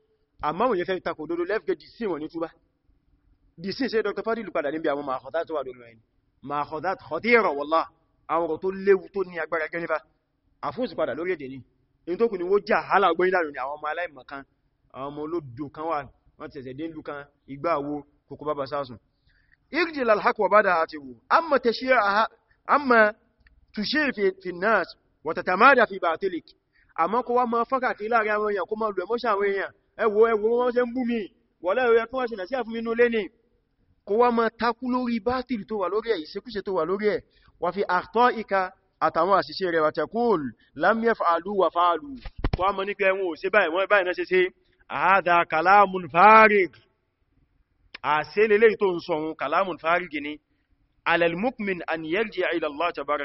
àmáwọn yẹ fẹ́ takò dodo lẹ́fẹ́ di sí wọn ní túbá di ṣe dr fadilu padà níbi àwọn mahadat wà lórí ẹni mahadat khatira wallah àwọn ọ̀rọ̀ tó léwu tó ní agbára gẹ́nifá àfúnsì padà lórí èdè ní in tó kù ni wó jà hálà gbóyìn láàrin àwọn ọmọ aláìmọ̀kan àwọn ọmọ olódò kan wà wọ́n ti ṣẹ̀ṣẹ̀ wa bada ati wu amma tashia amma tushir fi fi nas wa tatamada fi batilik amma ko wa ma faka ki láàrin àwọn èèyàn ko ma lu emotion ẹwọ ẹwọ wọ́n ṣe ń bú mi wọ́lẹ́ ẹ̀rẹ́ tó wá ṣe nàṣíà fún inú lẹ́ni kó wá máa takú lórí bátìlì tó wà lórí ẹ̀ ìṣekúṣe tó wà lórí ẹ̀ wà fi àtọ́ ìka àtàwọn àṣìṣe rẹ̀ wàtẹ̀kùl lámíẹ̀ fàálù wà fàálù kó wá mọ́ ní pé ẹwọ́n ò ṣe báyìí wọ́n báyìí náà ṣe ṣe àádá kàlámùn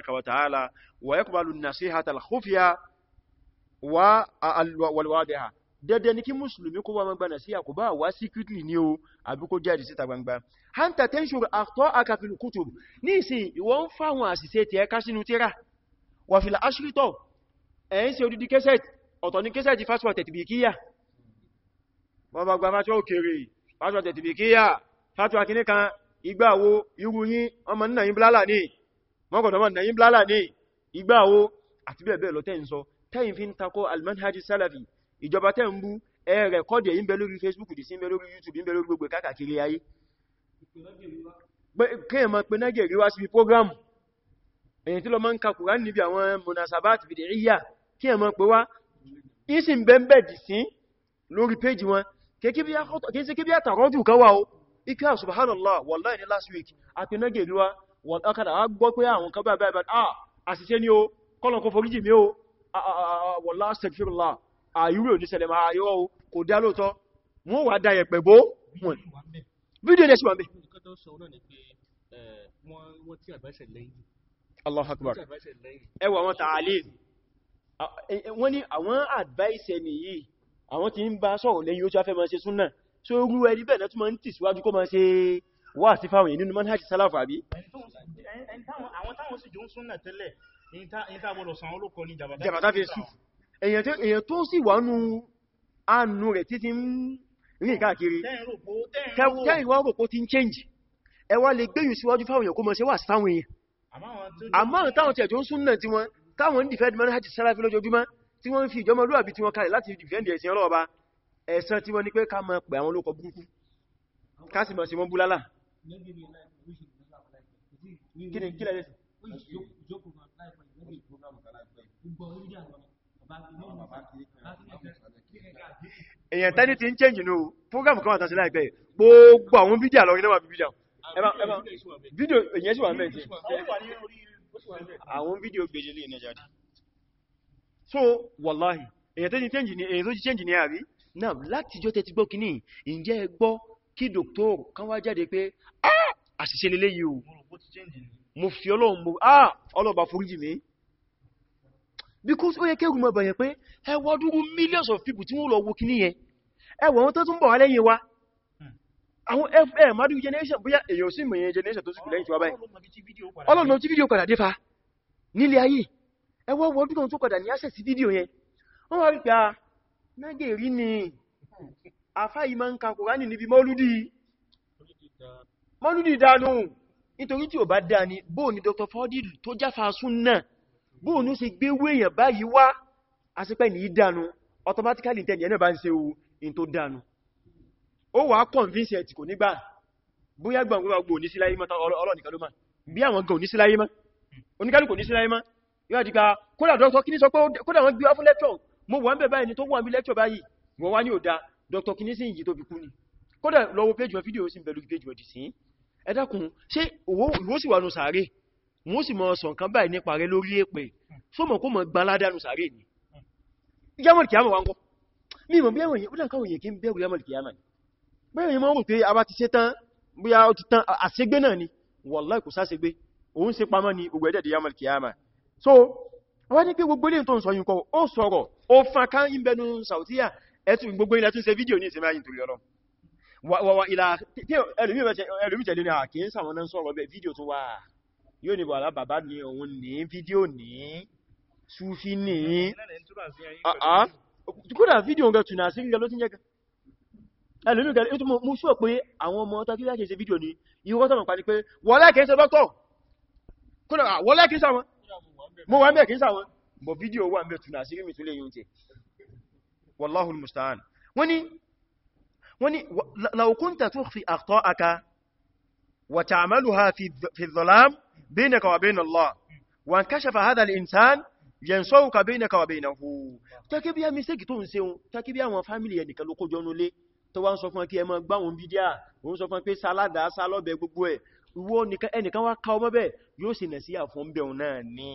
wa ta'ala wa yaqbalu an dẹ́dẹ́ ní kí mùsùlùmí kó wá máa gba nasiha kò bá wá secretly ní o àbí kó jáde síta gbangba hanta tenshur akhtọ́ akafil kutub ní ìsìn ìwọ́n ń fáwọn àṣìṣe tẹ́ ká sínú tíra wà fìlà ashritọ́ ẹ̀yìn sí odidi kẹsẹ̀t ọ̀tọ̀ ní kẹsẹ̀t fásitì tẹ̀tìbìkíyà wọ́n bá gba fásitì òkèrè fásitì tẹ̀tìbìkíyà fásitì akíní kan ìgbàwo irú yín ọmọ ìjọba tẹ́ ń bú ẹ̀rẹ̀ kọ́dẹ̀ ń bẹ lórí Facebook dì sí ń bẹ lórí YouTube ń bẹ lórí gbogbo káàkiri ayé kéèyàn máa pe Nàìjíríà wá síbi prógrámù èyàn tí lọ máa ń ka Kùránì níbi àwọn munasabat bid'iyya kéèyàn máa pe wá ìsì ń bẹ́ẹ̀ dì sí lórí péjì wọn kéèsì kí bí àtàrọ́jù kan wà ó ikẹ́ subhanallah wallahi ni last week àti Nàìjíríà ọkàdà wá gbọ́ pé àwọn kan bá bá bá àṣìṣe ní ó kọ́lọ̀kọ́ foríjì mí ó ah, ah, ah, wallahi astaghfirullah àìwé oníṣẹ́lẹ̀ máa yọ́ o kò dá lóòtọ́ wọ́n wà dá ẹ̀pẹ̀ wọ́n fídíò lẹ́ṣì wọ́n bẹ̀ Allahu Akbar wọ́n tí ń lẹ́yìn ó tí a fẹ́ wà sí fáwọn ènìyàn nínú manhaj sálàfà bí àwọn táwọn sì jù súnnà tẹ́lẹ̀ ìyíta gbọ́dọ̀ sàn olókọ ní jàbátá fi sùfù èyàn tó sì wà nú àánú rẹ̀ títí ń rìn káàkiri tẹ́rìnwá òpó tí ń change ẹwà lè gbéyìn síwájú fáwọn èyàn kó mọ́ sí wà sáwọn èyàn àmọ́ táwọn tẹ̀ tó ń súnnà tí wọ́n táwọn ń defend manhaj salafi lójoojúmọ́ tí wọ́n ń fi ìjọmọ́ lúwàbí tí wọ́n kalẹ̀ láti defend ẹ̀sìn ọlọ́ọba ẹ̀san tí wọ́n ní pé ká mọ́ pẹ̀ àwọn olókọ burúkú ká sì mọ́ sí wọ́n búlálà kí ni kí lẹ́yẹsì èyàn tẹ́ni ti ń change ní o program kan àtàṣe láìpẹ́ gbogbo àwọn fídíò lọ rínẹ́wà fídíò fídíò èyàn sí wà mẹ́ tí àwọn fídíò gbèjì lè nẹjà dì so wallahi èyàn tẹ́ni change ní èyàn tó ti change ní àrí náà látijọ́ tẹ́ ti gbọ́ kíní ìjẹ́ gbọ́ kí dòktó kan wá jáde pé ah, àṣìṣe lélẹ́yìí o mo fi ọlọ́run mo ah ọlọ́ba foríjì mi because ó yẹ kẹ́rù mọ́ bẹ̀yẹ̀ pé ẹwọ́ dúró millions of people tí wọ́n lọ wo kí níyẹn ẹwọ̀ wọn tó tún bọ̀ alẹ́yìn wa hmm. àwọn fm madu generation bóyá èyàn sí mẹ̀yẹn generation to tó sùkú lẹ́yìn tí wọ́n báyìí ọlọ́nà tí fídíò padà dé fa nílé ayé ẹwọ́ wọ́n dúró tó padà ní access fídíò yẹn wọ́n wá rí pé a ah, nágẹ̀rí ni afá yìí máa ń ka kòránì níbi mọ́lúdì mọ́lúdì dánú nítorí tí ò bá dá ni bóò ni Dr. Fordil tó jáfa súnnà bóò ní ó ṣe gbé wéèyàn báyìí wá àṣípẹ́ ní ìdánu automatically tẹ́ni ẹ̀nà bá ń ṣe ohun tó dánu ó wà convince ẹ̀ tí kò nígbà bóyá gbàngbàgbò ní síláyé mọ́ ọlọ́nìkan ló máa bí àwọn gan ní síláyé mọ́ oníkálùkù ní síláyé mọ́ yóò dìgbà kódà dr kini sọ mo wà ń bẹ̀ báyìí ni tó wà bí lecture báyìí wọ́n wá ní ò dá dr kini sí ìyí tó fi kú ni kódà lọ́wọ́ péjì wọ́n sì mọ́ sọ nǹkan báyìí nípa rẹ lórí èpè sómọ̀ kó mọ̀ gbá ládánù sàárè ní yamal kiyama wa ń kọ́ ní ìmọ̀ bẹ́ẹ̀wọ̀n yẹn ó dánkà òyìn kí ń bẹ̀rù yamal kiyama ní bẹ́ẹ̀rù yẹn mọ́ rò pé a bá ti ṣe tán bóyá ó ti tán àṣegbé náà ni wallahi kò sáṣegbé òun ṣe pamọ́ ni gbogbo ẹ̀dẹ̀ yamal kiyama so wọ́n ní pé gbogbo ilé tó ń sọ yìí kọ́ ó sọ̀rọ̀ ó fan ká ń bẹnu sàútíyà ẹ̀tù gbogbo ilẹ̀ tún ṣe fídíò ní ìsinmi ayé nítorí ọlọ́ wà wà ilà ẹlòmí tẹ̀lé ní àkíyèsà wọn náà sọ̀rọ̀ bẹ́ẹ̀ fídíò yóò ní wàhálà bàbá ní òun ní fídíò ní súfí ní kódà fídíò ǹkan tùnà sí ǹkan ló ti ń jẹ́ka ẹlòmí ìgbà ètò mú sọ pé àwọn ọmọ ọta kíkà kìí ṣe fídíò ní ìwọ́ tọ́nà pa ní pé wọ́lá kìí ṣe dọ́kọ̀ kódà ah, wọ́lá kìí ṣàwọn mo wà ń bẹ̀ kìí ṣàwọn bọ̀ fídíò wà ń bẹ̀ tùnà sí wọ́n بينك وبين الله وان كشف هذا الانسان ينسوك بينك وبينه تكبي يا mistake tó ń ṣe un تكبي àwọn family ẹnìkan ló kó jonu le tó wá ń sọ fún kí ẹ má gba wọn bidia ó ń sọ fún pé salada salobe gbogbo ẹ̀ ìwọ nìkan ẹnìkan wá ká ọmọ bẹ́ẹ̀ yóò sì nà sí àfọn bẹ̀rún náà ni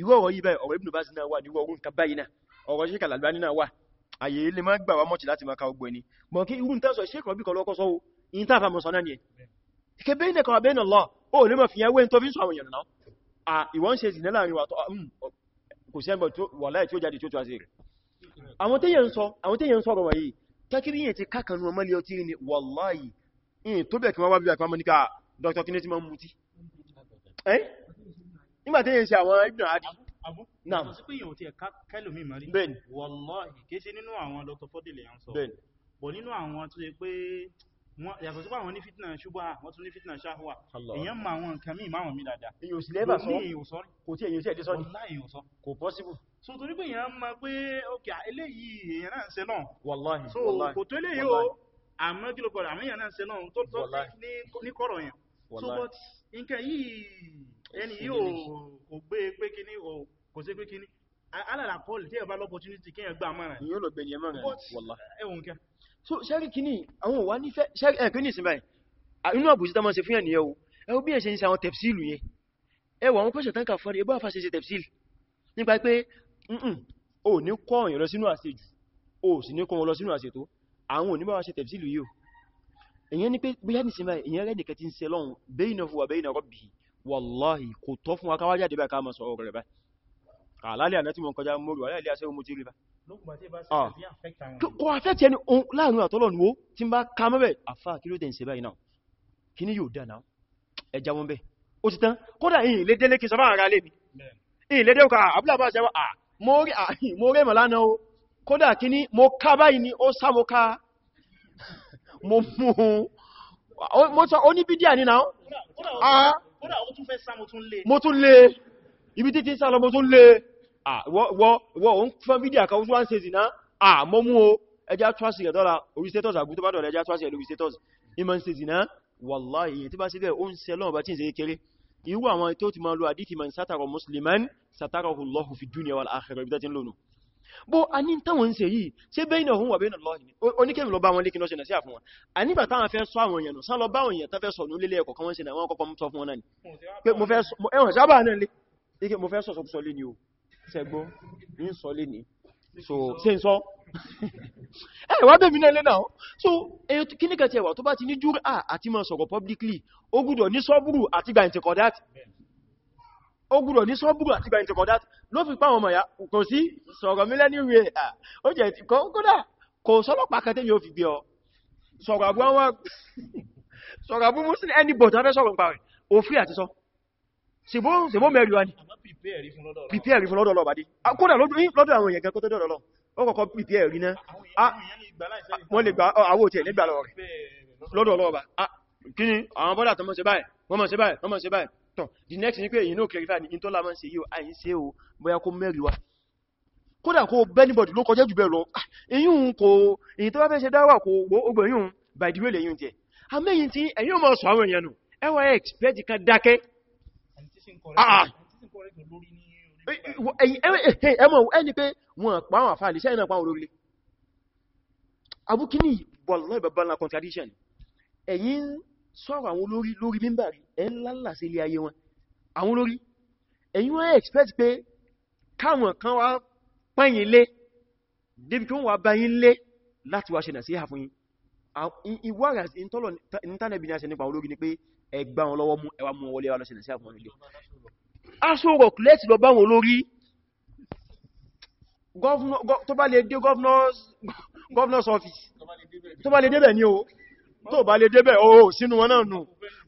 ìwọ ọ̀rọ̀ yìí báyìí ọ̀rọ̀ Ibn Baz náà wà ní ọ̀rọ̀ nǹkan báyìí náà ọ̀rọ̀ Sheikh Al-Albani náà wà àyè lè má gbà wá mọ́tí láti má ká ọgbọ̀ ẹni mọ̀ kí irú ń tẹ́sọ̀ ṣe kọ̀ọ̀bí kọ̀ọ̀lọ́kọ́ sọ́wọ́ in tàfà mọ̀sánà ni ẹ̀ ike bẹ́ẹ̀ nìkan wà bẹ́ẹ̀ nà lọ ó lè mọ̀ fi yẹn wé tó fi ń sọ àwọn èèyàn náà à ìwọ́n ṣe mm, sí níláàrin wà tó kò sẹ́mọ̀ wà láì tí ó jáde tí ó tó àṣírí àwọn tẹ́yẹn sọ ọ̀rọ̀ yìí kẹ́kiri yẹn ti kákànú ọmọ lè ọtí ni wàláyì in tó bẹ̀ kí wọ́n wá bí i àkọ́mọ́ níka dr kinney ti yàtọ̀ sípò àwọn ní fitna ṣubha ah, wọ́n tún ní fitna ṣahwa èyàn ma àwọn nǹkan míì máwọn mi dáadáa èyàn ò sì lẹ́bà sọ kò tí èyàn sí ẹ̀dí sọ́dí láì ò sọ kò possible so torí pé èyàn ma pé ókè eléyìí èyàn náà ń ṣe náà wallahi so kò tó eléyìí o àmọ́ kí ló kọ̀rọ̀ àmọ́ èyàn náà ń ṣe náà tó tọ́ ní kọ̀rọ̀ yẹn so but nǹkan yìí ẹni yóò kò gbé pé kíní kò sí pé kíní alàlà paul tí ẹ bá l'opportunity kéèyàn gbà mọ́ràn yóò lọ gbẹ̀yìn mọ́ràn wallahi ẹ̀wọ̀n kẹ́ so ṣẹ́rí kìíní àwọn wà nífẹ́ ẹ̀kìíní ìsìn báyìí inú àbùsí tá máa ṣe fún ẹ̀ nìyẹn o ẹwọ bí ẹ̀ ṣe ń ṣe àwọn tẹ̀fsílù yẹn ẹwọ àwọn kọ́ṣẹ̀ tánkà fún ẹbá àfà ṣe ṣe tẹ̀fsílù nípa pé nǹkan o ní kọ́ ọ̀yàn lọ o sì ní kọ́ wọn lọ sínú àṣetó o èyàn ní pé bóyá nìsìn báyìí èyàn rẹ̀ nìkan ti ń ṣe lọ́hun bẹ́yìn náà fún wa bẹ́yìn náà rọ́bì wallahi kò tọ́ fún wa káwájáde báyìí ká máa sọ ọ̀rọ̀ rẹ̀ báyìí àlálẹ́ ah, àná tí mo kọjá mọ́rù àlálẹ́ àṣẹ́ omo ti rí bá ah. kò àfẹ́tì ẹni ohun láàrin àtọ́lọ̀nù ó tí bá ká mẹ́bẹ̀ àfá kí ló dẹ̀ ń ṣe báyìí náà kí ní yóò dà náà ẹja wọn bẹ́ ó ti tán kódà ìyìn lédé lékí sọ fáàrà lè mi ìyìn lédé ọkà àbúlàbà ṣe wá ni ó sá mo ká mo mú mo sọ ó ní ah. ibi títí sá lọ mo tún lè wọ́n òun fún fídíà kan wọ́n ṣe zìná àmọ́ ah, mú o ẹjá trásì rẹ̀ dọ́la orí status àgbú tó bá dọ̀lẹ̀ ẹjá trásì rẹ̀ lórí status ìmọ̀ ṣe zìná wallahi èyí tí bá sí bẹ́ẹ̀ ó ń ṣe lọ́wọ́ bá tí ń ṣe kéré irú àwọn tó ti máa lo àdíkì man sátàrọ̀ musliman sátàrọ̀hù lọ́hù fi dunya wal akhirah ibi tó ti ń lónù bó a ní táwọn ń ṣe yìí ṣe bẹ́yìn ọ̀hún wà bẹ́yìn lọ́hìn oníkẹ́mì lọ bá wọn lékiná ṣe nà sí àfihàn ànígbà táwọn fẹ́ sọ àwọn èèyàn sá lọ bá wọn èèyàn tẹ́fẹ́ sọ ní lélẹ̀ ẹ̀kọ̀ kan wọ́n ṣe nà wọ́n kọ́kọ́ sọ fún wọn náà ni pé mo fẹ́ sọ ẹ̀wọ̀n sábà náà lé mo fẹ́ sọ sọ lé ni o ṣẹgbọ́ ní sọ lè ní so ṣe ń sọ ẹ̀ wá bẹ̀mí náà lé náà so kíníkà tí ẹwà tó bá ti ní jùrà àti máa sọ̀rọ̀ publicly ó gbọ́dọ̀ ní sọ́bùrù àti gbà ìtẹ̀kọ̀dát ó gbọ́dọ̀ ní sọ́bùrù àti gbà ìtẹ̀kọ̀dát ló fi páwọn mọ̀ya kò sí sọ̀rọ̀ mílẹ̀ ní rẹ̀ ó jẹ́ kódà kò sọ́lọ́pàá kẹtẹ́ yóò fi gbé ọ sọ̀rọ̀ àbú àwọn sọ̀rọ̀ àbú muslim anybody afẹ́ sọ̀rọ̀ pàrẹ̀ òfin àti sọ ṣèbó mẹ́rin wa ni prepare rí fún lọ́dọ̀ Ọlọ́run prepare rí fún lọ́dọ̀ Ọlọ́run bá dé kódà lọ́dọ̀ àwọn èèyàn kan kó tó dọ̀dọ̀ Ọlọ́run ó kọ́kọ́ prepare rí náà wọ́n lè gba àwọ̀ tí ẹ̀ nígbà lọ́wọ́ rẹ̀ lọ́dọ̀ Ọlọ́run bá kí ni àwọn bọ́dà tó mọ́ ṣe báyìí wọ́n mọ́ ṣe báyìí wọ́n mọ́ ṣe báyìí tán the next ni pé èyí náà clarify ní tó lámọ́ ṣe yíò àyí ṣe o bóyá kó mẹ́rin wa kódà kó bẹ́nibọ̀dì ló kọjá jù bẹ́ẹ̀ lọ ah, èyí kò Eh, ẹmọ̀ eh, eh, ẹni pé wọn pa àwọn àfáà lè ṣẹ́yìn náà pa àwọn olórí abúkíní wallahi babbala contradiction ẹ̀yin sọ̀rọ̀ àwọn olórí lórí mímbàrí ẹ̀yin lálà sí ilé ayé wọn àwọn olórí ẹ̀yin wọ́n expect pé káwọn kan wá pẹ́yìn lé débi kí wọ́n wá báyín lé láti wá ṣe nà sí ìhà fún yín ìwárà ìntọ́lọ̀ ìntánẹ̀bì ní a ṣe nípa olórí ni pé ẹgbà wọn lọ́wọ́ mú ẹwà mú wọlé wá lọ́ṣẹ̀lẹ̀ sí àfún ilé Aso Rock lẹ́tì lọ báwọn olórí tó bá lè dé governor's office tó bá lè débẹ̀ ní o tó bá lè débẹ̀ o sínú wọn náà nù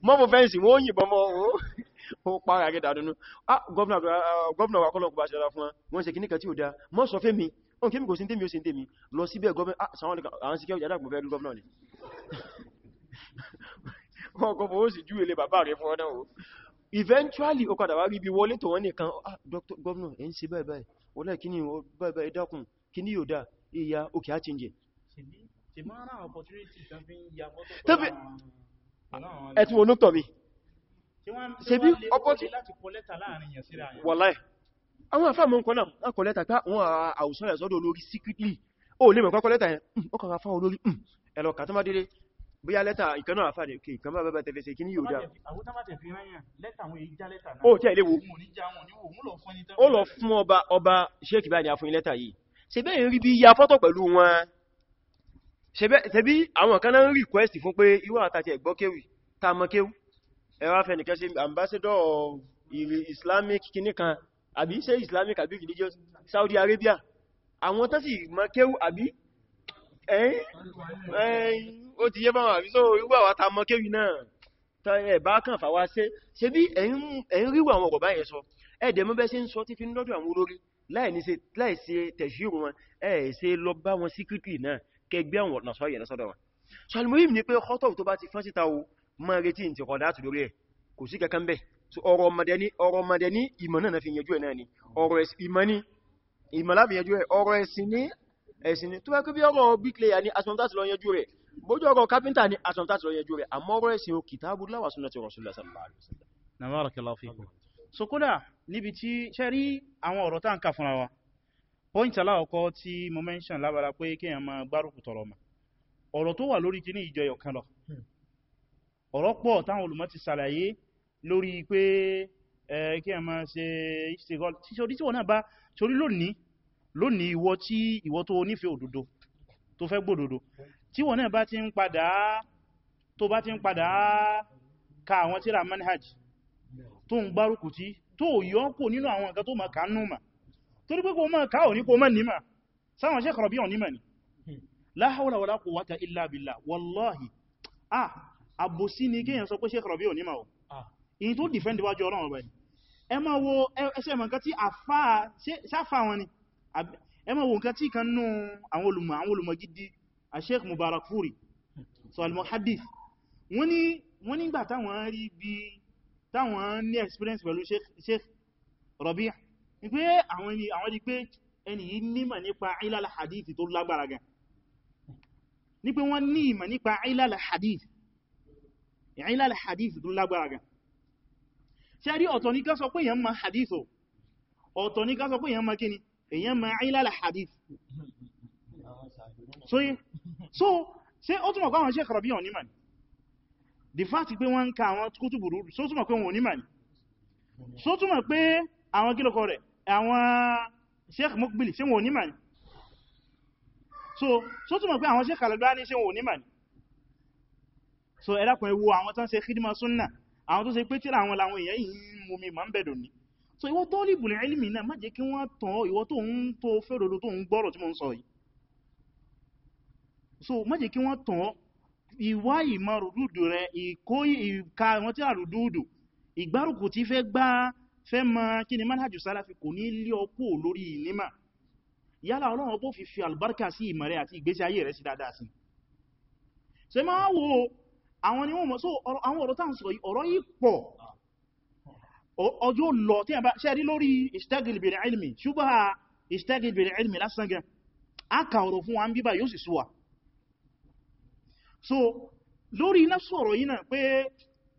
mọ́bù fẹ́ǹsì wọ́n yìnbọn mọ́ o pàrà àgẹ́dà àdúnú governor wakọ́lọ̀kù bá ṣẹlá fún wọn ṣe kìníkà tí ó dá mọ́ sọ fẹ́mi o kí mi kò sí tèmi o sí tèmi lọ síbẹ̀ governor ah, eventually ó padà wá rí bí wọlé ah doctor governor ẹ̀ ń bye báyìí báyìí wọ́lá kí bye báyìí dákùn kí ní yóò change ẹ̀tún wọn lóòtọ̀ mi ṣe bí ọpọ́tí wọ́láì àwọn àfáàmù ń kọ́ náà wọ́n kọ́ wọ́n àwùsọ́ sọ́dọ̀ olórí secretly o lè mọ̀ kọ́kọ́ ẹ̀ ọkọ̀ olórí hmm, ẹ̀lọ́kà bóyá lẹ́tà ìkanáà àfáàdì òkè ìkan máa bẹ́bẹ̀ tẹ́fẹ́ sí kí ní yóò dá ó tí ẹ̀ léwu ó lọ fún ọba ọba ṣéèkì báyìí a fún lẹ́tà yìí ṣe bẹ́ẹ̀ rí bí ya fọ́tọ̀ pẹ̀lú wọn ṣe bí àwọn kan náà ń request fún pé irú àtàtì ẹ̀gbọ́ kéwì ta mọ́ kéwù ẹwà fẹ́nìkan ṣe ambassador islamic kìíní kan àbí ṣe islamic àbí religious saudi arabia àwọn tó sì mọ́ kéwù àbí ẹ̀yìn ó ti yé báwọn àbí so irúgbà wa ta mọ́ kéwì náà ta ẹ̀ bá kàn fà wá ṣe ṣe bí ẹ̀yìn ríwọ àwọn ọ̀rọ̀ báyẹn sọ ẹ̀dẹ̀ mọ́ bẹ́ ṣe ń sọ tí fi ń dọ́dọ̀ àwọn olórí láì ṣe tẹ̀ṣíù wọn ẹ̀ ṣe lọ bá wọn síkírìtì náà kẹgbẹ́ àwọn so almuhim ni pé kọ́tọ̀ tó bá ti fọ́n síta o máa retí ìtì kọ̀dá àtù lórí ẹ̀ kò kí bí ọ̀rọ̀ bricklayer ní asmọ́tà lọ yanjú rẹ̀ bójú ọkọ̀ kápíntà ní asọ̀tà ti lọ yẹjú rẹ̀ àmọ́rọ̀ ẹ̀sìn kìtàbù láwà sunnati rasulullah sallallahu alaihi wasallam na barakallahu fikum so kódà níbi tí ṣe rí àwọn ọ̀rọ̀ táǹkà fúnra wa point aláwọ̀kọ́ tí mo mention lábára pé kéèyàn máa gbárùkù tọ̀rọ̀ mà ọ̀rọ̀ tó wà lórí kíní ìjọyọ̀ kan lọ hmm. ọ̀rọ̀ pọ̀ táwọn olùmọ̀ ti ṣàlàyé lórí pé kéèyàn máa ṣe ìṣègọ́l tí sọ tí wọ́n náà bá torí lónìí lónìí ìwọ tí ìwọ tó nífẹ̀ẹ́ òdodo tó fẹ́ gbòdodo tí wọ́n náà bá ti ń padà tó bá ti ń padà ka àwọn tíra manhaj tó ń gbárùkù tí tó yọ́ kò nínú àwọn nǹkan tó ma ká nù mà torí pé kò mọ́ ká ò ní kò mọ́ nímà sáwọn Sheikh Rabi' nímà ni la hawla wala quwwata illa billah wallahi ah àbòsí ni kéèyàn sọ pé Sheikh Rabi' nímà o èyí tó defend wo ẹsẹ̀ mọ̀ nǹkan tí àfáà sáfà wọn ni ẹ máa wo nǹkan tí kan nú àwọn olùmọ̀ gidi a sheikh mubarak furi so al-muhaddith wọ́n ní wọ́n nígbà táwọn rí bí táwọn ní experience pẹ̀lú sheikh Rabi' ní pé àwọn ni àwọn di pé ẹni yìí nímọ̀ nípa ilal hadith tó lágbára gan ní pé wọ́n ní ìmọ̀ nípa ilal hadith ilal hadith tó lágbára gan ṣe rí ọ̀tọ̀ ní sọ pé èyàn ma hadith so eh, so ṣe ó túnmọ̀ pé àwọn Sheikh Rabi wọn nímà ní pé wọ́n ń ka àwọn kútùbù rúrù so túnmọ̀ pé wọn nímà ní so túnmọ̀ pé àwọn kílọkọ rẹ̀ àwọn Sheikh Muqbil ṣe wọn nímà ní so so túnmọ̀ pé àwọn Sheikh Al-Albani ní so ẹ̀dàkùn ewu àwọn tán ṣe khidma sunna àwọn tó ṣe pé tíra so ìwọ tó lè bùlẹ̀ ilmi náà má jẹ́ kí wọ́n tàn ìwọ so má jẹ́ kí wọ́n tàn ìwá ìmọ̀ rùdúdù rẹ̀ ìkó ìka wọn tí a rùdúdù ìgbárùkù tí fẹ́ gbá fẹ́ ma kí ni manhajù sálàfi kò ní lé ọkú lórí ìnímà yálà ọlọ́run fi fi albarka sí ìmọ̀ rẹ̀ àti ìgbésí ayé rẹ̀ sí dáadáa sí ṣe wo àwọn ni wọ́n mọ̀ so àwọn ọ̀rọ̀ tán sọ ọ̀rọ̀ yìí pọ̀ ọjọ́ lọ tí a bá ṣe rí lórí bil ilmi shubha istagil bil ilmi lasanga gan a ka ọ̀rọ̀ fún wa ń bíbà yóò sì so lórí iná sọ̀rọ̀ yìí náà pé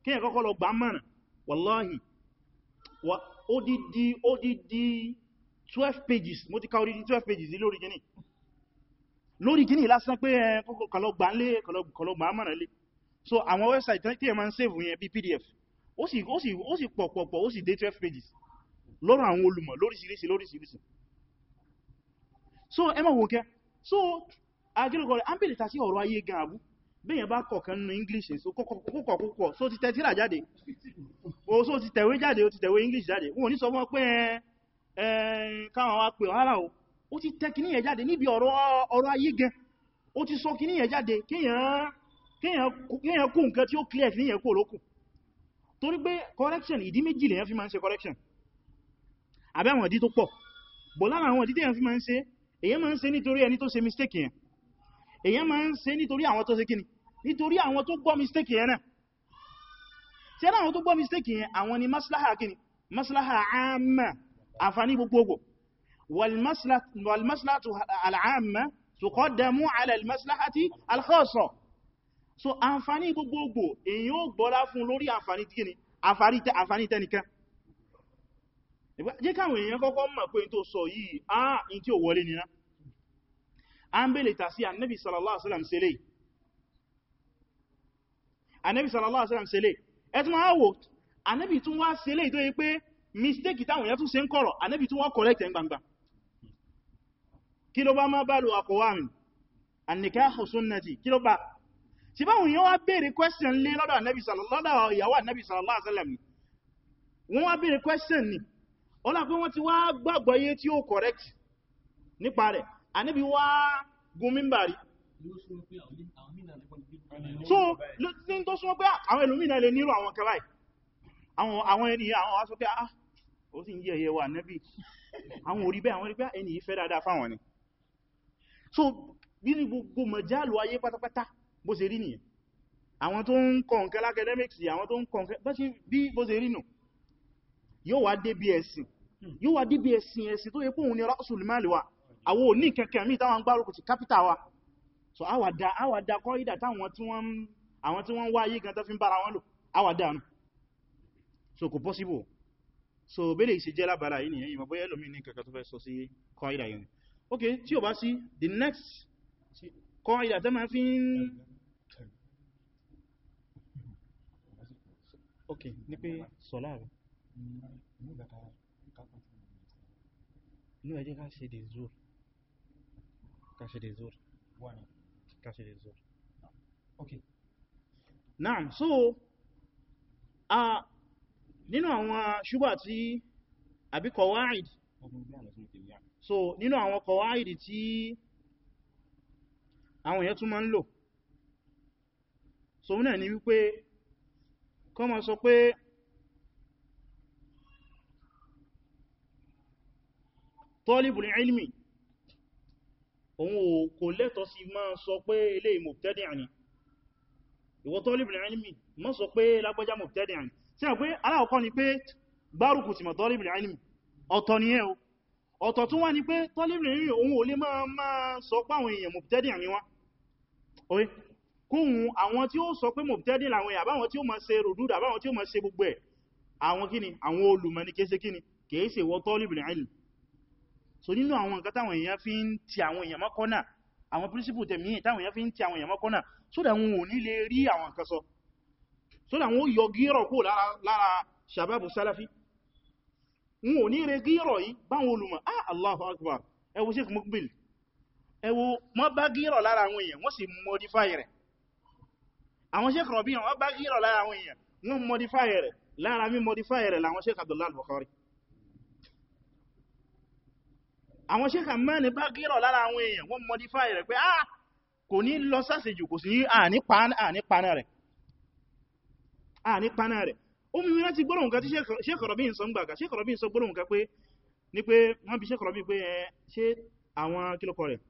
kíyàn kọ́kọ́ lọ gbà mọ́nà di 12 pages mo ti 12 pages lórí gini lórí gini lásán pé kọlọ gbà nle gbà mọ́nà lé so àwọn website tí ẹ ma ń save yẹn bí pdf ó sì ó sì ó sì dé 12 pages lọ́rọ̀ àwọn olùmọ̀ lóríṣìíríṣìí lóríṣìíríṣìí so ẹ wò so rẹ̀ ta sí ọ̀rọ̀ ayé gan bẹ́yẹn bá kọ̀kan nínú english so kọ́kọ̀ púpọ̀ so ti tẹ̀tíra jáde o so ti tẹ̀wé jáde o ti tẹ̀wé english jáde wọn ní sọ fún pé ẹn káwọn wá pè ọ́hárá o o ti tẹ́ kìníyẹ jáde níbi ọ̀rọ̀ ayé gan o ti sọ kìníyẹ jáde kíyàn kú nǹkan tí ó clear kìníyẹ kú olókù. torí pé correction ìdí méjì lèyàn fi máa ń ṣe correction àbẹ́ àwọn ìdí tó pọ̀ bọ̀ àwọn ìdí tèyàn fi máa ń ṣe èyàn nítorí ẹni nítorí àwọn tó gbọ́ mistake yẹn náà tí ẹ̀nà àwọn tó gbọ́ mistake yẹn àwọn ni maslaha kini maslaha àmà àfàní gbogbogbò walmaslahatu al'amma tuqaddamu ala almaslahati alkhassa so àǹfàní gbogbogbò èyàn ó gbọ́lá fún lórí àǹfàní kini àǹfàní tẹnìkan jẹ́ káwọn èèyàn kọ́kọ́ mọ̀ pé tó sọ yìí ah in tí ò wọlé nìna an bèlè anẹ́bì sallallahu alaihi wasallam sẹlẹ̀ ẹ tún wá wò anẹ́bì tún wá sẹlẹ̀ mistake táwọn èèyàn tún ṣe ń kọ̀rọ̀ anẹ́bì tún wá correct ẹ̀ lo àkọwàmì annikahu sunnati kí ló bá ti báwọn èèyàn wá béèrè question lé lọ́dọ̀ anẹ́bì sallallahu ìyàwó anẹ́bì sallallahu alaihi wasallam wọ́n wá béèrè question ni ọlá pé wọ́n ti wá gbàgbọ́ tí ó correct nípa rẹ̀ anẹ́bì wá gun mímbàrí so ló tí ń tó súnmọ́ pé àwọn ẹlòmínà lè nílò àwọn kẹwàá àwọn àwọn ẹni àwọn wá sọ pé ah ó sì ń yẹ ẹyẹ wà nẹ́bí àwọn orí bẹ́ẹ̀ àwọn orí bẹ́ẹ̀ ẹni ìfẹ́ dáadáa fáwọn ni so bí ní gbogbo mọ̀jálù ayé pátápátá bó ṣe rí nìyẹn àwọn tó ń kọ nǹkan academics àwọn tó ń kọ nǹkan bí bó ṣe rí nù yóò wá dé bí ẹ̀sìn yóò wá dé bí ẹ̀sìn ẹ̀sìn tó yẹ pé òun ni rọ́ọ̀sùlùmáàlì wa àwọn òní kẹkẹ míì táwọn gbárùkù ti kápítà wa so àwàdà àwàdà kọ́ ìdà táwọn tí wọ́n wá yí gan tó fi ń bára wọn lò àwàdà nù so kò possible so bẹ́lẹ̀ ìṣe jẹ́ lábára yìí nìyẹn ìmọ̀ bóyá ẹlòmí ní kankan tó fẹ́ sọ sí kọ́ ìdà yìí ok tí o bá sí the next kọ́ ìdà tẹ́ máa fi ń ok ní pé sọ̀lá rẹ̀ inú ẹjẹ́ ká ṣe dé zoro ká kàṣẹ lè zọ́rọ̀ okay naam so a nínú àwọn ṣúgbà tí àbí kọwáìd so nínú àwọn kọwáìd tí àwọn èèyàn tún máa ń lò so náà ni wípé kọ́ ma sọ pé talibul ilmi òun ò kò lẹ́tọ̀ sí máa sọ pé ilé mubtadi' ni ìwọ talibul ilmi má sọ pé lágbájá mubtadi' ni tí a pé aláwọ̀kọ́ ni pé gbárùkù ti mọ̀ talibul ilmi ọ̀tọ̀ ni ẹ́ o ọ̀tọ̀ tún wá ní pé talibul ilmi òun ò lè máa máa sọ pé àwọn èèyàn mubtadi' ni wọ́n oye kóhun àwọn tí ó sọ pé mubtadi' làwọn èèyàn àbáwọn tí ó so nínú àwọn nǹkan táwọn èèyàn fi ń ti àwọn èèyàn mọ́kọ́nà àwọn principle tẹ̀mí táwọn èèyàn fi ń ti àwọn èèyàn mọ́kọ́nà so that wọn ò ní lè rí àwọn nǹkan sọ so that wọn ó yọ gírọ̀ kó lára shababu salafi wọn ò ní re gírọ̀ yìí báwọn olùmọ̀ ah Allah Akbar ẹ wo Sheikh Mukbil ẹ wo wọ́n bá gírọ̀ lára àwọn èèyàn wọ́n sì modify rẹ̀ àwọn Sheikh Rabi' wọ́n bá gírọ̀ lára àwọn èèyàn wọ́n modify rẹ̀ lára mi modify rẹ̀ làwọn Sheikh Abdullah al-Bukhari àwọn ṣékà mẹ́rin bá gírọ̀ lára àwọn èèyàn wọ́n modify rẹ̀ pé ah kò ní lọ sásìjù kò sí ànípaná rẹ̀ omi mìíràn ti gbọ́rọ̀ nǹkan tí ṣékọ̀rọ̀bí ń sọ gbàgà ṣékọ̀rọ̀bí ń sọ gbọ́rọ̀ nǹkan pé ní pé wọ́n bí ṣékọ̀rọ̀bí pé ẹ ṣe àwọn kílọ́kọ̀ rẹ̀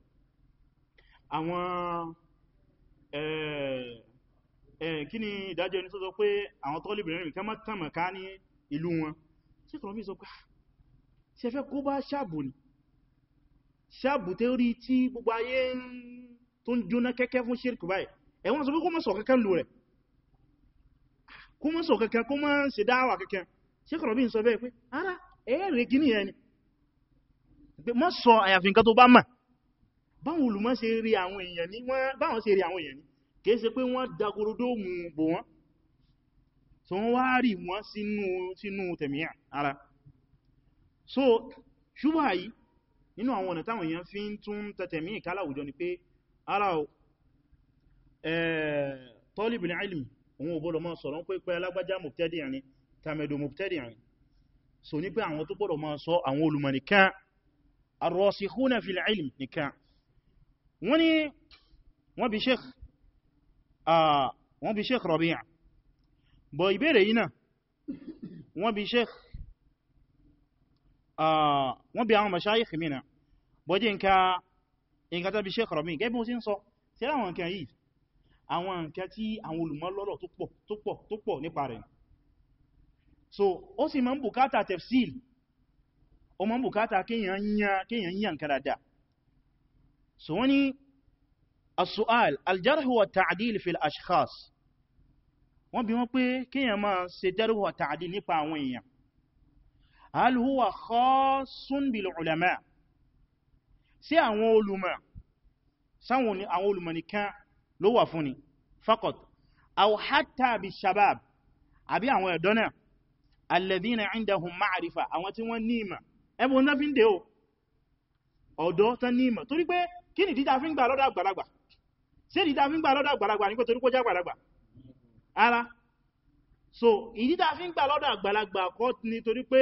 àwọn kí ni ìdájọ́ ẹni tó sọ pé àwọn tọ́lìbìnrin rẹ̀ kẹ́ mọ́ tàmà ká ní ìlú wọn ah, ṣékọ̀rọ̀bí ṣáàbù tẹ́ rí tí gbogbo ayé tó ń jóná kẹ́kẹ́ fún ṣírkù báyìí ẹ̀wọ́n sọ pé kó mọ́ sọ kẹ́kẹ́ lò rẹ̀ kó mọ́ sọ kẹ́kẹ́ kó mọ́ ṣe dáwà kẹ́kẹ́ ṣe kọ̀rọ̀ bí n sọ bẹ́ẹ̀ pé ara ẹ̀ẹ́rẹ̀ kí ní ẹni pé mọ́ sọ àyàfi nǹkan tó bá mà báwọn olùmọ́ ṣe rí àwọn so wọ́n nínú àwọn ọ̀nà táwọn èèyàn fi ń tún tẹ̀tẹ̀ mí ìkálà àwùjọ ni pé ara tọ́lìbìnrin ilmi òun òbọ́lọ̀ máa sọ̀rọ̀ pé pẹ́ alágbájá mubtadi'an ni tàmẹ̀dò mubtadi'an ni so ní pé ni wọ́n bí sheikh wọ́n bí sheikh Rabi' bọ̀ ìbéèrè yìí náà wọ́n wọ́n bí àwọn mashayikh mina bọ́jí nka nka tàbí Sheikh Rabi gẹ́bí wọ́n sí ń sọ sí àwọn nǹkan yìí àwọn nǹkan tí àwọn olùmọ̀ tó pọ̀ nípa rẹ̀ so ó sì máa ń bùkátà tefsil ó máa ń bùkátà kéèyàn yàn kàràdà so wọ́n ni as-su'al al-jarh wa ta'dil fil ashkhas wọ́n bi wọ́n pé hal huwa khassun bil ulama sí àwọn olùmọ̀ sáwọn àwọn olùmọ̀ nìkan ló wà fún ni faqat aw hatta bi shabab àbí àwọn ẹ̀dọ́ náà alladhina indahum ma'rifa àwọn tí wọ́n ní ìmọ̀ ẹbùn náà fi ń dé o ọ̀dọ́ tán ní ìmọ̀ torí pé kí ni dídá fi ń gbà lọ́dọ̀ àgbàlagbà ṣé dídá fi ń gbà lọ́dọ̀ àgbàlagbà ní kò ara so ìdídá fi ń gbà lọ́dọ̀ àgbàlagbà kọ́ ni torí pé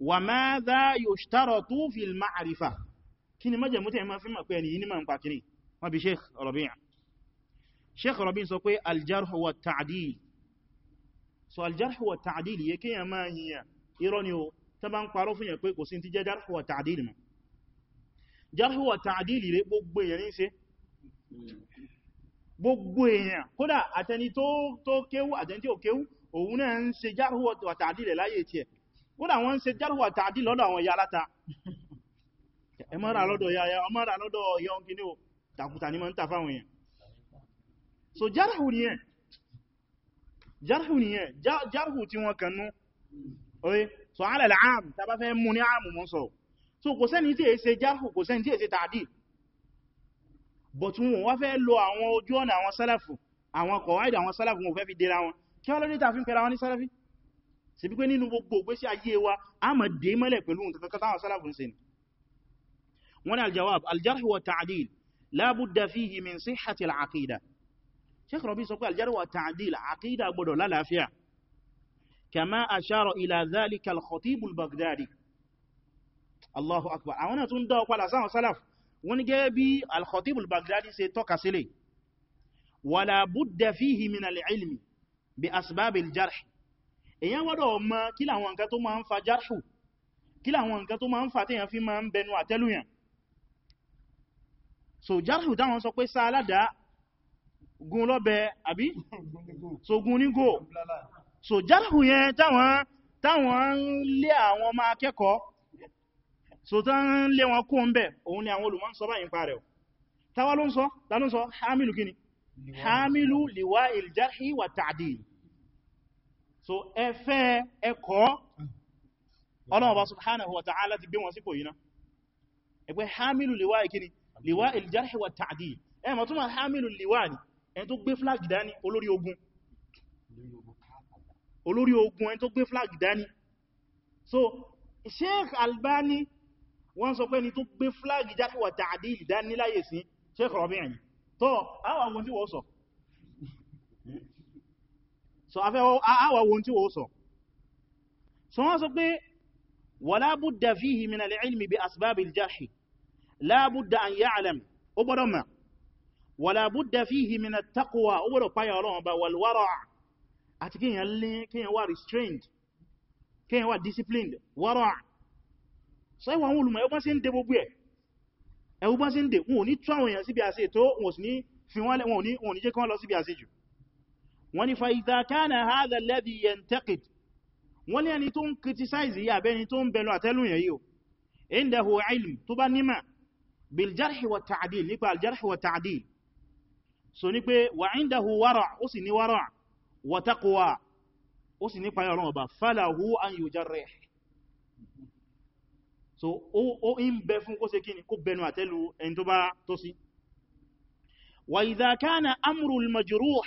wa madha yushtaratu fil ma'rifa kí ni májẹ̀mú tẹ́ ma fi mọ̀ pé ẹni yìí ní ma ń pàkiri wọ́n bí sheikh Rabi' sheikh Rabi' sọ pé aljarh wa ta'dil so aljarh wa ta'dil yẹ kí yẹn máa yíyàn irọ́ ni o tẹ́ bá ń parọ́ fún yẹn pé kò sí ti jẹ́ jarh wa ta'dil kódà wọ́n ń ṣe járùwà tààdì lọ́dọ̀ àwọn ìyá aláta ẹ má ra lọ́dọ̀ ìyá ọ má lọ́dọ̀ ìyá so járùhù nìyẹn járùhù nìyẹn járùhù tí wọ́n kànnú so alẹ́lẹ̀ ààmù tàbá fẹ́ mú ní so kò sẹ́ni tí è ṣe járùhù kò sẹ́ni tí è ṣe tààdì but wọn wá fẹ́ lo àwọn ojú ọ̀nà àwọn sálàfù àwọn kọ̀wáìdì àwọn sálàfù wọn fẹ́ fi dira wọn kí wọ́n lórí tàfin pẹ̀lú àwọn ní sálàfì ṣe bí pé nínú gbogbo ìgbésí ayé wa a mọ̀ dé mọ́lẹ̀ pẹ̀lú nǹkan kan táwọn sálàfún sí ni wọ́n ni aljawab aljarh wa ta'dil la budda fihi min sihhati al-aqida sheikh rabi sọ pé aljarh wa ta'dil aqida gbọdọ̀ lálàáfíà kama ashara ila dhalika al-khatib al-baghdadi allahu akbar àwọn tún dá ọpàlá sáwọn sálàf wọ́n ni gẹ́gẹ́ al-khatib al-baghdadi ṣe tọ́ka sílẹ̀ wala budda fihi min al-ilmi bi asbab al-jarh èyàn wọ́dọ̀ ọmọ kí làwọn nǹkan tó máa ń fa jarhu kí làwọn nǹkan tó máa ń fa téèyàn fi máa ń bẹnu àtẹ́lùyàn so jarhu táwọn sọ pé sá aládàá gun lọ́bẹ àbí so gun ní go so jarhu yẹn táwọn táwọn ń lé àwọn ọmọ akẹ́kọ̀ọ́ so tán ń lé wọn kó ń bẹ̀ òun ni àwọn olùmọ̀ hamilu kini hamilu liwa il wa ta'dil so ẹfẹ́ ẹkọ́ Ọlọ́run Ọba subhanahu wa ta'ala ti gbé wọn sípò yìí náà ẹgbẹ́ hamilu liwa ikini liwa il-jarh wa ta'dil ẹ mọ̀ túnmọ̀ hamilu liwa ni ẹni tó gbé flag dání olórí ogun olórí ogun ẹni tó gbé flag dání so Sheikh Albani wọ́n sọ pé ni tó gbé flag jarh wa ta'dil dání láyé sí Sheikh Rabi'i tó àwọn àwọn wọ́n sọ so afẹ́ àwà wọn tí ó sọ so wọ́n sọ pé wala budda fihi min al-ilmi bi asbab al-jarh la budda an ya'lam ó gbọ́dọ̀ mọ̀ wala budda fihi min at ó gbọ́dọ̀ páyà ọlọ́run ba wal àti kíyàn lé kíyàn wà restrained kíyàn disciplined wara' so ẹwà àwọn olùmọ̀ ẹgbọ́n sí ń dé gbogbo ẹ̀ ẹgbọ́n sí ń dé wọn ò ní tún àwọn èèyàn síbi àṣẹ wọ́n ní fàíza kánà hádà lẹ́bí yẹntẹ́kìd wọ́n ní ẹni tó ń kìtìsáìzì yà bẹ́ni tó ń bẹ̀lú àtẹ́lùyà yíò indahu ilm tó bá nímà biljarhi wa ta'dil nípa aljarhi wa ta'dil so ní pé wà indahu wara ó sì ní wara wa taqwa ó sì ní payọ̀ ọba falahu an yujarrih so ó ń bẹ fún kó ṣe kíni kó bẹnu àtẹ́lù ẹni tó bá tó sí wa idha kana amru al-majruh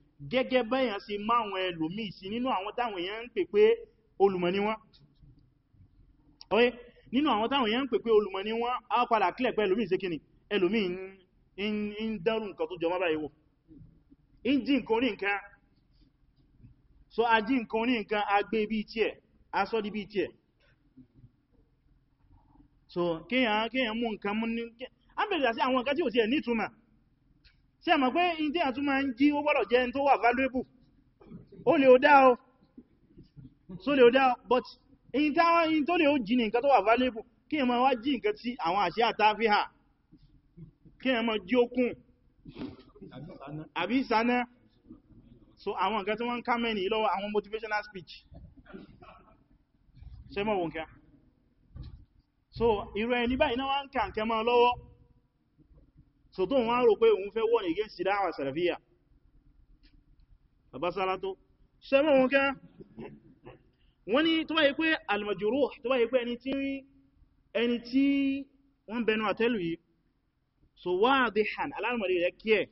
gẹ́gẹ́ bẹ́yàn sí máwọn ẹlòmí sí nínú àwọn táwọn èèyàn ń pè pé olùmọ̀ wọ́n oye nínú àwọn táwọn èèyàn ń pè pé olùmọ̀ ni wọ́n á padà kílẹ̀ pé ẹlòmí ṣe kíni ẹlòmí ń dẹ́rù nǹkan tó jọmọ́ báyìí wò orí nǹkan so a jí nǹkan orí nǹkan a gbé bí so kéèyàn mú nǹkan mú ní á bẹ̀rẹ̀ sí àwọn sí àmà pé in tí a tún máa ń jí ó gbọ́dọ̀ jẹ́ tó wà valuable ó lè ó dá ọ so lè ó dá but tó lè ó jí ní nǹkan tó wà valuable kí ẹ wa wá jí nǹkan tí àwọn àṣẹ kí ẹ máa jí okùn àbí so àwọn nǹkan tí wọ́n ká mẹ́ni lọ́wọ́ àwọn motivational speech so irú ẹni báyìí náà wá ń kà nǹkan so tó wọ́n rò pé òun fẹ́ wọ́n against dáwà sàràfíà babasara tó pé wọn ká wọ́n ni tó bá yí pé al-majruh tó bá yí pé ẹni tí wọ́n bẹnu àtẹ́lù yìí so wadihan alámọ̀rí rẹ̀ kí ẹ̀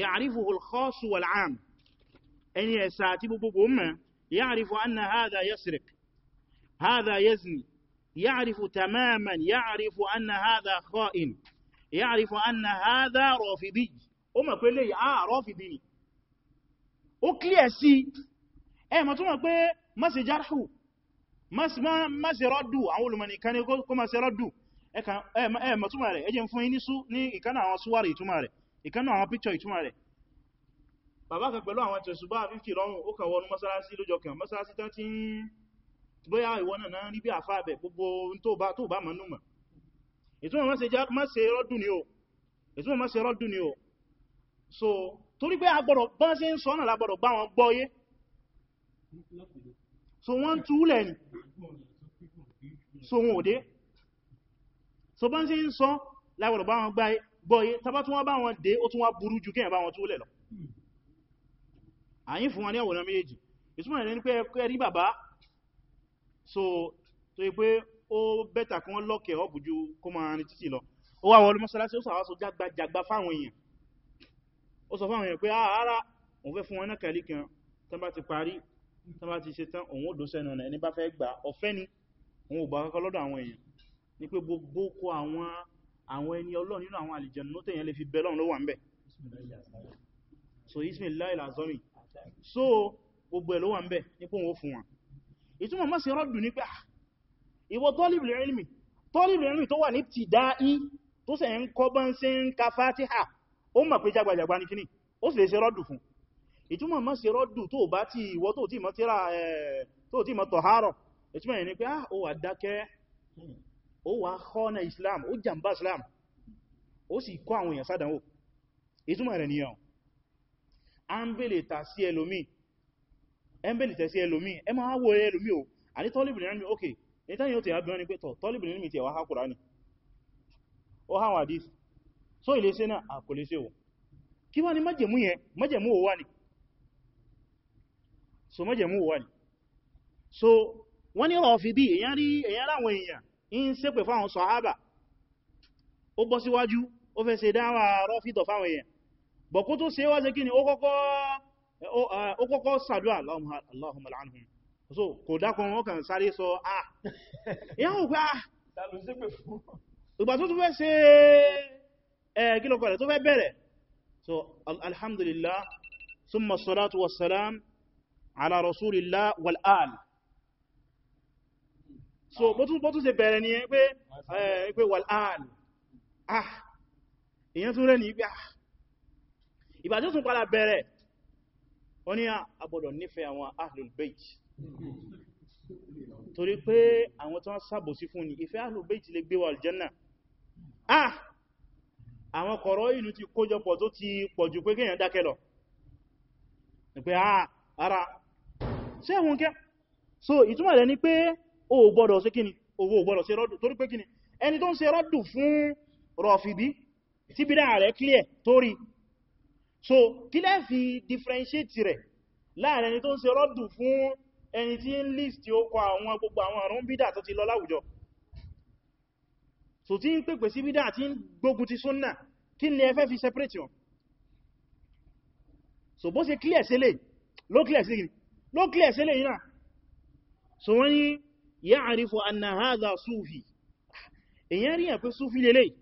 ya'rifuhu al-khass wal-'am ẹni ẹ̀sà àti gbogbo mẹ́ ya'rifu anna hadha yasriq hadha yazni ya'rifu tamaman ya'rifu anna hadha kha'in يعرف أن هذا رافضي ó mọ̀ pé léyìí àà rọ́fìdì ni ó clear sí ẹ mọ̀ tó mọ̀ pé mọ́sí jarhu mọ́sí rọ́dù àwọn olùmọ̀nìkan ní kó mọ́sí rọ́dù ẹ mọ̀ túnmà rẹ̀ ẹjẹ́ fún inísú ní ìkánà àwọn súwárì ìtúmà rẹ̀ ìkánà àwọn píkṣọ ìtúmà rẹ̀ bàbá kan pẹ̀lú àwọn tẹ̀sùbá 50 lọ́rùn ó kàn wọnú gbogbo ìtumọ̀ má ṣe rọ́dù ni o ìtumọ̀ má ṣe rọ́dù ni o so torí pé agbọ́dọ̀ bọ́n sí ń sọ náà lágbọ́dọ̀ gbá wọn gbọ́yé so wọ́n ń ni so wọn ò so bọ́n sí ń sọ lágbọ́dọ̀ bá wọn gbọ́yé tàbá tún wá bá wọn dé ó tún wá burú jù kíyàn bá wọn túlẹ̀ lọ àyín fún wọn ní àwòrán méjì ìtumọ̀ so tó ó bẹ́tà kí wọ́n lọ́kẹ̀ ọ́pù ju kó máa rìn títì lọ ó wà wọlé mọ́sálásí ó sàwásọ jágbàjàgbà fáwọn èèyàn ó sọ fáwọn èèyàn pé ah, ara òun fẹ́ fún wọn náà kàlí kan tán bá ti parí tán bá ti ṣe tán òun ò dó sẹ́nu ọ̀nà ẹni bá fẹ́ gbà ọ̀fẹ́ ni òun ò gbà kọ́kọ́ lọ́dọ̀ àwọn èèyàn ni pé gbogbo kó àwọn àwọn ẹni ọlọ́run nínú àwọn àlìjẹ̀nù tó tẹ̀yàn lè fi bẹ lọ́run ló wà ń bẹ̀ so ismail lazori so gbogbo ẹ̀ ló wà ń bẹ̀ nípò òun ó fún wọn ìtumọ̀ mọ́sí rọ́dù ní pé ah ìwọ tọ́lìbìlì ilmi tọ́lìbìlì ilmi tó wà ní ti dáí tó sẹ̀ ń kọ́ bá ń ṣe ń ka fatiha ó mọ̀ pé jagbajagba ní kíní ó sì lè ṣe rọ́dù fún ìtumọ̀ mọ́ ṣe rọ́dù tó bá ti ìwọ tó ti mọ́ tíra tó ti mọ́ tọ̀hárọ̀ ìtumọ̀ yẹn ni pé ah, ó wà dákẹ́ ó wà kọ́nà islam ó jàmbá islam ó sì kọ́ àwọn èèyàn sádánwò ìtumọ̀ rẹ̀ nìyàn a ń sí ẹlòmí ẹ máa ẹlòmí o àní tọ́lìbìlì ilmi ètà yóò ti àbí wọn ni pé tọ̀ tọ́lìbì ní mìí ti ẹ̀wà hákùrá ní ó dìí so ilé ṣe náà àkòlé ṣe o kí wá ní yẹn wà ní so májẹ̀mú wà ní so wọ́n ní Rafidi èyàn rí èyàn láwọn èèyàn in ṣépè fáwọn sàhábà ó so kò dákun wọ́n kàn sáré sọ ah ìyáwó pé ah ìgbà tó tún fẹ́ ṣe ẹ̀ kí lọ́kọ̀ rẹ̀ tó fẹ́ bẹ̀rẹ̀ so alhamdulillah summa salatu wassalam ala rasulillah wal so bọ́tún ṣe bẹ̀rẹ̀ ni pé wal al ah ìyẹn tún rẹ̀ ní pé ah ìgbà tó tún padà bẹ̀rẹ̀ wọ́n ni a gbọ́dọ̀ nífẹ̀ẹ́ àwọn ahlul bayt torí pé àwọn tó ń sàbòsí fún ni ìfẹ́ alùbẹ́ìtì lè gbé wa aljanna ah àwọn kọ̀rọ̀ ìlú ti kójọpọ̀ tó ti pọ̀jù pé kíyàn dákẹ́ lọ pé ah ara ṣe wọn kẹ́ so ìtumọ̀ rẹ̀ ni pé o gbọ́dọ̀ ṣe kíni owó gbọ́dọ̀ ṣe rọ́dù torí pé kíni ẹni tó ń ṣe rọ́dù fún rọ̀fìbí tí bídá rẹ̀ clear torí so kí lẹ́ fi differentiate rẹ̀ láàrin ẹni tó ń ṣe rọ́dù fún ẹni tí ń list ó kọ àwọn gbogbo àwọn àrùn bídà tó ti lọ láwùjọ so tí ń pèpè sí bídà tí ń gbógun ti súnnà kí ni ẹ fẹ́ fi separate wọn so bó ṣe clear sílẹ̀ ló clear sílẹ̀ ló clear sílẹ̀ yìí náà so wọ́n ní ya'rifu anna hadha sufi èyàn rí ẹ̀pẹ́ sufi lélẹ̀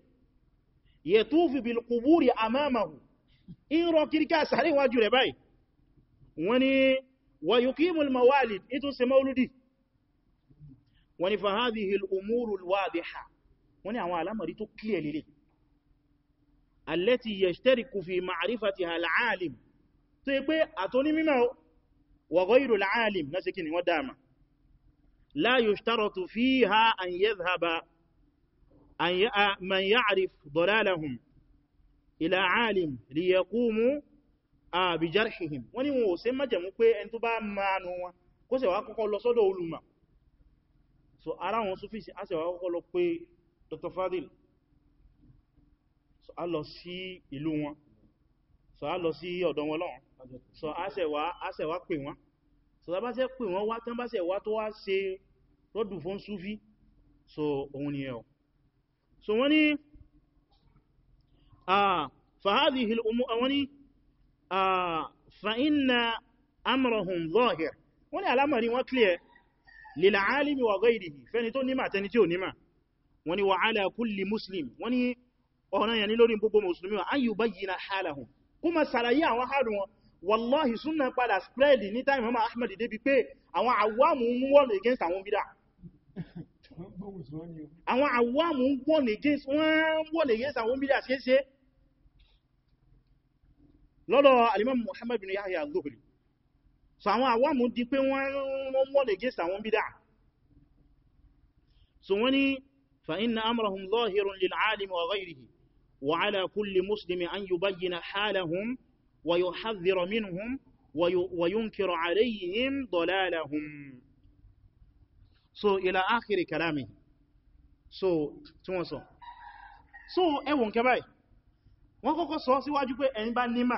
yatufu bil quburi amamahu in rọ kíríkà sàríwájú rẹ̀ báyìí wọ́n ní ويقيم الموالد إتو إيه مولدي ونفى هذه الأمور الواضحة وني عوالا مريتو للي التي يشترك في معرفتها العالم طيب أتوني مما وغير العالم نسكني وداما لا يشترط فيها أن يذهب أن آه، من يعرف ضلالهم إلى عالم ليقوموا àbìjárhìhìm wọ́n ní wọn ò ṣe májẹ̀mú pé ẹni tó bá mánu wọn kó ṣe kọ́kọ́ lọ sọ́dọ̀ olùmọ̀ so ara wọn súfíìsì á ṣe wá kọ́kọ́ lọ pé Dr. Fadil so a lọ sí ìlú wọn so a lọ sí ọ̀dọ̀ wọn lọ́wọ́n so a ṣe wá a ṣe pè wọ́n so tá bá ṣe pè wọ́n wá tán bá ṣe tó wá ṣe rọ́dù fún súfí so òun ni ẹ̀ so wọ́n ni ah fahadihil umu ni fa’inna amurahun zohir wani alamari wọn kliye lila alimi wa gairihi fẹni tó nima tẹni tí ò nima wani wa ala kulli muslim wani ọ̀nà ni lórí gbogbo musulmi wa an yi bayi na halahun kuma sarayi awon harin wọn wallahi suna pada spread ni ta imama ahmadu debi pe awon awamu n wọn against awon bida awon awamu n wọn against awon bida se se lọ́dọ̀ alimam muhammad bin yahya zuhri so àwọn àwọ́mù di pé wọ́n mọ́ lè gẹ́sà àwọn bídá so wọ́n ni fa inna amrahum zahirun lil alim wa ghayrihi wa ala kulli muslimi an yubayyana halahum wa yuhadhdhira minhum wa yunkiru alayhim dalalahum so ila akhir kalami so tí wọ́n sọ so ẹwọ̀n kẹbàá wọ́n kọ́kọ́ sọ síwájú pé ẹ̀yin bá nímà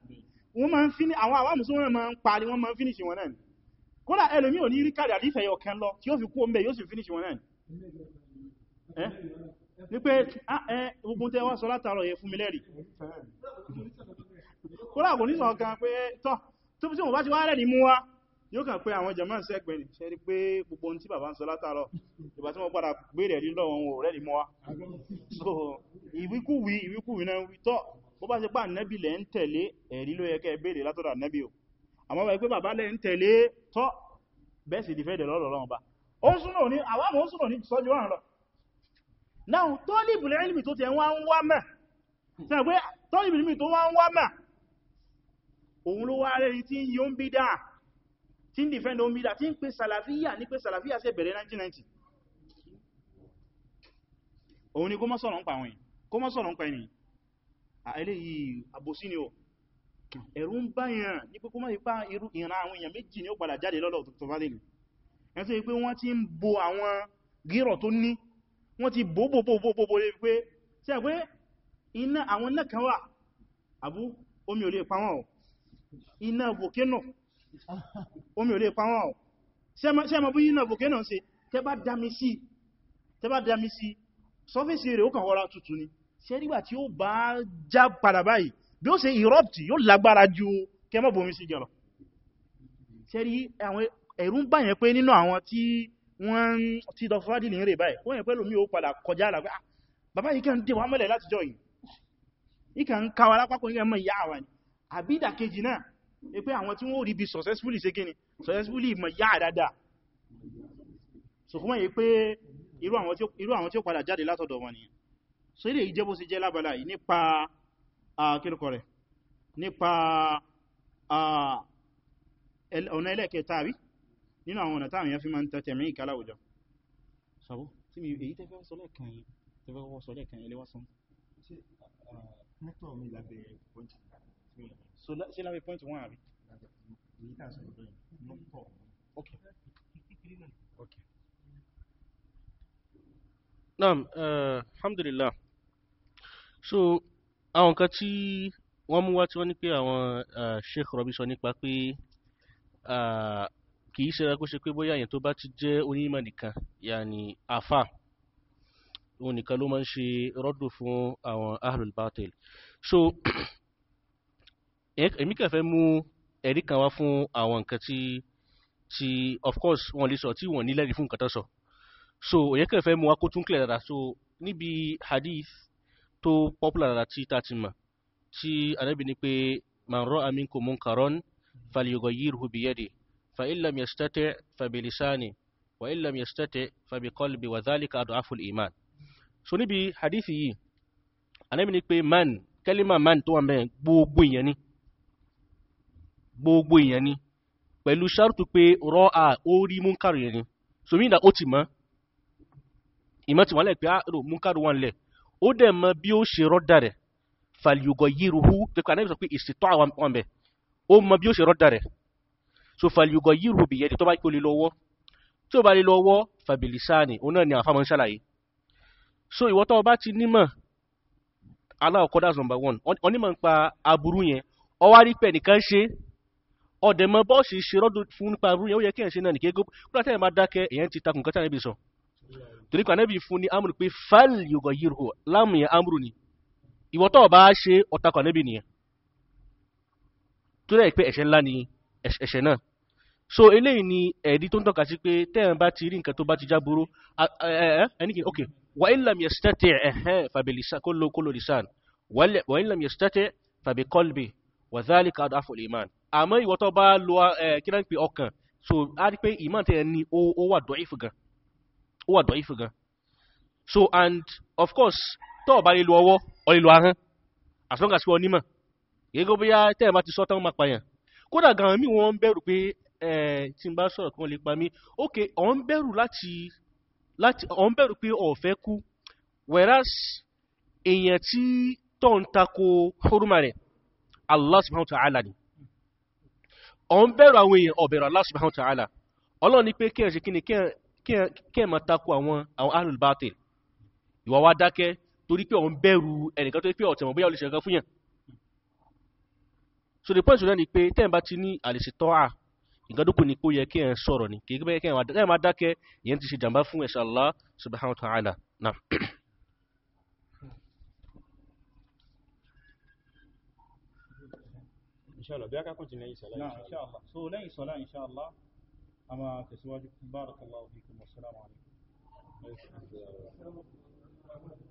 wọ́n máa ń fini àwọn àwọn àmùsùn wọn máa ń parí wọ́n máa ń finish wọn náà ni kódà ẹlòmí ò ní rí kàdà ní ìfẹ̀yọ̀ kan lọ tí ó fi kú omi yóò sì finish wọn náà ni ní pé ah, ogun tẹ́ wá sọ látàrọ yẹ fún mi lẹ́rì kódà kò ní sọ kan pé tọ́ tó fi tí wọ́n bá ti wá rẹ̀ ní mú wá yóò kàn pé àwọn german sẹ́gbẹ̀ ni ṣe rí pé gbogbo ohun tí bàbá ń sọ látàrọ ìgbà tí wọ́n padà gbé rẹ̀ lílọ́ wọn ò rẹ̀ ní mú wá so ìwíkúwí ìwíkúwí náà tọ́ bó bá ṣe pà nẹ́bì lẹ́ ń tẹ̀lé ẹ̀rí ló yẹ kẹ́ béèrè látọ̀dọ̀ o àmọ́ bá pé bàbá lẹ́ ń tẹ̀lé tọ́ bẹ́ẹ̀ sì dìfẹ́ ìdẹ̀lọ́rọ̀ ọlọ́run ba ó ń súnà ní àwọn àmọ́ ó ń súnà ní sọ́jú ọ̀ràn lọ náà tọ́lìbùl ilmi tó ti wá ń wá mẹ́ sẹ́n pé tọ́lìbùl ilmi tó wá ń wá mẹ́ òun ló wá rẹ̀ tí ń yóò ń bí dáa tí ń dìfẹ́ ń bí dáa tí ń Ah, eléyìí àbòsí ni o ẹ̀rù ń báyàn ní pé kó má ipá irú ìran àwọn èèyàn méjì ni ó padà jáde lọ́lọ́ tó bá lèlè ẹn tó yí pé wọ́n ti ń bo àwọn gírọ̀ tó ní wọ́n ti bò bò bò bò bò lè pé ṣe pé iná àwọn náà kan wà àbú omi ò lè pa wọ́n o iná volcano ṣe nígbà tí ó bá já padà báyìí bí ó ṣe erupti yóò lágbára ju kẹmọ́ bomi sí gẹ̀lọ ṣe rí àwọn ẹ̀rù ń báyẹn pé nínú àwọn tí wọ́n ti dọ fúrádì ní rẹ̀ báyìí wọ́n yẹn pẹ́ lómi ó padà kọjá àlàgbé ah, bàbá yìí kàn dé wà mọ́lẹ̀ látijọ́ yìí ìkà ń káwà lápapọ̀ ní ẹmọ ìyá àwà ni àbídà kejì náà ni pé àwọn tí wọ́n rí bí successfully ṣe kíni successfully mọ̀ yá dáadáa so fún irú àwọn tí ó padà jáde látọ̀dọ̀ wọn nìyàn so ilé ìjẹ́bó sí jẹ́ lábàlá yìí nípa kílùkọ rẹ̀ nípa ọ̀nà ẹlẹ́kẹta rí nínú àwọn ọ̀nà táàmì fi máa ń tẹ́tẹ̀ mí ìkà láwùjọ sọ́bọ́ tí mi èyí tẹ́fẹ́ sọ́lẹ̀kàn yìí tẹ́fẹ́ wọ́ sọ́lẹ̀kàn yìí lẹ́wọ́ sán sí lábẹ́ point one àbí okay okay naam uh, alhamdulillah so àwọn kan tí wọ́n mú wá tí wọ́n ní pé àwọn eh, sheikh rabi sọ nípa pé eh, kì í ṣera kó ṣe pé bóyá èèyàn tó bá ti jẹ́ onímọ̀ nìkan yàní afa òun nìkan ló máa ń ṣe rọ́dù fún àwọn ahlul battle. so èmi kẹfẹ́ mú ẹ̀rí kan wá fún àwọn nǹkan tí of course wọ́n lè sọ tí wọ́n nílẹ̀ fún nǹkan tó sọ. So so òye kẹrẹ fẹ́ mú wa kó tún clear dada so níbi hadith tó popular dada tí tá ti mọ̀ tí anábì ni pé man ra'a minkum munkaron falyughayyirhu biyadi fa in lam yastati fa bilisani wa in lam yastati fa biqalbi wa dhalika ad'afu al-iman so níbi hadith yìí anábì ni pé man kẹ́límà man tó wà mẹ́rin gbogbo ìyẹn ni gbogbo ìyẹn ni pẹ̀lú ṣàrùtù pé ra'a ó rí munkar yẹn ni so mí ìdá ó ti mọ́ ìmọ̀ tí wọ́n lẹ̀ pé àrò ah, múkàrò wọn lẹ̀ ó dẹ̀ mọ bí ó ṣe rọ́dà rẹ̀ fàlìyògọ̀ yìí ruhu pé kànáà sọ pé ìṣètò àwọn ọmọ ẹ̀ ó mọ bí ó ṣe rọ́dà rẹ̀ so fàlìyògọ̀ yìí ruhu bìyẹn tó bá kí ó lè lọ́wọ́ tí ó bá lè lọ́wọ́ fàbìlìsáàni òun náà ni àwọn afámọ́ ṣàlàyé so ìwọ tó bá ti nímọ̀ aláwọ̀kọ́ that's number one onímọ̀ ń pa aburú yẹn ọwá rí pẹ̀ nìkan ṣe ọ̀dẹ̀mọ bọ́ọ̀sì ṣe rọ́dù fún nípa aburú yẹn ó yẹ kí ẹ̀ ṣe náà nìkégo kúrò tẹ́lẹ̀ máa dákẹ́ èèyàn ti takùn kọ́tà níbi sọ torí kan nẹ́bí fún ní amúrù pé fal yóò yìí rò láàmù yẹn amúrù ni ìwọ tó bá ṣe ọ̀tá kan nẹ́bí nìyẹn tó rẹ̀ pé ẹ̀ṣẹ̀ ńlá ni ẹ̀ṣẹ̀ náà so eléyìí ni ẹ̀rí tó ń tọ́ka sí pé tẹ́yàn bá ti rí nǹkan tó bá ti jáboro ẹnìkì ok wà illam yastati' ó wà dọ̀ífù gan so and of course tọ́ ọ̀bá lè lo ọwọ́ ọ lè lo ahọ́n as long as wọ́n nímọ̀ gẹ́gẹ́ bóyá tẹ́ẹ̀ bá ti sọ tán máa pààyàn kódà gan mi wọ́n ń bẹ̀rù pé tí n bá sọ̀rọ̀ kan lè pa mí ok ọ̀n bẹ̀rù láti láti ọ̀n bẹ̀rù pé ọ̀fẹ́ kú whereas èèyàn tí tọ́ ń tako huruma rẹ̀ Allah subhanahu ni ọ̀n bẹ̀rù àwọn èèyàn ọ̀bẹ̀rù Allah subhanahu ọlọ́run ni pé kí ẹ̀ ṣe kí ni kí ẹ̀ kí ẹ má takò àwọn àwọn ahlul batil ìwà wá dákẹ́ torí pé òun bẹ̀rù ẹnìkan tó pé ọ̀tẹ̀mọ̀ bóyá olùṣẹ̀kan fún yàn so the point ni pé tẹ́ẹ̀ bá ti ní àlèsì tọ́à nǹkan dúkù ni pé ó yẹ kí ẹ sọ̀rọ̀ ni kì í bẹ́ẹ̀ kí ẹ má dákẹ́ ìyẹn ti ṣe jàǹbá fún ẹ̀ṣà Allah subhanahu wa ta'ala náà inshallah bí a ká kùn lẹ́yìn sọ́lá inshallah so lẹ́yìn sọ́lá inshallah a máa tẹ̀síwájú barakallahu fikum wassalamu alaikum